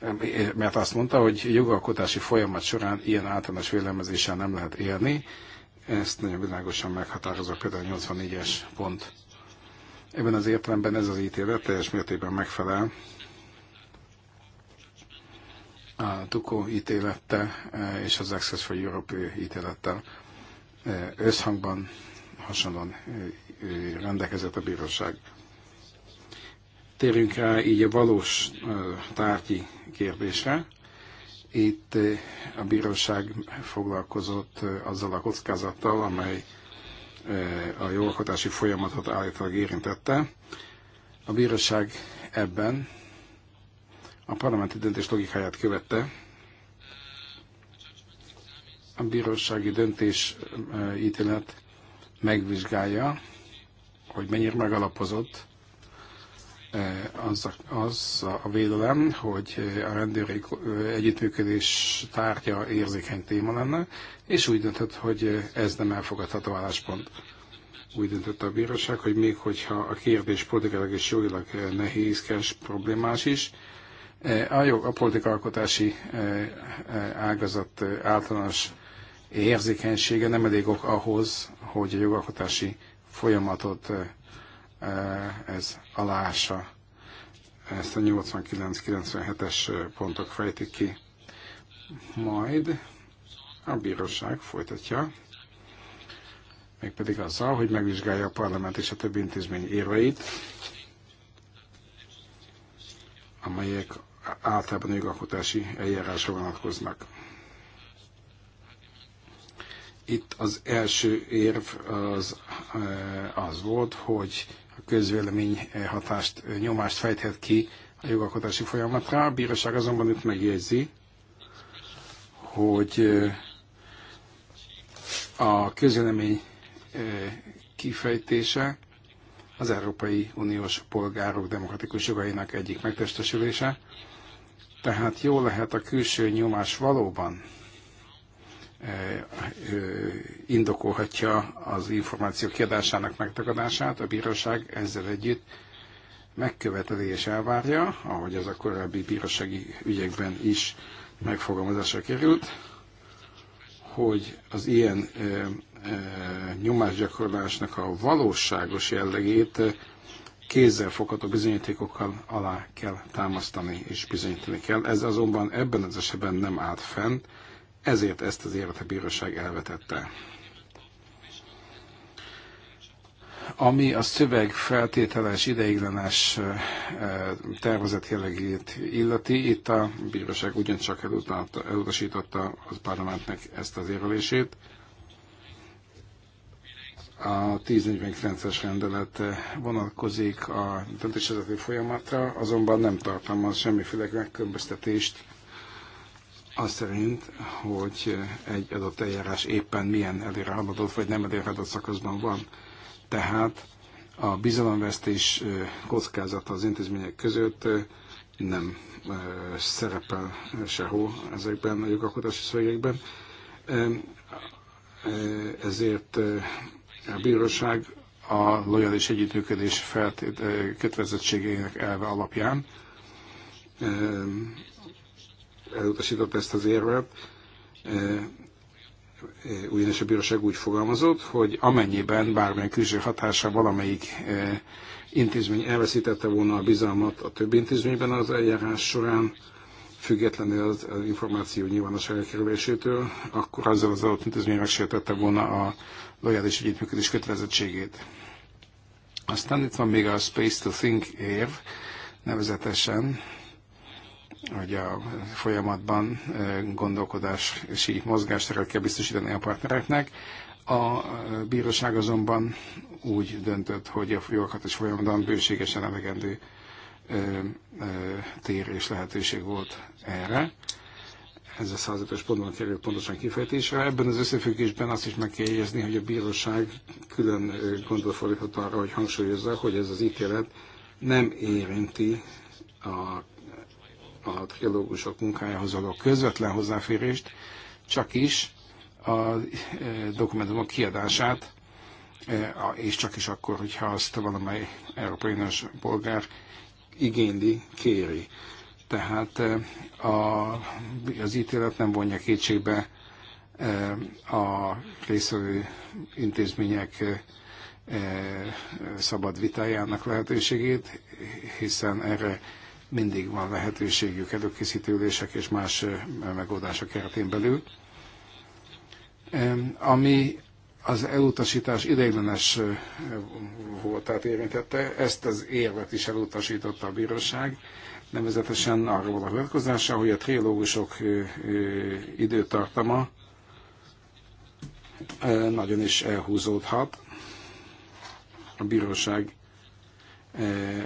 a, mert azt mondta, hogy jogalkotási folyamat során ilyen általános vélemezéssel nem lehet élni. Ezt nagyon világosan meghatározott például 84-es pont. Ebben az értelemben ez az ítélet teljes mértékben megfelel a Tuko ítélettel e, és az Access for Europe ítélettel e, összhangban hasonlóan e, rendelkezett a bíróság. Térjünk rá így a valós tárgyi kérdésre. Itt a bíróság foglalkozott azzal a kockázattal, amely a jogalkotási folyamatot állítólag érintette. A bíróság ebben a parlamenti döntés logikáját követte. A bírósági döntés e, ítélet megvizsgálja, hogy mennyire megalapozott e, az a, az a védelem, hogy a rendőri e, együttműködés tárgya érzékeny téma lenne, és úgy döntött, hogy ez nem elfogadható álláspont. Úgy döntött a bíróság, hogy még hogyha a kérdés politikailag és jogilag nehézkes, problémás is, a jog, a politikalkotási e, e, ágazat általános érzékenysége nem elég ok ahhoz, hogy a jogalkotási folyamatot e, ez alása. Ezt a 89-97-es pontok fejtik ki. Majd a bíróság folytatja, mégpedig azzal, hogy megvizsgálja a parlament és a több intézmény érveit, amelyek általában jogalkotási eljárásra vonatkoznak. Itt az első érv az, eh, az volt, hogy a közvélemény eh, hatást, eh, nyomást fejthet ki a jogalkotási folyamatra. A bíróság azonban itt megjegyzi, hogy a közvélemény kifejtése az Európai Uniós polgárok demokratikus jogainak egyik megtestesülése, tehát jó lehet a külső nyomás valóban eh, eh, indokolhatja az információ kiadásának megtagadását, a bíróság ezzel együtt megköveteli és elvárja, ahogy ez a korábbi bírósági ügyekben is megfogalmazásra került, hogy az ilyen eh, nyomásgyakorlásnak a valóságos jellegét kézzelfogható bizonyítékokkal alá kell támasztani és bizonyítani kell. Ez azonban ebben az esetben nem állt fenn, ezért ezt az érte bíróság elvetette. Ami a szöveg feltételes ideiglenes tervezet jellegét illeti, itt a bíróság ugyancsak elutasította az parlamentnek ezt az érvelését a 1049-es rendelet vonatkozik a döntésvezető folyamatra, azonban nem tartalmaz semmiféle megkülönböztetést azt szerint, hogy egy adott eljárás éppen milyen előrehaladott vagy nem előrehaladott szakaszban van. Tehát a bizalomvesztés kockázata az intézmények között nem szerepel sehol ezekben a jogalkotási szövegekben. Ezért a bíróság a lojális együttműködés feltét, elve alapján elutasította ezt az érvet. Ugyanis a bíróság úgy fogalmazott, hogy amennyiben bármilyen külső hatása valamelyik intézmény elveszítette volna a bizalmat a többi intézményben az eljárás során, függetlenül az, információ nyilvános elkerülésétől, akkor azzal az adott intézmény megsértette volna a lojális együttműködés kötelezettségét. Aztán itt van még a Space to Think év, nevezetesen, hogy a folyamatban gondolkodási mozgásteret kell biztosítani a partnereknek. A bíróság azonban úgy döntött, hogy a jogokat is folyamatban bőségesen elegendő tér és lehetőség volt erre ez a 105-ös pontban kerül pontosan kifejtésre. Ebben az összefüggésben azt is meg kell jegyezni, hogy a bíróság külön gondot fordított arra, hogy hangsúlyozza, hogy ez az ítélet nem érinti a, a trilógusok munkájához való közvetlen hozzáférést, csak is a dokumentumok kiadását, és csak is akkor, hogyha azt valamely európai polgár igényli, kéri. Tehát eh, a, az ítélet nem vonja kétségbe eh, a részvevő intézmények eh, szabad vitájának lehetőségét, hiszen erre mindig van lehetőségük előkészítődések és más megoldások keretén belül. Ami az elutasítás ideiglenes voltát érintette, ezt az érvet is elutasította a bíróság, nevezetesen arról a vonatkozása, hogy a trilógusok időtartama nagyon is elhúzódhat. A bíróság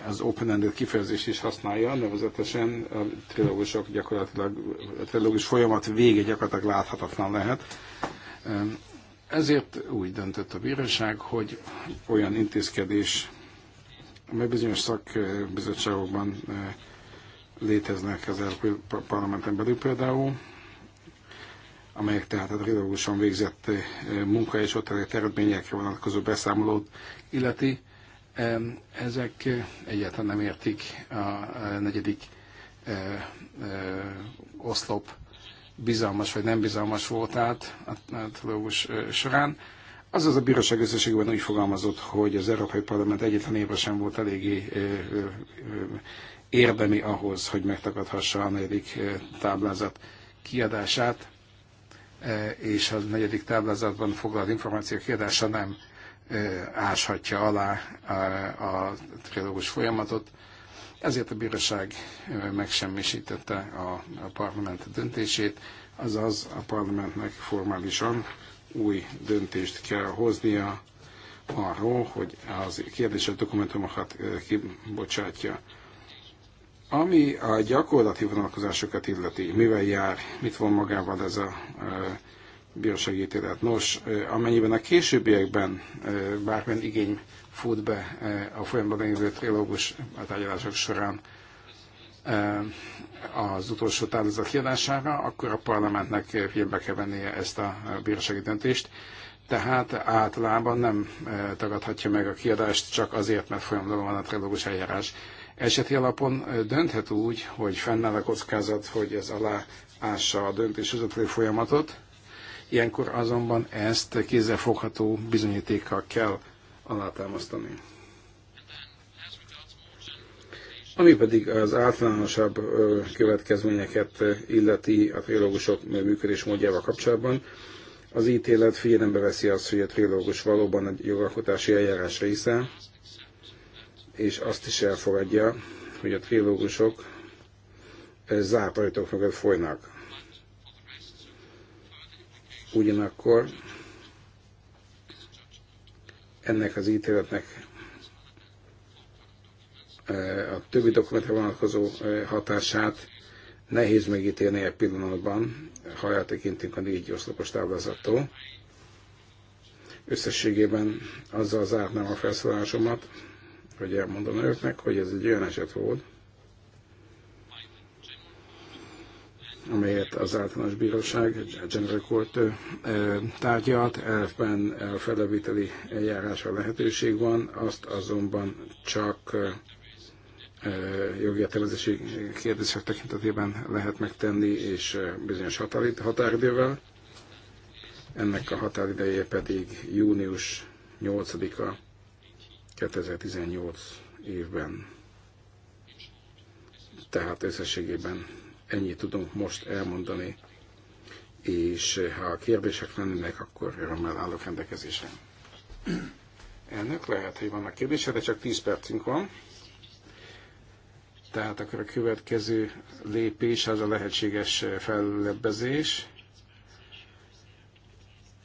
az open-ended kifejezést is használja, nevezetesen a trilógusok gyakorlatilag, a trilógus folyamat vége gyakorlatilag láthatatlan lehet. Ezért úgy döntött a bíróság, hogy olyan intézkedés, amely bizonyos szakbizottságokban léteznek az Európai Parlamenten belül például, amelyek tehát a trilóguson végzett eh, munka és ott elég eredményekre vonatkozó beszámolót illeti. Ezek eh, egyáltalán nem értik a negyedik eh, oszlop bizalmas vagy nem bizalmas voltát a trilógus során. Azaz a bíróság összességében úgy fogalmazott, hogy az Európai Parlament egyetlen évre sem volt eléggé érdemi ahhoz, hogy megtagadhassa a negyedik eh, táblázat kiadását, eh, és a negyedik táblázatban foglalt információ kiadása nem eh, áshatja alá a trilógus folyamatot. Ezért a bíróság megsemmisítette a, parlament döntését, azaz a parlamentnek formálisan új döntést kell hoznia arról, hogy az kérdésre dokumentumokat kibocsátja. Ami a gyakorlati vonatkozásokat illeti, mivel jár, mit von magával ez a bírósági ítélet. Nos, amennyiben a későbbiekben bármilyen igény fut be a folyamban lévő trilógus tárgyalások során az utolsó tárgyalzat kiadására, akkor a parlamentnek figyelembe kell vennie ezt a bírósági döntést. Tehát általában nem tagadhatja meg a kiadást csak azért, mert folyamatban van a trilógus eljárás. Eseti alapon dönthet úgy, hogy fennáll a kockázat, hogy ez alá ássa a döntéshozatai folyamatot, ilyenkor azonban ezt kézzelfogható bizonyítékkal kell alátámasztani. Ami pedig az általánosabb következményeket illeti a trilógusok működésmódjával kapcsolatban, az ítélet figyelembe veszi azt, hogy a trilógus valóban egy jogalkotási eljárás része, és azt is elfogadja, hogy a trilógusok eh, zárt ajtók mögött folynak. Ugyanakkor ennek az ítéletnek eh, a többi dokumentre vonatkozó eh, hatását nehéz megítélni egy pillanatban, ha eltekintünk a négy oszlopos táblázattól. Összességében azzal zárnám a felszólásomat, hogy elmondom önöknek, hogy ez egy olyan eset volt, amelyet az általános bíróság, a General Court tárgyalt, elfben feleviteli eljárásra lehetőség van, azt azonban csak jogi értelmezési kérdések tekintetében lehet megtenni, és bizonyos határidővel. Ennek a határideje pedig június 8-a 2018 évben. Tehát összességében ennyit tudunk most elmondani, és ha a kérdések lennének, akkor örömmel állok rendelkezésre. Elnök, lehet, hogy vannak kérdések, de csak 10 percünk van. Tehát akkor a következő lépés az a lehetséges fellebbezés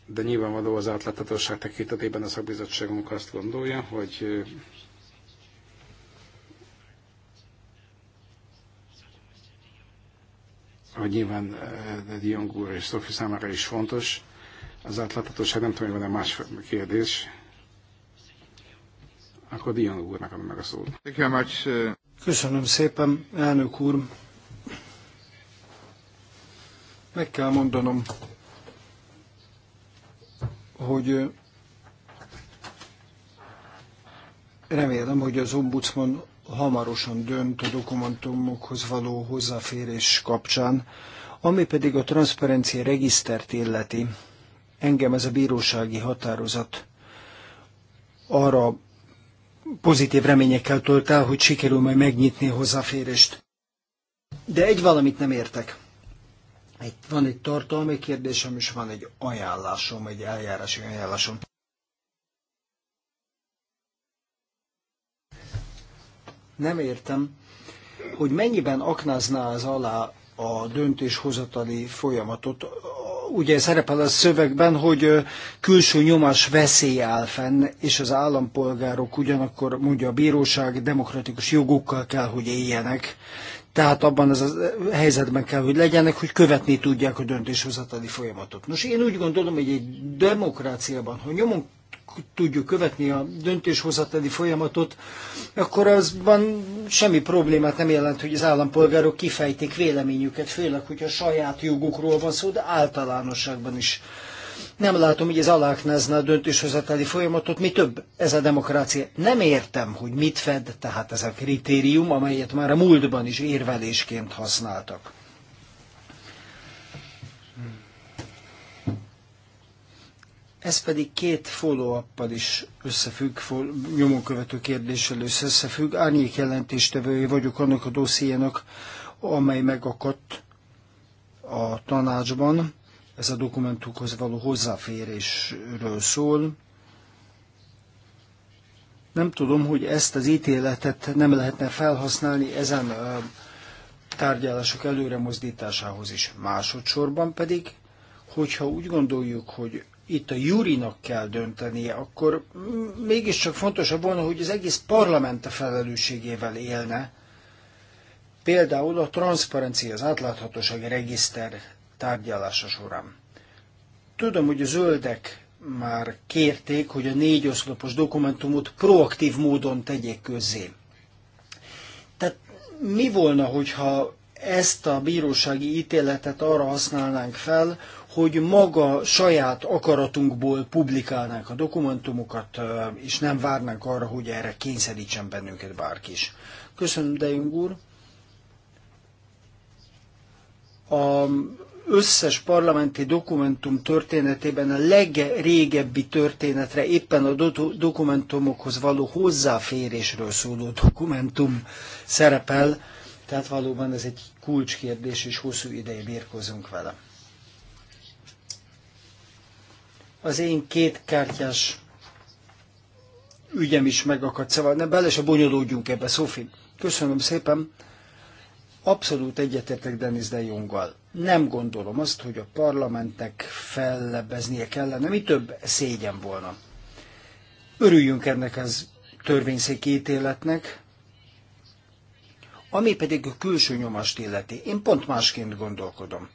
de nyilvánvaló az átláthatóság tekintetében a szakbizottságunk azt gondolja, hogy hogy nyilván Dion úr és Szofi számára is fontos. Az átláthatóság nem tudom, hogy van-e más kérdés. Akkor Dion úrnak adom meg a szót. Uh, Köszönöm szépen, elnök úr. Meg kell mondanom, hogy remélem, hogy az ombudsman hamarosan dönt a dokumentumokhoz való hozzáférés kapcsán, ami pedig a transzparencia regisztert illeti. Engem ez a bírósági határozat arra pozitív reményekkel tölt el, hogy sikerül majd megnyitni hozzáférést. De egy valamit nem értek. Egy, van egy tartalmi kérdésem, és van egy ajánlásom, egy eljárási ajánlásom. Nem értem, hogy mennyiben aknázná az alá a döntéshozatali folyamatot. Ugye szerepel a szövegben, hogy külső nyomás veszély áll fenn, és az állampolgárok ugyanakkor, mondja a bíróság, demokratikus jogokkal kell, hogy éljenek tehát abban az a helyzetben kell, hogy legyenek, hogy követni tudják a döntéshozatali folyamatot. Nos, én úgy gondolom, hogy egy demokráciában, ha nyomon tudjuk követni a döntéshozatali folyamatot, akkor azban semmi problémát nem jelent, hogy az állampolgárok kifejtik véleményüket, főleg, hogyha a saját jogukról van szó, de általánosságban is nem látom így az aláknázná a döntéshozatali folyamatot, mi több, ez a demokrácia. Nem értem, hogy mit fed, tehát ez a kritérium, amelyet már a múltban is érvelésként használtak. Ez pedig két follow is összefügg, nyomonkövető kérdéssel is összefügg. Árnyék jelentéstevője vagyok annak a dossziénak, amely megakadt a tanácsban. Ez a dokumentumhoz való hozzáférésről szól. Nem tudom, hogy ezt az ítéletet nem lehetne felhasználni ezen a tárgyalások előremozdításához is. Másodszorban pedig, hogyha úgy gondoljuk, hogy itt a Jurinak kell döntenie, akkor mégiscsak fontosabb volna, hogy az egész parlament a felelősségével élne. Például a transzparencia, az átláthatóság regiszter tárgyalása során. Tudom, hogy a zöldek már kérték, hogy a négy oszlopos dokumentumot proaktív módon tegyék közzé. Tehát mi volna, hogyha ezt a bírósági ítéletet arra használnánk fel, hogy maga saját akaratunkból publikálnánk a dokumentumokat, és nem várnánk arra, hogy erre kényszerítsen bennünket bárki is. Köszönöm, Dejung úr! A összes parlamenti dokumentum történetében a legrégebbi történetre, éppen a do- dokumentumokhoz való hozzáférésről szóló dokumentum szerepel, tehát valóban ez egy kulcskérdés, és hosszú ideje bírkozunk vele. Az én két kártyás ügyem is megakadt, szavar. ne bele se bonyolódjunk ebbe, Szófi. Köszönöm szépen. Abszolút egyetértek Denis de Jonggal. Nem gondolom azt, hogy a parlamentnek fellebeznie kellene, mi több szégyen volna. Örüljünk ennek az törvényszéki ítéletnek, ami pedig a külső nyomást illeti. Én pont másként gondolkodom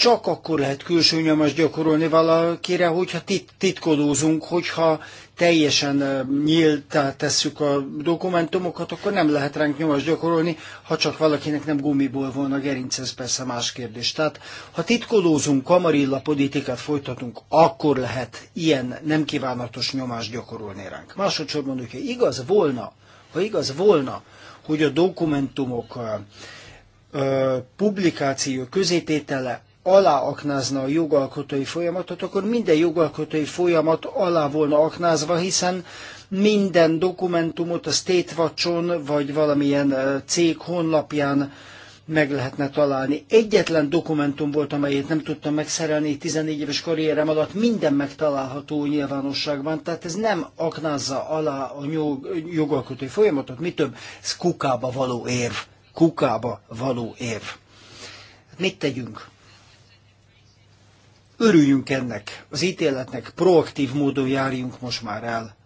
csak akkor lehet külső nyomást gyakorolni valakire, hogyha tit- titkolózunk, hogyha teljesen nyíltá tesszük a dokumentumokat, akkor nem lehet ránk nyomást gyakorolni, ha csak valakinek nem gumiból volna gerinc, ez persze más kérdés. Tehát, ha titkolózunk, kamarilla politikát folytatunk, akkor lehet ilyen nem kívánatos nyomást gyakorolni ránk. Másodszorban, hogyha igaz volna, ha igaz volna, hogy a dokumentumok publikáció közététele aláaknázna a jogalkotói folyamatot, akkor minden jogalkotói folyamat alá volna aknázva, hiszen minden dokumentumot a State Watch-on, vagy valamilyen cég honlapján meg lehetne találni. Egyetlen dokumentum volt, amelyet nem tudtam megszerelni 14 éves karrierem alatt, minden megtalálható nyilvánosságban, tehát ez nem aknázza alá a jogalkotói folyamatot, mi több, ez kukába való érv. Kukába való érv. Mit tegyünk? Örüljünk ennek, az ítéletnek proaktív módon járjunk most már el.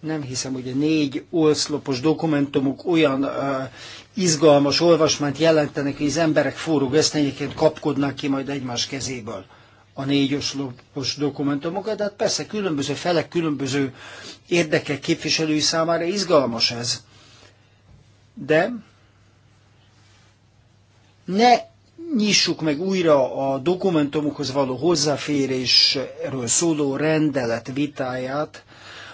Nem hiszem, hogy a négy oszlopos dokumentumok olyan uh, izgalmas olvasmányt jelentenek, hogy az emberek forró gesztenyeként kapkodnak ki majd egymás kezéből a négy oszlopos dokumentumokat, de hát persze különböző felek, különböző érdekek képviselői számára izgalmas ez. De ne nyissuk meg újra a dokumentumokhoz való hozzáférésről szóló rendelet vitáját,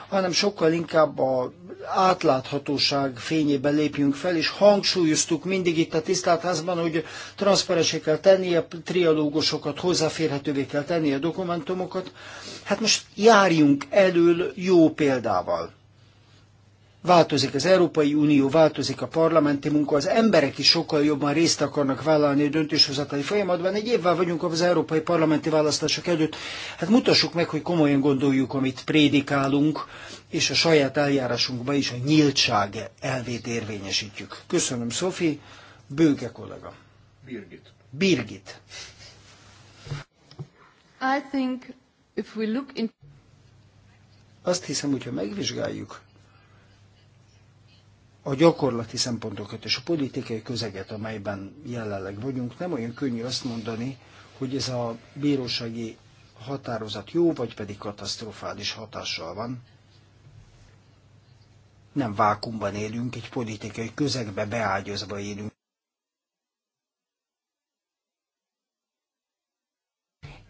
hanem sokkal inkább a átláthatóság fényébe lépjünk fel, és hangsúlyoztuk mindig itt a tisztátházban, hogy transzparensé kell tenni a trialógusokat, hozzáférhetővé kell tenni a dokumentumokat. Hát most járjunk elől jó példával. Változik az Európai Unió, változik a parlamenti munka, az emberek is sokkal jobban részt akarnak vállalni a döntéshozatali folyamatban. Egy évvel vagyunk az európai parlamenti választások előtt. Hát mutassuk meg, hogy komolyan gondoljuk, amit prédikálunk, és a saját eljárásunkba is a nyíltság elvét érvényesítjük. Köszönöm, Szofi. Bőke kollega. Birgit. Birgit. I think if we look in... Azt hiszem, hogyha megvizsgáljuk a gyakorlati szempontokat és a politikai közeget, amelyben jelenleg vagyunk, nem olyan könnyű azt mondani, hogy ez a bírósági határozat jó, vagy pedig katasztrofális hatással van. Nem vákumban élünk, egy politikai közegbe beágyazva élünk.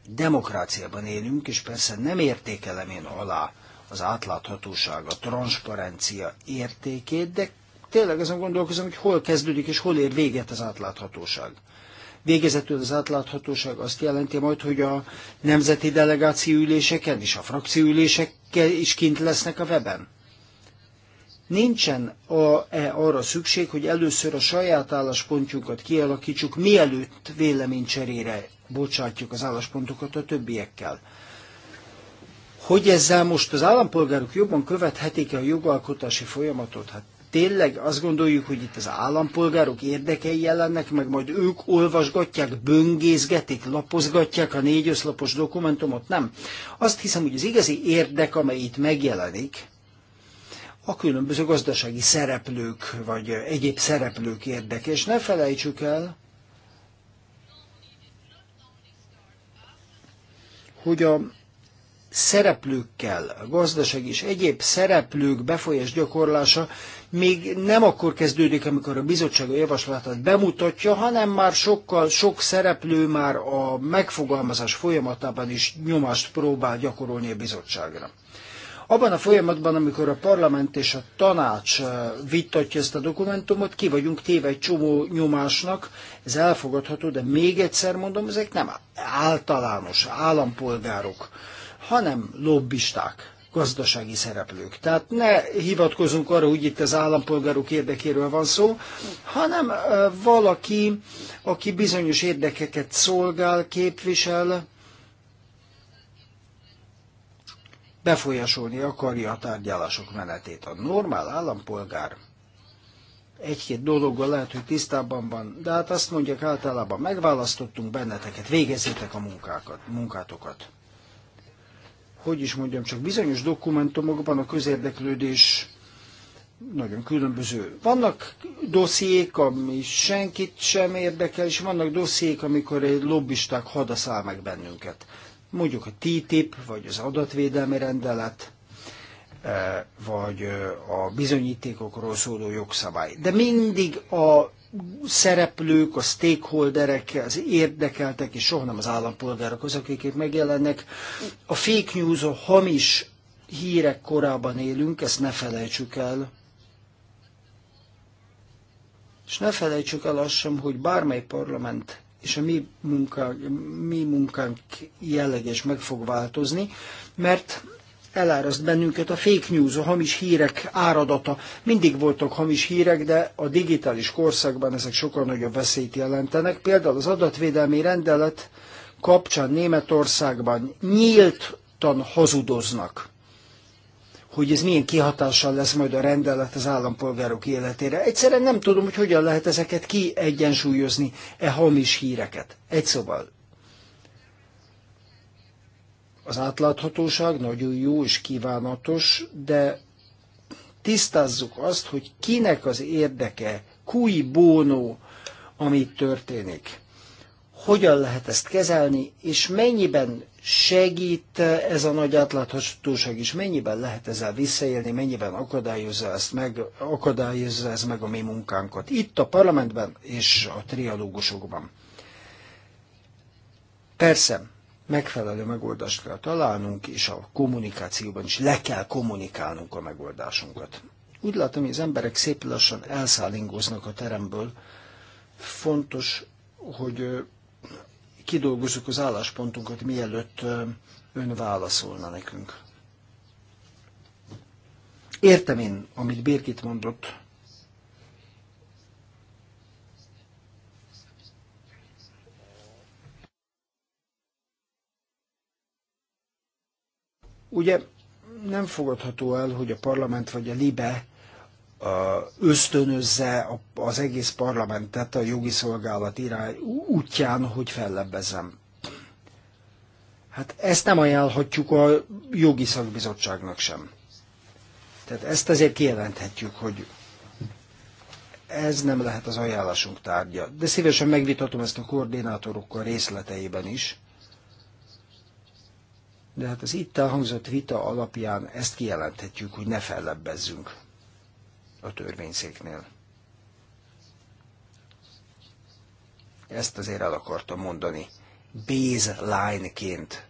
Demokráciában élünk, és persze nem értékelem én alá az átláthatóság, a transzparencia értékét, de tényleg azon gondolkozom, hogy hol kezdődik és hol ér véget az átláthatóság. Végezetül az átláthatóság azt jelenti majd, hogy a nemzeti delegáció üléseken és a frakcióülések is kint lesznek a weben. Nincsen a, e arra szükség, hogy először a saját álláspontjukat kialakítsuk, mielőtt véleménycserére bocsátjuk az álláspontokat a többiekkel. Hogy ezzel most az állampolgárok jobban követhetik -e a jogalkotási folyamatot? Hát tényleg azt gondoljuk, hogy itt az állampolgárok érdekei jelennek, meg majd ők olvasgatják, böngészgetik, lapozgatják a négyöszlapos dokumentumot? Nem. Azt hiszem, hogy az igazi érdek, amely itt megjelenik, a különböző gazdasági szereplők, vagy egyéb szereplők érdeke. És ne felejtsük el, hogy a szereplőkkel, a gazdaság és egyéb szereplők befolyás gyakorlása még nem akkor kezdődik, amikor a bizottság a javaslatát bemutatja, hanem már sokkal, sok szereplő már a megfogalmazás folyamatában is nyomást próbál gyakorolni a bizottságra. Abban a folyamatban, amikor a parlament és a tanács eh, vitatja ezt a dokumentumot, ki vagyunk téve egy csomó nyomásnak, ez elfogadható, de még egyszer mondom, ezek nem általános állampolgárok, hanem lobbisták, gazdasági szereplők. Tehát ne hivatkozunk arra, hogy itt az állampolgárok érdekéről van szó, hanem valaki, aki bizonyos érdekeket szolgál, képvisel, befolyásolni akarja a tárgyalások menetét. A normál állampolgár egy-két dologgal lehet, hogy tisztában van, de hát azt mondják általában, megválasztottunk benneteket, végezzétek a munkákat, munkátokat hogy is mondjam, csak bizonyos dokumentumokban a közérdeklődés nagyon különböző. Vannak dossziék, ami senkit sem érdekel, és vannak dossziék, amikor egy lobbisták hadaszáll meg bennünket. Mondjuk a TTIP, vagy az adatvédelmi rendelet, eh, vagy eh, a bizonyítékokról szóló jogszabály. De mindig a szereplők, a stakeholderek, az érdekeltek, és soha nem az állampolgárok azok, akik itt megjelennek. A fake news, a hamis hírek korában élünk, ezt ne felejtsük el. És ne felejtsük el azt sem, hogy bármely parlament és a mi munkánk, mi munkánk jelleges meg fog változni, mert eláraszt bennünket a fake news, a hamis hírek áradata. Mindig voltak hamis hírek, de a digitális korszakban ezek sokkal nagyobb veszélyt jelentenek. Például az adatvédelmi rendelet kapcsán Németországban nyíltan hazudoznak hogy ez milyen kihatással lesz majd a rendelet az állampolgárok életére. Egyszerűen nem tudom, hogy hogyan lehet ezeket kiegyensúlyozni, e hamis híreket. Egy szóval az átláthatóság nagyon jó és kívánatos, de tisztázzuk azt, hogy kinek az érdeke, kui bónó, amit történik. Hogyan lehet ezt kezelni, és mennyiben segít ez a nagy átláthatóság, és mennyiben lehet ezzel visszaélni, mennyiben akadályozza, ezt meg, akadályozza ez meg a mi munkánkat. Itt a parlamentben és a trialógusokban. Persze, megfelelő megoldást kell találnunk, és a kommunikációban is le kell kommunikálnunk a megoldásunkat. Úgy látom, hogy az emberek szép lassan elszállingoznak a teremből. Fontos, hogy kidolgozzuk az álláspontunkat, mielőtt ön válaszolna nekünk. Értem én, amit Birgit mondott, Ugye nem fogadható el, hogy a parlament vagy a LIBE ösztönözze az egész parlamentet a jogi szolgálat irány útján, hogy fellebbezem. Hát ezt nem ajánlhatjuk a jogi szakbizottságnak sem. Tehát ezt azért kijelenthetjük, hogy ez nem lehet az ajánlásunk tárgya. De szívesen megvitatom ezt a koordinátorokkal részleteiben is, de hát az itt elhangzott vita alapján ezt kijelenthetjük, hogy ne fellebbezzünk a törvényszéknél. Ezt azért el akartam mondani. Baseline-ként.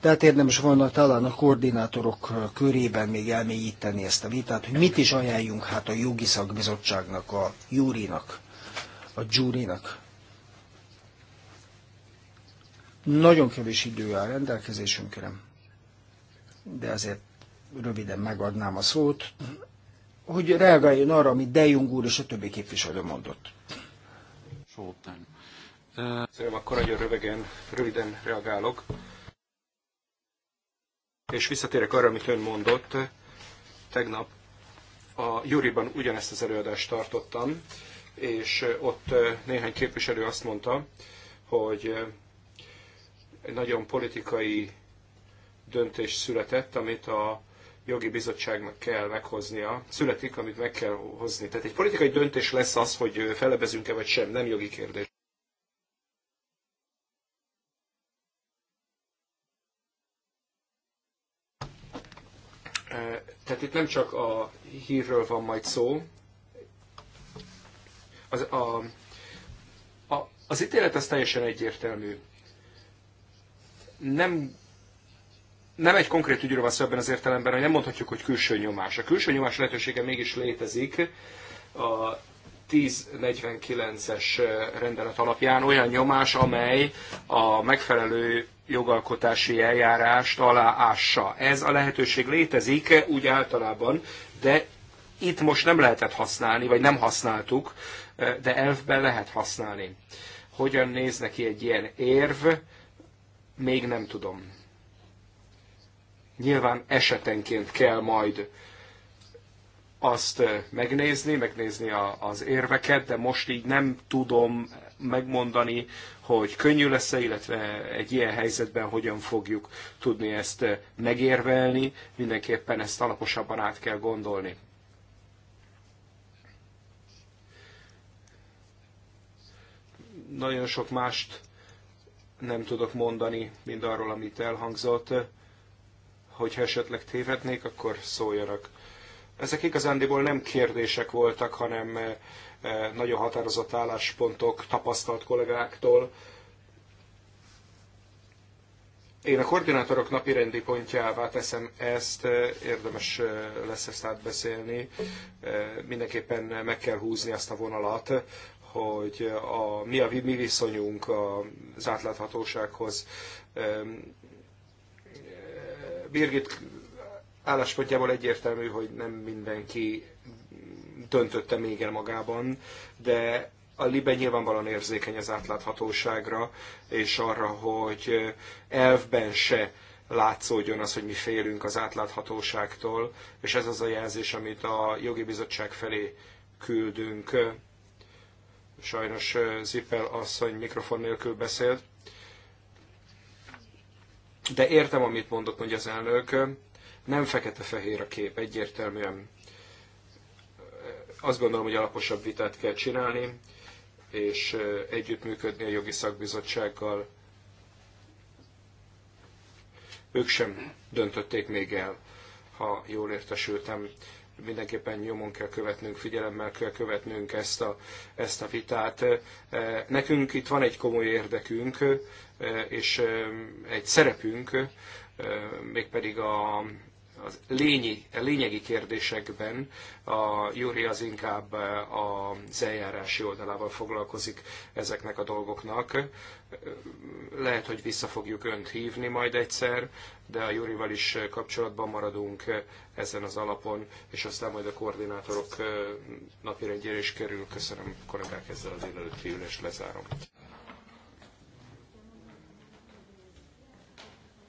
Tehát érdemes volna talán a koordinátorok körében még elmélyíteni ezt a vitát, hogy mit is ajánljunk hát a jogi szakbizottságnak, a júrinak, a júrinak. Nagyon kevés idő áll rendelkezésünkre, de azért röviden megadnám a szót, hogy reagáljon arra, amit Dejung úr és a többi képviselő mondott. Szóval, Szerintem akkor nagyon rövegen, röviden reagálok. És visszatérek arra, amit ön mondott. Tegnap a Juriban ugyanezt az előadást tartottam, és ott eh, néhány képviselő azt mondta, hogy eh, egy nagyon politikai döntés született, amit a jogi bizottságnak kell meghoznia, születik, amit meg kell hozni. Tehát egy politikai döntés lesz az, hogy felebezünk-e vagy sem, nem jogi kérdés. Tehát itt nem csak a hírről van majd szó, az, a, a, az ítélet az teljesen egyértelmű nem nem egy konkrét ügyről van szó ebben az értelemben, hogy nem mondhatjuk, hogy külső nyomás. A külső nyomás lehetősége mégis létezik a 1049-es rendelet alapján olyan nyomás, amely a megfelelő jogalkotási eljárást aláássa. Ez a lehetőség létezik úgy általában, de itt most nem lehetett használni, vagy nem használtuk, de elfben lehet használni. Hogyan néz neki egy ilyen érv? Még nem tudom. Nyilván esetenként kell majd azt megnézni, megnézni a, az érveket, de most így nem tudom megmondani, hogy könnyű lesz-e, illetve egy ilyen helyzetben hogyan fogjuk tudni ezt megérvelni. Mindenképpen ezt alaposabban át kell gondolni. Nagyon sok mást nem tudok mondani mind arról, amit elhangzott. Hogyha esetleg tévednék, akkor szóljanak. Ezek igazándiból nem kérdések voltak, hanem eh, eh, nagyon határozott álláspontok tapasztalt kollégáktól. Én a koordinátorok napirendi pontjává teszem ezt, eh, érdemes lesz ezt átbeszélni. Mindenképpen meg kell húzni azt a vonalat, hogy a, mi a mi viszonyunk az átláthatósághoz. Birgit álláspontjából egyértelmű, hogy nem mindenki döntötte még el magában, de a Libe nyilvánvalóan érzékeny az átláthatóságra, és arra, hogy elvben se látszódjon az, hogy mi félünk az átláthatóságtól, és ez az a jelzés, amit a jogi bizottság felé küldünk Sajnos Zippel asszony mikrofon nélkül beszélt. De értem, amit mondott, mondja az elnök. Nem fekete-fehér a kép, egyértelműen. Azt gondolom, hogy alaposabb vitát kell csinálni, és együttműködni a jogi szakbizottsággal. Ők sem döntötték még el, ha jól értesültem mindenképpen nyomon kell követnünk, figyelemmel kell követnünk ezt a, ezt a vitát. E, nekünk itt van egy komoly érdekünk, e, és e, egy szerepünk, mégpedig a, az lényi, lényegi kérdésekben a Júri az inkább eh, az eljárási oldalával foglalkozik ezeknek a dolgoknak. Lehet, hogy vissza fogjuk önt hívni majd egyszer, de a Júrival is kapcsolatban maradunk ezen az alapon, és aztán majd a koordinátorok eh, napirendjére is kerül. Köszönöm kollégák, ezzel az délelőtti ülést lezárom.